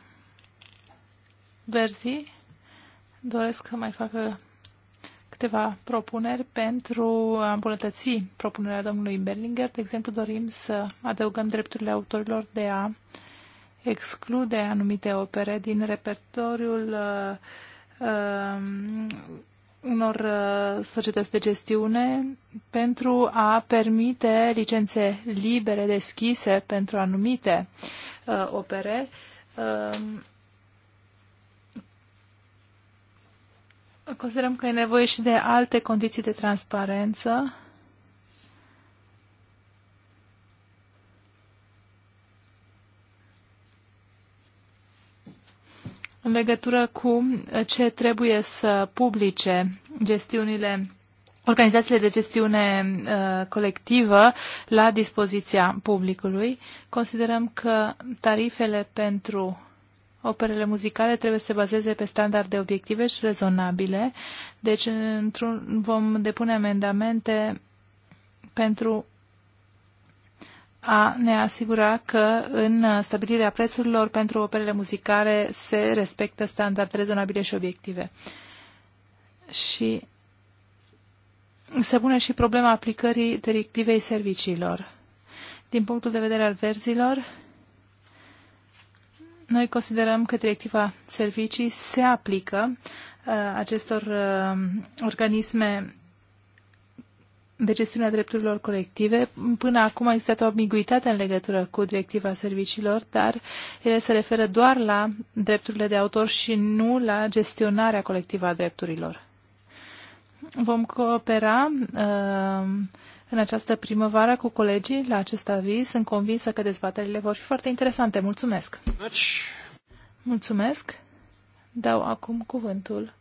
Verzii doresc să mai facă câteva propuneri pentru a îmbunătăți propunerea domnului Berlinger. De exemplu, dorim să adăugăm drepturile autorilor de a uh, exclude anumite opere din repertoriul uh, uh, unor uh, societăți de gestiune pentru a permite licențe libere, deschise pentru anumite uh, opere. Uh, considerăm că e nevoie și de alte condiții de transparență în legătură cu uh, ce trebuie să publice gestiunile organizațiile de gestiune uh, colectivă la dispoziția publicului. Considerăm că tarifele pentru operele muzicale trebuie să se bazeze pe standarde obiective și rezonabile, deci într-un, vom depune amendamente pentru a ne asigura că în stabilirea prețurilor pentru operele muzicale se respectă standarde rezonabile și obiective. Și se pune și problema aplicării directivei serviciilor. Din punctul de vedere al verzilor, noi considerăm că directiva servicii se aplică uh, acestor uh, organisme de gestiunea drepturilor colective. Până acum a existat o ambiguitate în legătură cu directiva serviciilor, dar ele se referă doar la drepturile de autor și nu la gestionarea colectivă a drepturilor. Vom coopera uh, în această primăvară cu colegii la acest aviz. Sunt convinsă că dezbaterile vor fi foarte interesante. Mulțumesc! Deci- Mulțumesc! Dau acum cuvântul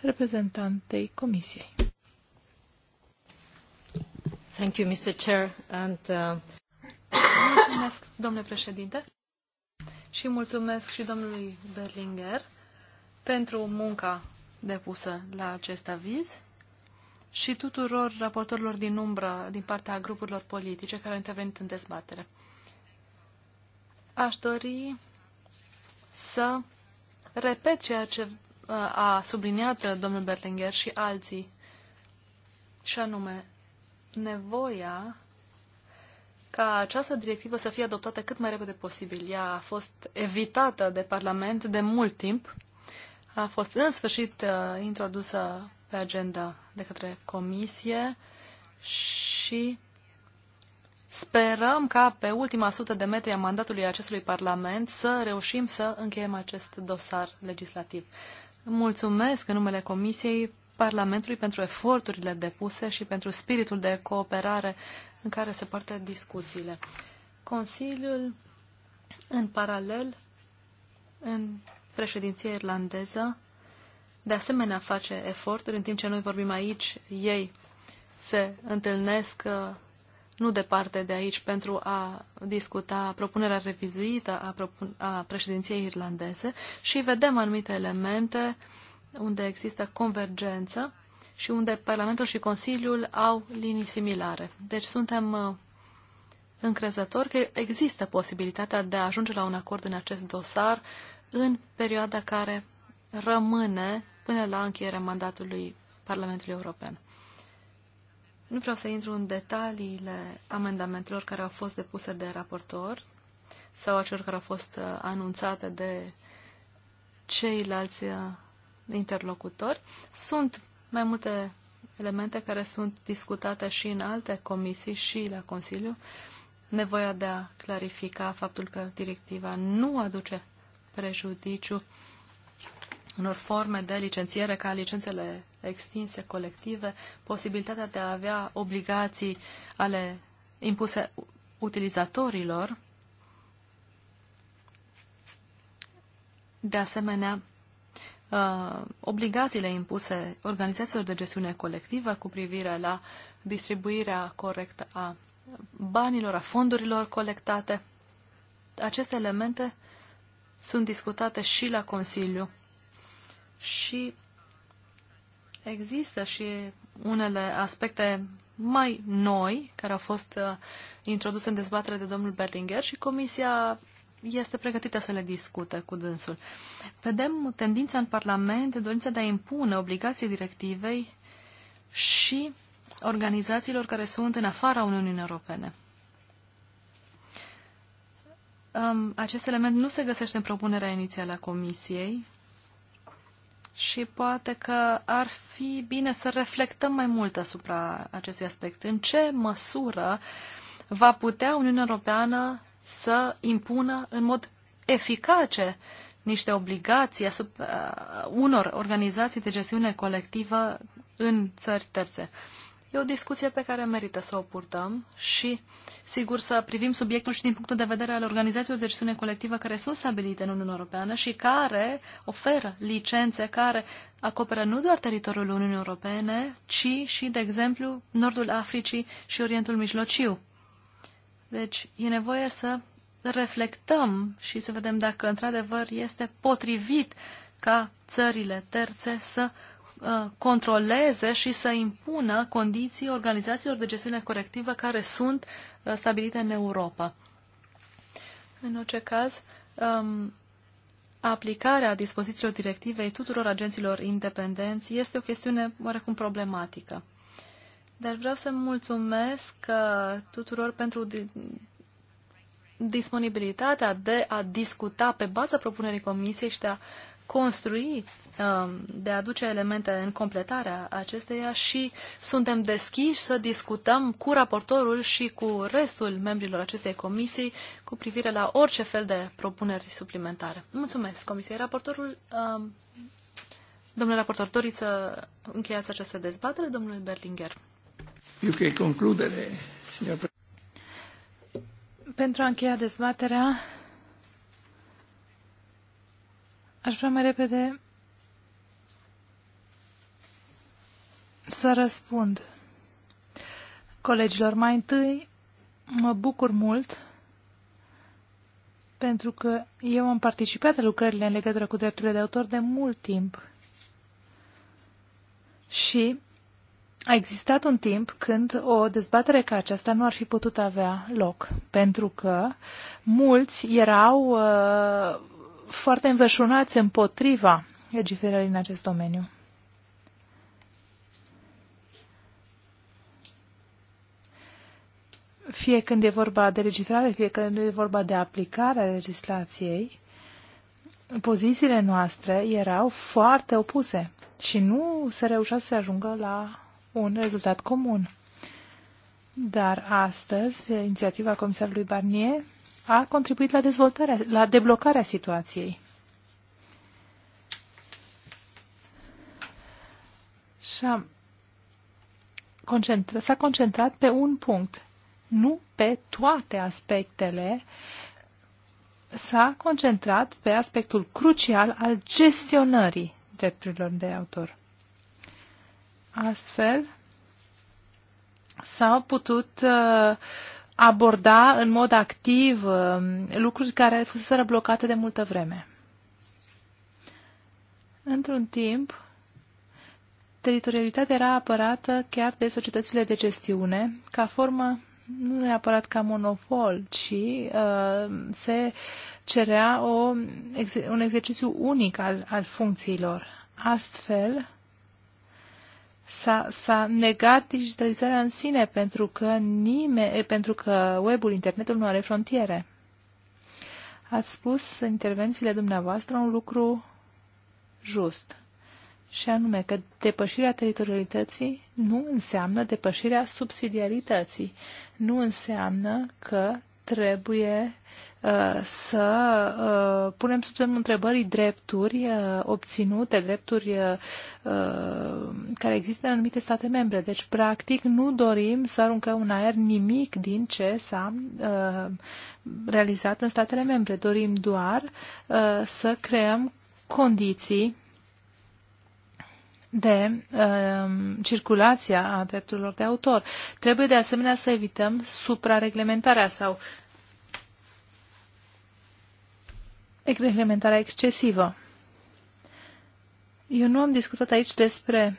reprezentantei Comisiei. Thank you, Mr. Chair, and, uh... Mulțumesc, domnule președinte, și mulțumesc și domnului Berlinger pentru munca depusă la acest aviz și tuturor raportorilor din umbră din partea grupurilor politice care au intervenit în dezbatere. Aș dori să repet ceea ce uh, a subliniat domnul Berlinger și alții, și anume nevoia ca această directivă să fie adoptată cât mai repede posibil. Ea a fost evitată de Parlament de mult timp. A fost în sfârșit uh, introdusă pe agenda de către Comisie și sperăm ca pe ultima sută de metri a mandatului acestui Parlament să reușim să încheiem acest dosar legislativ. Mulțumesc în numele Comisiei Parlamentului pentru eforturile depuse și pentru spiritul de cooperare în care se poartă discuțiile. Consiliul, în paralel, în președinția irlandeză, de asemenea face eforturi, în timp ce noi vorbim aici, ei se întâlnesc uh, nu departe de aici pentru a discuta propunerea revizuită a, propun- a președinției irlandeze și vedem anumite elemente uh, unde există convergență și unde Parlamentul și Consiliul au linii similare. Deci suntem uh, încrezători că există posibilitatea de a ajunge la un acord în acest dosar în perioada care rămâne până la încheierea mandatului Parlamentului European. Nu vreau să intru în detaliile amendamentelor care au fost depuse de raportor sau acelor care au fost uh, anunțate de ceilalți uh, interlocutori. Sunt mai multe elemente care sunt discutate și în alte comisii și la Consiliu. Nevoia de a clarifica faptul că directiva nu aduce prejudiciu unor forme de licențiere ca licențele extinse colective, posibilitatea de a avea obligații ale impuse utilizatorilor, de asemenea Uh, obligațiile impuse organizațiilor de gestiune colectivă cu privire la distribuirea corectă a banilor, a fondurilor colectate. Aceste elemente sunt discutate și la Consiliu și există și unele aspecte mai noi care au fost uh, introduse în dezbatere de domnul Berlinger și Comisia este pregătită să le discute cu dânsul. Vedem tendința în Parlament, dorința de a impune obligații directivei și organizațiilor care sunt în afara Uniunii Europene. Acest element nu se găsește în propunerea inițială a Comisiei și poate că ar fi bine să reflectăm mai mult asupra acestui aspect. În ce măsură va putea Uniunea Europeană să impună în mod eficace niște obligații asupra uh, unor organizații de gestiune colectivă în țări terțe. E o discuție pe care merită să o purtăm și, sigur, să privim subiectul și din punctul de vedere al organizațiilor de gestiune colectivă care sunt stabilite în Uniunea Europeană și care oferă licențe care acoperă nu doar teritoriul Uniunii Europene, ci și, de exemplu, Nordul Africii și Orientul Mijlociu. Deci e nevoie să reflectăm și să vedem dacă într-adevăr este potrivit ca țările terțe să uh, controleze și să impună condiții organizațiilor de gestiune corectivă care sunt uh, stabilite în Europa. În orice caz, um, aplicarea dispozițiilor directivei tuturor agenților independenți este o chestiune oarecum problematică. Dar vreau să mulțumesc uh, tuturor pentru disponibilitatea de a discuta pe baza propunerii comisiei și de a construi, um, de a aduce elemente în completarea acesteia și suntem deschiși să discutăm cu raportorul și cu restul membrilor acestei comisii cu privire la orice fel de propuneri suplimentare. Mulțumesc, comisie. Raportorul, um, domnule raportor, doriți să încheiați această dezbatere, domnule Berlinger? concludere, Pentru a încheia dezbaterea, aș vrea mai repede să răspund colegilor. Mai întâi, mă bucur mult pentru că eu am participat la lucrările în legătură cu drepturile de autor de mult timp. Și a existat un timp când o dezbatere ca aceasta nu ar fi putut avea loc, pentru că mulți erau uh, foarte înveșunați împotriva legiferării în acest domeniu. Fie când e vorba de legiferare, fie când e vorba de aplicarea legislației, pozițiile noastre erau foarte opuse și nu se reușea să se ajungă la un rezultat comun. Dar astăzi, inițiativa comisarului Barnier a contribuit la dezvoltarea, la deblocarea situației. Și a s-a concentrat pe un punct, nu pe toate aspectele, s-a concentrat pe aspectul crucial al gestionării drepturilor de autor. Astfel, s-au putut uh, aborda în mod activ uh, lucruri care fuseseră blocate de multă vreme. Într-un timp, teritorialitatea era apărată chiar de societățile de gestiune, ca formă nu neapărat ca monopol, ci uh, se cerea o, un exercițiu unic al, al funcțiilor. Astfel, s-a, s-a negat digitalizarea în sine pentru că, nime, pentru că webul, internetul nu are frontiere. Ați spus în intervențiile dumneavoastră un lucru just, și anume că depășirea teritorialității nu înseamnă depășirea subsidiarității, nu înseamnă că trebuie Uh, să uh, punem sub semnul întrebării drepturi uh, obținute, drepturi care există în anumite state membre. Deci, practic, nu dorim să aruncăm în aer nimic din ce s-a realizat în statele membre. Dorim doar să creăm condiții de um, circulația a drepturilor de autor. Trebuie de asemenea să evităm suprareglementarea sau reglementarea excesivă. Eu nu am discutat aici despre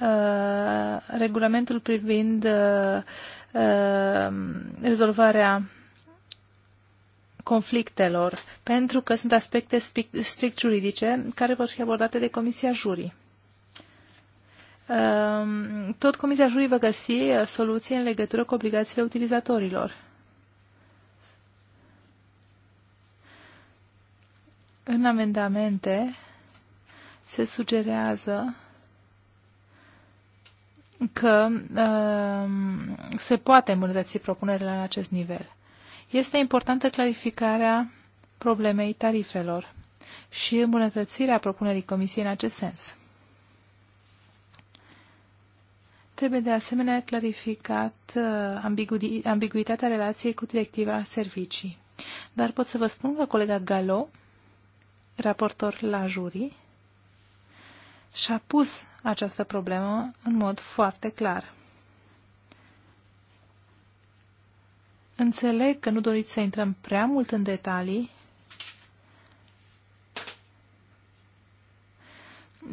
uh, regulamentul privind uh, uh, rezolvarea conflictelor, pentru că sunt aspecte strict juridice care vor fi abordate de Comisia Jurii. Um, tot Comisia Jurii va găsi uh, soluții în legătură cu obligațiile utilizatorilor. În amendamente se sugerează că uh, se poate îmbunătăți propunerea la acest nivel. Este importantă clarificarea problemei tarifelor și îmbunătățirea propunerii Comisiei în acest sens. Trebuie de asemenea clarificat uh, ambigu ambiguitatea relației cu directiva servicii. Dar pot să vă spun că colega Galo raportor la jurii, și-a pus această problemă în mod foarte clar. Înțeleg că nu doriți să intrăm prea mult în detalii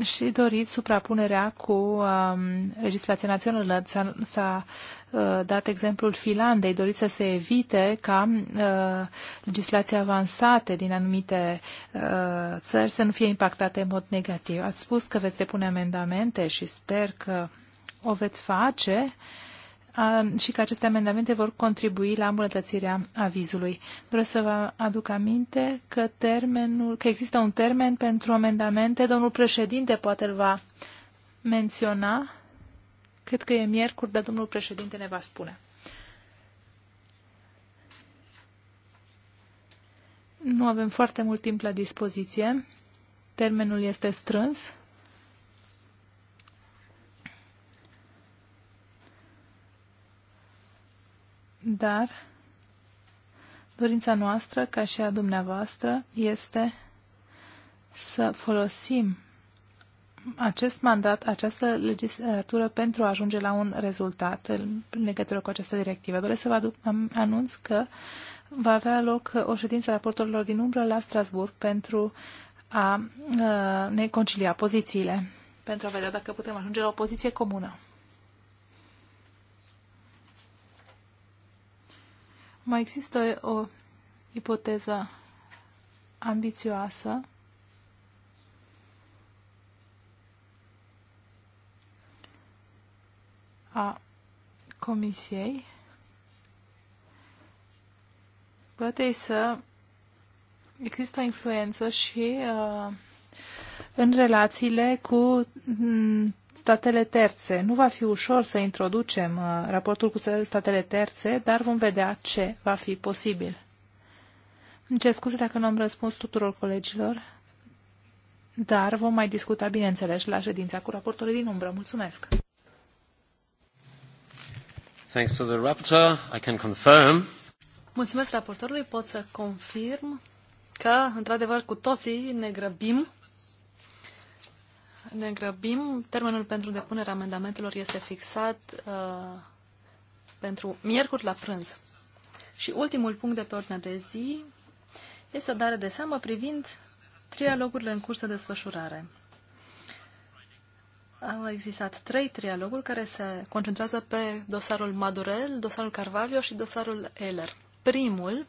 și doriți suprapunerea cu um, legislația națională. S-a Uh, dat exemplul Finlandei, dorit să se evite ca uh, legislații avansate din anumite uh, țări să nu fie impactate în mod negativ. Ați spus că veți depune amendamente și sper că o veți face și că aceste amendamente vor contribui la îmbunătățirea avizului. Vreau să vă aduc aminte că, termenul, că există un termen pentru amendamente. Domnul președinte poate îl va menționa. Cred că e miercuri, dar domnul președinte ne va spune. Nu avem foarte mult timp la dispoziție. Termenul este strâns. Dar dorința noastră, ca și a dumneavoastră, este să folosim acest mandat, această legislatură pentru a ajunge la un rezultat în legătură cu această directivă. Doresc să vă aduc, anunț că va avea loc o ședință a raportorilor din umbră la Strasburg pentru a ne concilia pozițiile, pentru a vedea dacă putem ajunge la o poziție comună. Mai există o ipoteză ambițioasă a Comisiei poate să există influență și uh, în relațiile cu mm, statele terțe. Nu va fi ușor să introducem uh, raportul cu statele terțe, dar vom vedea ce va fi posibil. Îmi cer scuze dacă nu am răspuns tuturor colegilor, dar vom mai discuta, bineînțeles, la ședința cu raportorii din umbră. Mulțumesc! Thanks to the rapporteur, I can confirm. Mulțumesc raportorului, pot să confirm că, într-adevăr, cu toții ne grăbim. Ne grăbim. Termenul pentru depunerea amendamentelor este fixat uh, pentru miercuri la prânz. Și ultimul punct de pe ordinea de zi este o dare de seamă privind trialogurile în curs de desfășurare. Au existat trei trialoguri care se concentrează pe dosarul Madurel, dosarul Carvalho și dosarul Eller. Primul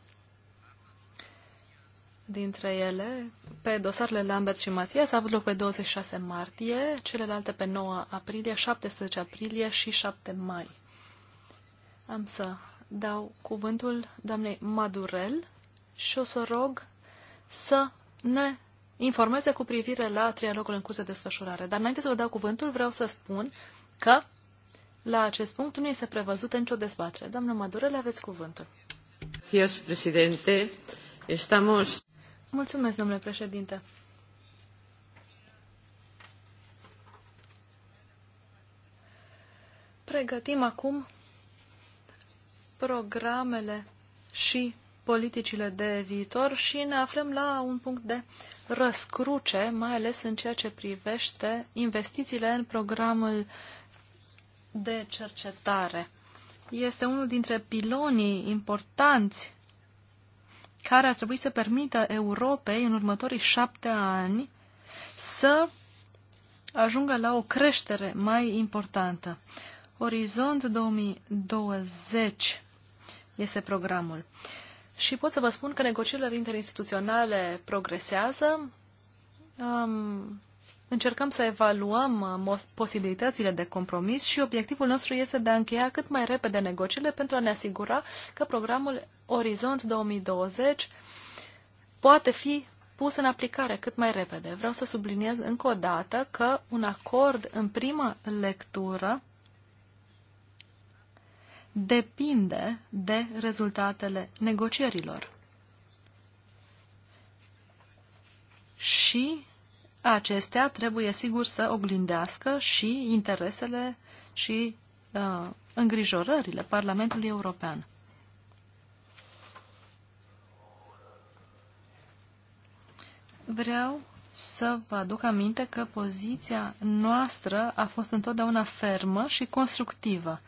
dintre ele, pe dosarele Lambert și Matias, a avut loc pe 26 martie, celelalte pe 9 aprilie, 17 aprilie și 7 mai. Am să dau cuvântul doamnei Madurel și o să rog să ne informeze cu privire la trialogul în curs de desfășurare. Dar înainte să vă dau cuvântul, vreau să spun că la acest punct nu este prevăzută nicio dezbatere. Doamnă le aveți cuvântul. Fios, președinte, estamos... Mulțumesc, domnule președinte. Pregătim acum programele și politicile de viitor și ne aflăm la un punct de răscruce, mai ales în ceea ce privește investițiile în programul de cercetare. Este unul dintre pilonii importanți care ar trebui să permită Europei în următorii șapte ani să ajungă la o creștere mai importantă. Orizont 2020 este programul. Uh, și pot să vă spun că negocierile interinstituționale progresează. Um, încercăm să evaluăm uh, posibilitățile de compromis și obiectivul nostru este de a încheia cât mai repede negocierile pentru a ne asigura că programul Orizont 2020 poate fi pus în aplicare cât mai repede. Vreau să subliniez încă o dată că un acord în prima lectură depinde de rezultatele negocierilor. Și acestea trebuie sigur să oglindească și interesele și uh, îngrijorările Parlamentului European. Vreau să vă aduc aminte că poziția noastră a fost întotdeauna fermă și constructivă.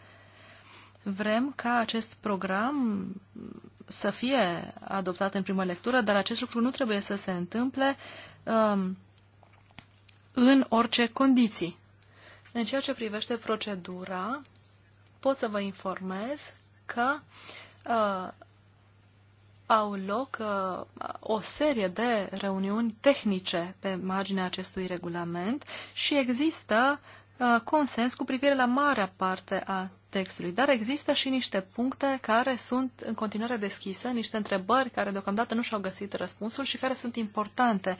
Vrem ca acest program să fie adoptat în primă lectură, dar acest lucru nu trebuie să se întâmple um, în orice condiții. În ceea ce privește procedura, pot să vă informez că uh, au loc uh, o serie de reuniuni tehnice pe marginea acestui regulament și există uh, consens cu privire la marea parte a textului, dar există și niște puncte care sunt în continuare deschise, niște întrebări care deocamdată nu și-au găsit răspunsul și care sunt importante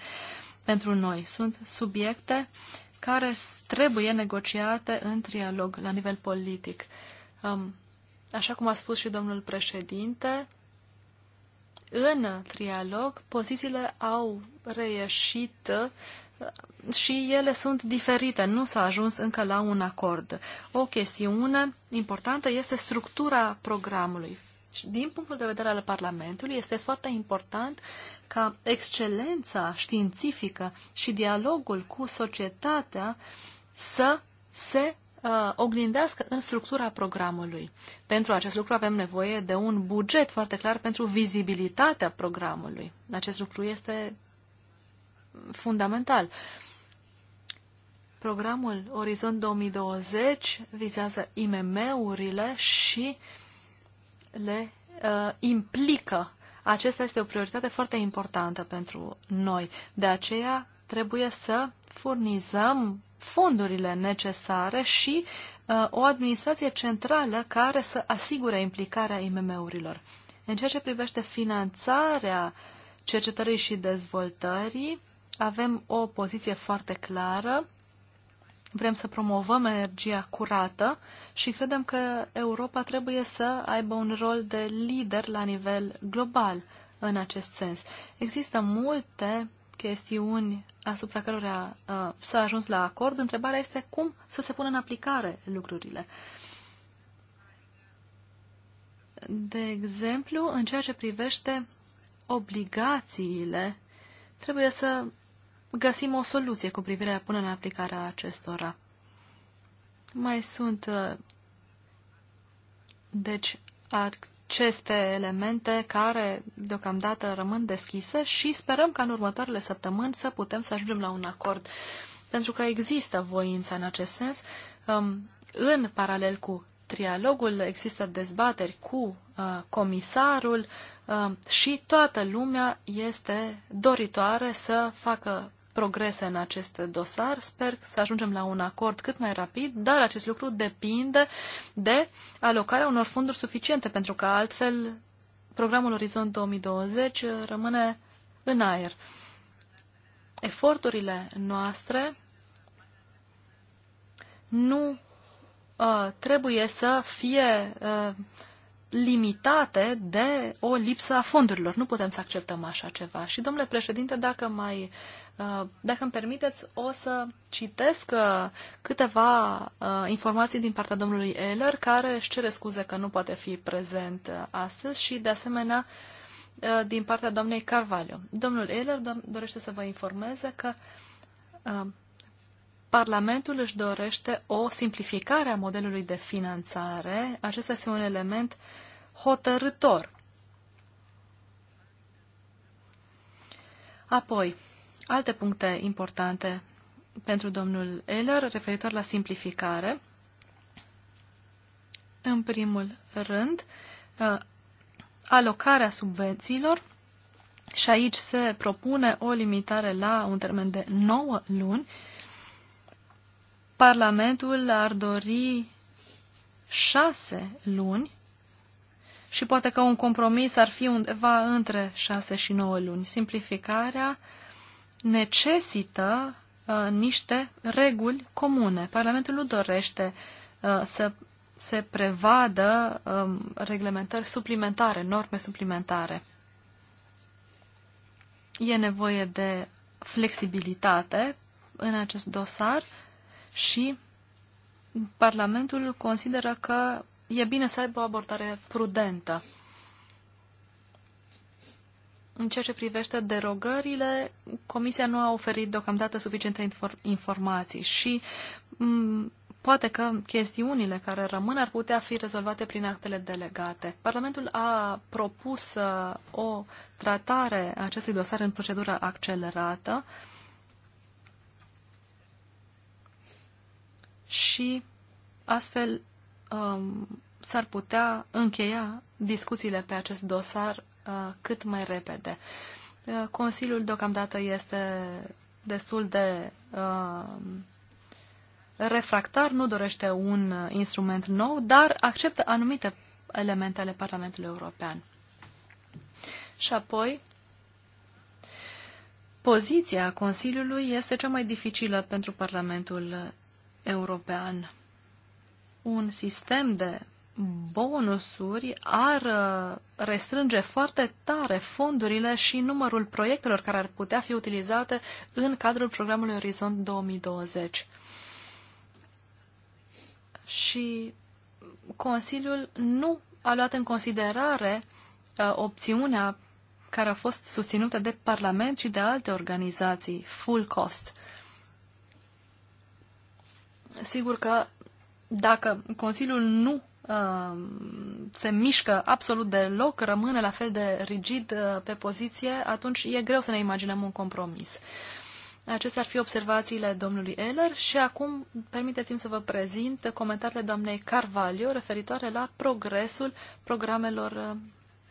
pentru noi. Sunt subiecte care trebuie negociate în trialog la nivel politic. Um, așa cum a spus și domnul președinte, în trialog pozițiile au reieșit și ele sunt diferite, nu s-a ajuns încă la un acord. O chestiune importantă este structura programului. Și din punctul de vedere al Parlamentului, este foarte important ca excelența științifică și dialogul cu societatea să se uh, oglindească în structura programului. Pentru acest lucru avem nevoie de un buget foarte clar pentru vizibilitatea programului. Acest lucru este fundamental. Programul Orizont 2020 vizează IMM-urile și le uh, implică. Acesta este o prioritate foarte importantă pentru noi. De aceea trebuie să furnizăm fondurile necesare și uh, o administrație centrală care să asigure implicarea IMM-urilor. În ceea ce privește finanțarea cercetării și dezvoltării, avem o poziție foarte clară. Vrem să promovăm energia curată și credem că Europa trebuie să aibă un rol de lider la nivel global în acest sens. Există multe chestiuni asupra cărora uh, s-a ajuns la acord. Întrebarea este cum să se pună în aplicare lucrurile. De exemplu, în ceea ce privește obligațiile, trebuie să găsim o soluție cu privire la punerea în aplicare a acestora. Mai sunt, uh, deci, aceste elemente care deocamdată rămân deschise și sperăm ca în următoarele săptămâni să putem să ajungem la un acord. Pentru că există voință în acest sens. Um, în paralel cu trialogul există dezbateri cu uh, comisarul um, și toată lumea este doritoare să facă progrese în acest dosar. Sper să ajungem la un acord cât mai rapid, dar acest lucru depinde de alocarea unor fonduri suficiente, pentru că altfel programul Orizont 2020 rămâne în aer. Eforturile noastre nu uh, trebuie să fie uh, limitate de o lipsă a fondurilor. Nu putem să acceptăm așa ceva. Și, domnule președinte, dacă mai Uh, dacă îmi permiteți, o să citesc uh, câteva uh, informații din partea domnului Eller, care își cere scuze că nu poate fi prezent astăzi și, de asemenea, din partea doamnei Carvalho. Domnul Eller dorește să vă informeze că Parlamentul își dorește o simplificare a modelului de finanțare. Acesta este un element hotărător. Apoi, Alte puncte importante pentru domnul Eller referitor la simplificare. În primul rând, uh, alocarea subvențiilor și aici se propune o limitare la un termen de 9 luni. Parlamentul ar dori 6 luni și poate că un compromis ar fi undeva între 6 și 9 luni. Simplificarea uh, necesită uh, niște reguli comune. Parlamentul nu dorește uh, să se prevadă um, reglementări suplimentare, norme suplimentare. E nevoie de flexibilitate în acest dosar și Parlamentul consideră că e bine să aibă o abordare prudentă. În ceea ce privește derogările, Comisia nu a oferit deocamdată suficiente infor- informații și poate că chestiunile care rămân ar putea fi rezolvate prin actele delegate. Parlamentul a propus uh, o tratare a acestui dosar în procedură accelerată și astfel um, s-ar putea încheia discuțiile pe acest dosar Uh, cât mai repede. Uh, Consiliul deocamdată este destul de uh, refractar, nu dorește un instrument nou, dar acceptă anumite elemente ale Parlamentului European. Și apoi, poziția Consiliului este cea mai dificilă pentru Parlamentul European. Un sistem de bonusuri ar uh, restrânge foarte tare fondurile și numărul proiectelor care ar putea fi utilizate în cadrul programului Orizont 2020. Și Consiliul nu a luat în considerare uh, opțiunea care a fost susținută de Parlament și de alte organizații, full cost. Sigur că dacă Consiliul nu Um, se mișcă absolut deloc, rămâne la fel de rigid uh, pe poziție, atunci e greu să ne imaginăm un compromis. Acestea ar fi observațiile domnului Eller și acum permiteți-mi să vă prezint comentariile doamnei Carvalho referitoare la progresul programelor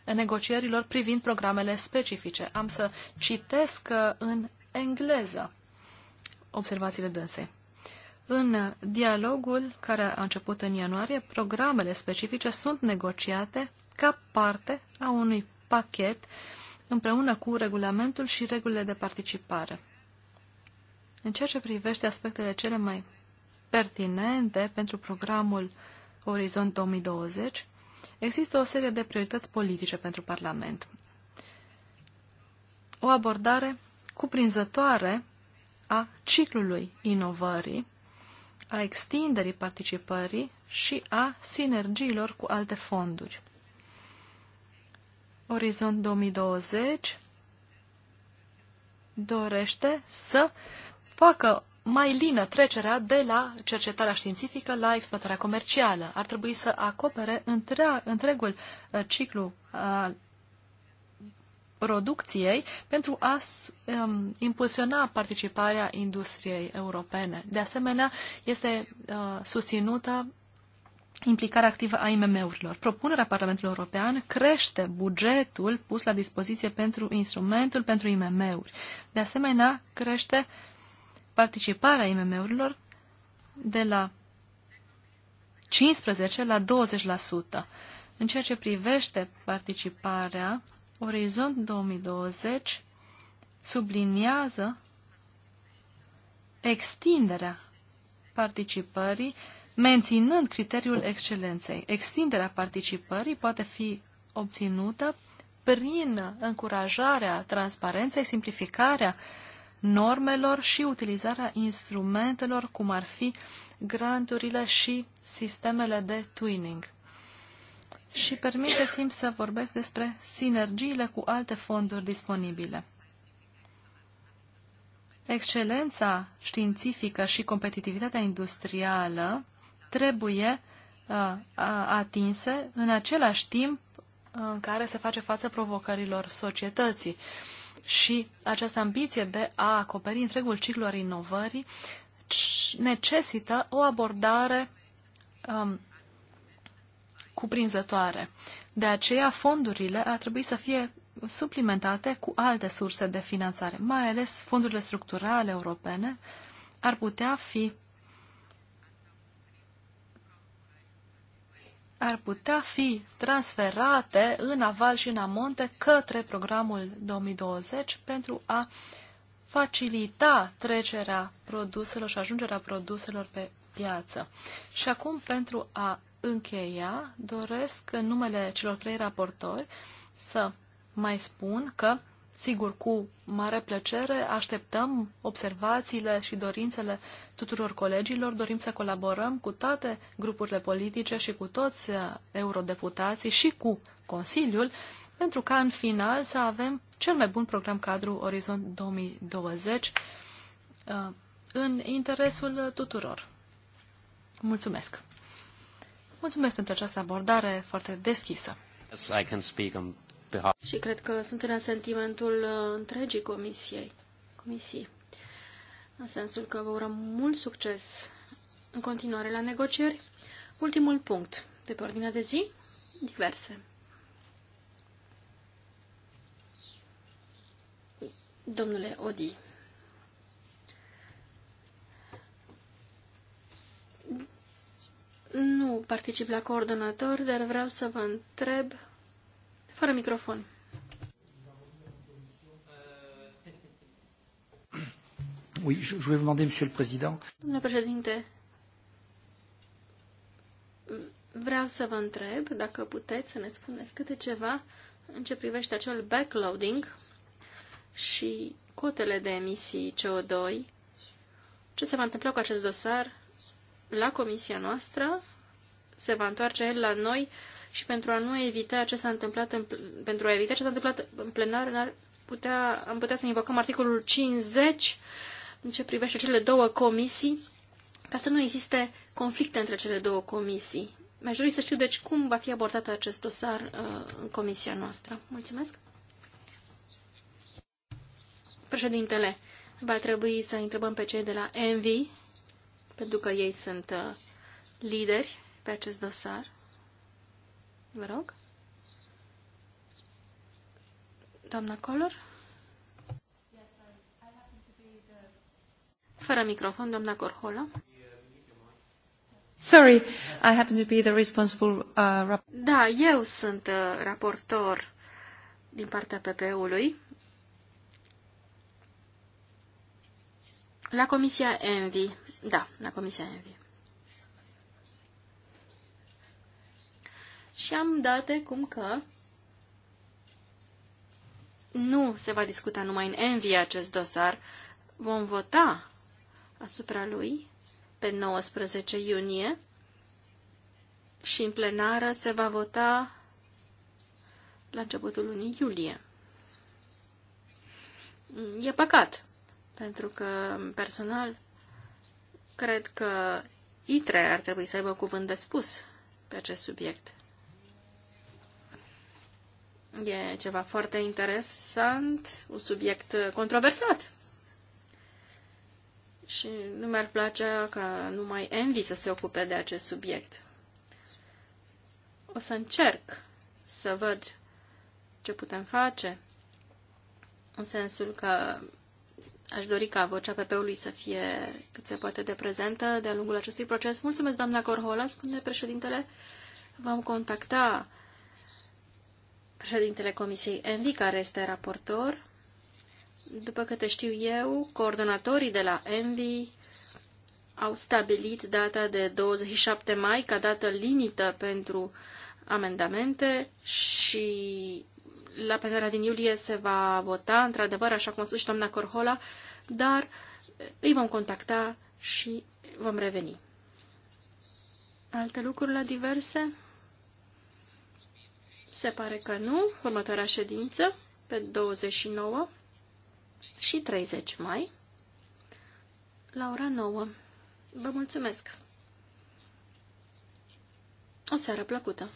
uh, negocierilor privind programele specifice. Am să citesc uh, în engleză observațiile dânsei. În dialogul care a început în ianuarie, programele specifice sunt negociate ca parte a unui pachet împreună cu regulamentul și regulile de participare. În ceea ce privește aspectele cele mai pertinente pentru programul Orizont 2020, există o serie de priorități politice pentru Parlament. O abordare cuprinzătoare a ciclului inovării a extinderii participării și a sinergiilor cu alte fonduri. Orizont 2020 dorește să facă mai lină trecerea de la cercetarea științifică la exploatarea comercială. Ar trebui să acopere întregul uh, ciclu uh, producției pentru a um, impulsiona participarea industriei europene. De asemenea, este uh, susținută implicarea activă a IMM-urilor. Propunerea Parlamentului European crește bugetul pus la dispoziție pentru instrumentul pentru IMM-uri. De asemenea, crește participarea IMM-urilor de la 15 la 20%. În ceea ce privește participarea Orizont 2020 subliniază extinderea participării, menținând criteriul excelenței. Extinderea participării poate fi obținută prin încurajarea transparenței, simplificarea normelor și utilizarea instrumentelor, cum ar fi granturile și sistemele de twinning și permiteți-mi să vorbesc despre sinergiile cu alte fonduri disponibile. Excelența științifică și competitivitatea industrială trebuie uh, atinse în același timp uh, în care se face față provocărilor societății. Și această ambiție de a acoperi întregul ciclu al inovării necesită o abordare um, cuprinzătoare. De aceea, fondurile ar trebui să fie suplimentate cu alte surse de finanțare, mai ales fondurile structurale europene ar putea fi ar putea fi transferate în aval și în amonte către programul 2020 pentru a facilita trecerea produselor și ajungerea produselor pe piață. Și acum, pentru a încheia, doresc în numele celor trei raportori să mai spun că, sigur, cu mare plăcere așteptăm observațiile și dorințele tuturor colegilor, dorim să colaborăm cu toate grupurile politice și cu toți uh, eurodeputații și cu Consiliul, pentru ca în final să avem cel mai bun program cadru Orizont 2020 uh, în interesul tuturor. Mulțumesc! Mulțumesc pentru această abordare foarte deschisă. Yes, I can speak on behalf. Și cred că sunt în sentimentul uh, întregii comisiei. comisii. În sensul că vă urăm mult succes în continuare la negocieri. Ultimul punct de pe ordinea de zi, diverse. Domnule Odi, Nu particip la coordonator, dar vreau să vă întreb, fără microfon. Oui, je, je vais vous demander, Monsieur le Président. Domnule președinte, vreau să vă întreb dacă puteți să ne spuneți câte ceva în ce privește acel backloading și cotele de emisii CO2. Ce se va întâmpla cu acest dosar? la comisia noastră, se va întoarce el la noi și pentru a nu evita ce s-a întâmplat în, pentru a evita ce s-a întâmplat în plenar, ar putea, am putea să invocăm articolul 50 în ce privește cele două comisii, ca să nu existe conflicte între cele două comisii. Mi-aș dori să știu, deci, cum va fi abordat acest dosar uh, în comisia noastră. Mulțumesc. Președintele, va trebui să întrebăm pe cei de la Envi pentru că ei sunt uh, lideri pe acest dosar. Vă rog. Doamna Color? Fără microfon, doamna Corhola. Sorry, I happen to be the responsible uh, Da, eu sunt uh, raportor din partea PP-ului La Comisia Envi. Da, la Comisia Envi. Și am date cum că nu se va discuta numai în Envi acest dosar. Vom vota asupra lui pe 19 iunie și în plenară se va vota la începutul lunii iulie. E păcat, pentru că personal cred că ITRE ar trebui să aibă cuvânt de spus pe acest subiect. E ceva foarte interesant, un subiect controversat. Și nu mi-ar place ca numai Envy să se ocupe de acest subiect. O să încerc să văd ce putem face, în sensul că Aș dori ca vocea PP-ului să fie cât se poate de prezentă de-a lungul acestui proces. Mulțumesc, doamna Corhola, spune președintele. Vom contacta președintele Comisiei Envi, care este raportor. După câte știu eu, coordonatorii de la Envi au stabilit data de 27 mai ca dată limită pentru amendamente și la plenara din iulie se va vota, într-adevăr, așa cum a spus și doamna Corhola, dar eh, îi vom contacta și vom reveni. Alte lucruri la diverse? Se pare că nu. Următoarea ședință, pe 29 și 30 mai, la ora 9. Vă mulțumesc! O seară plăcută!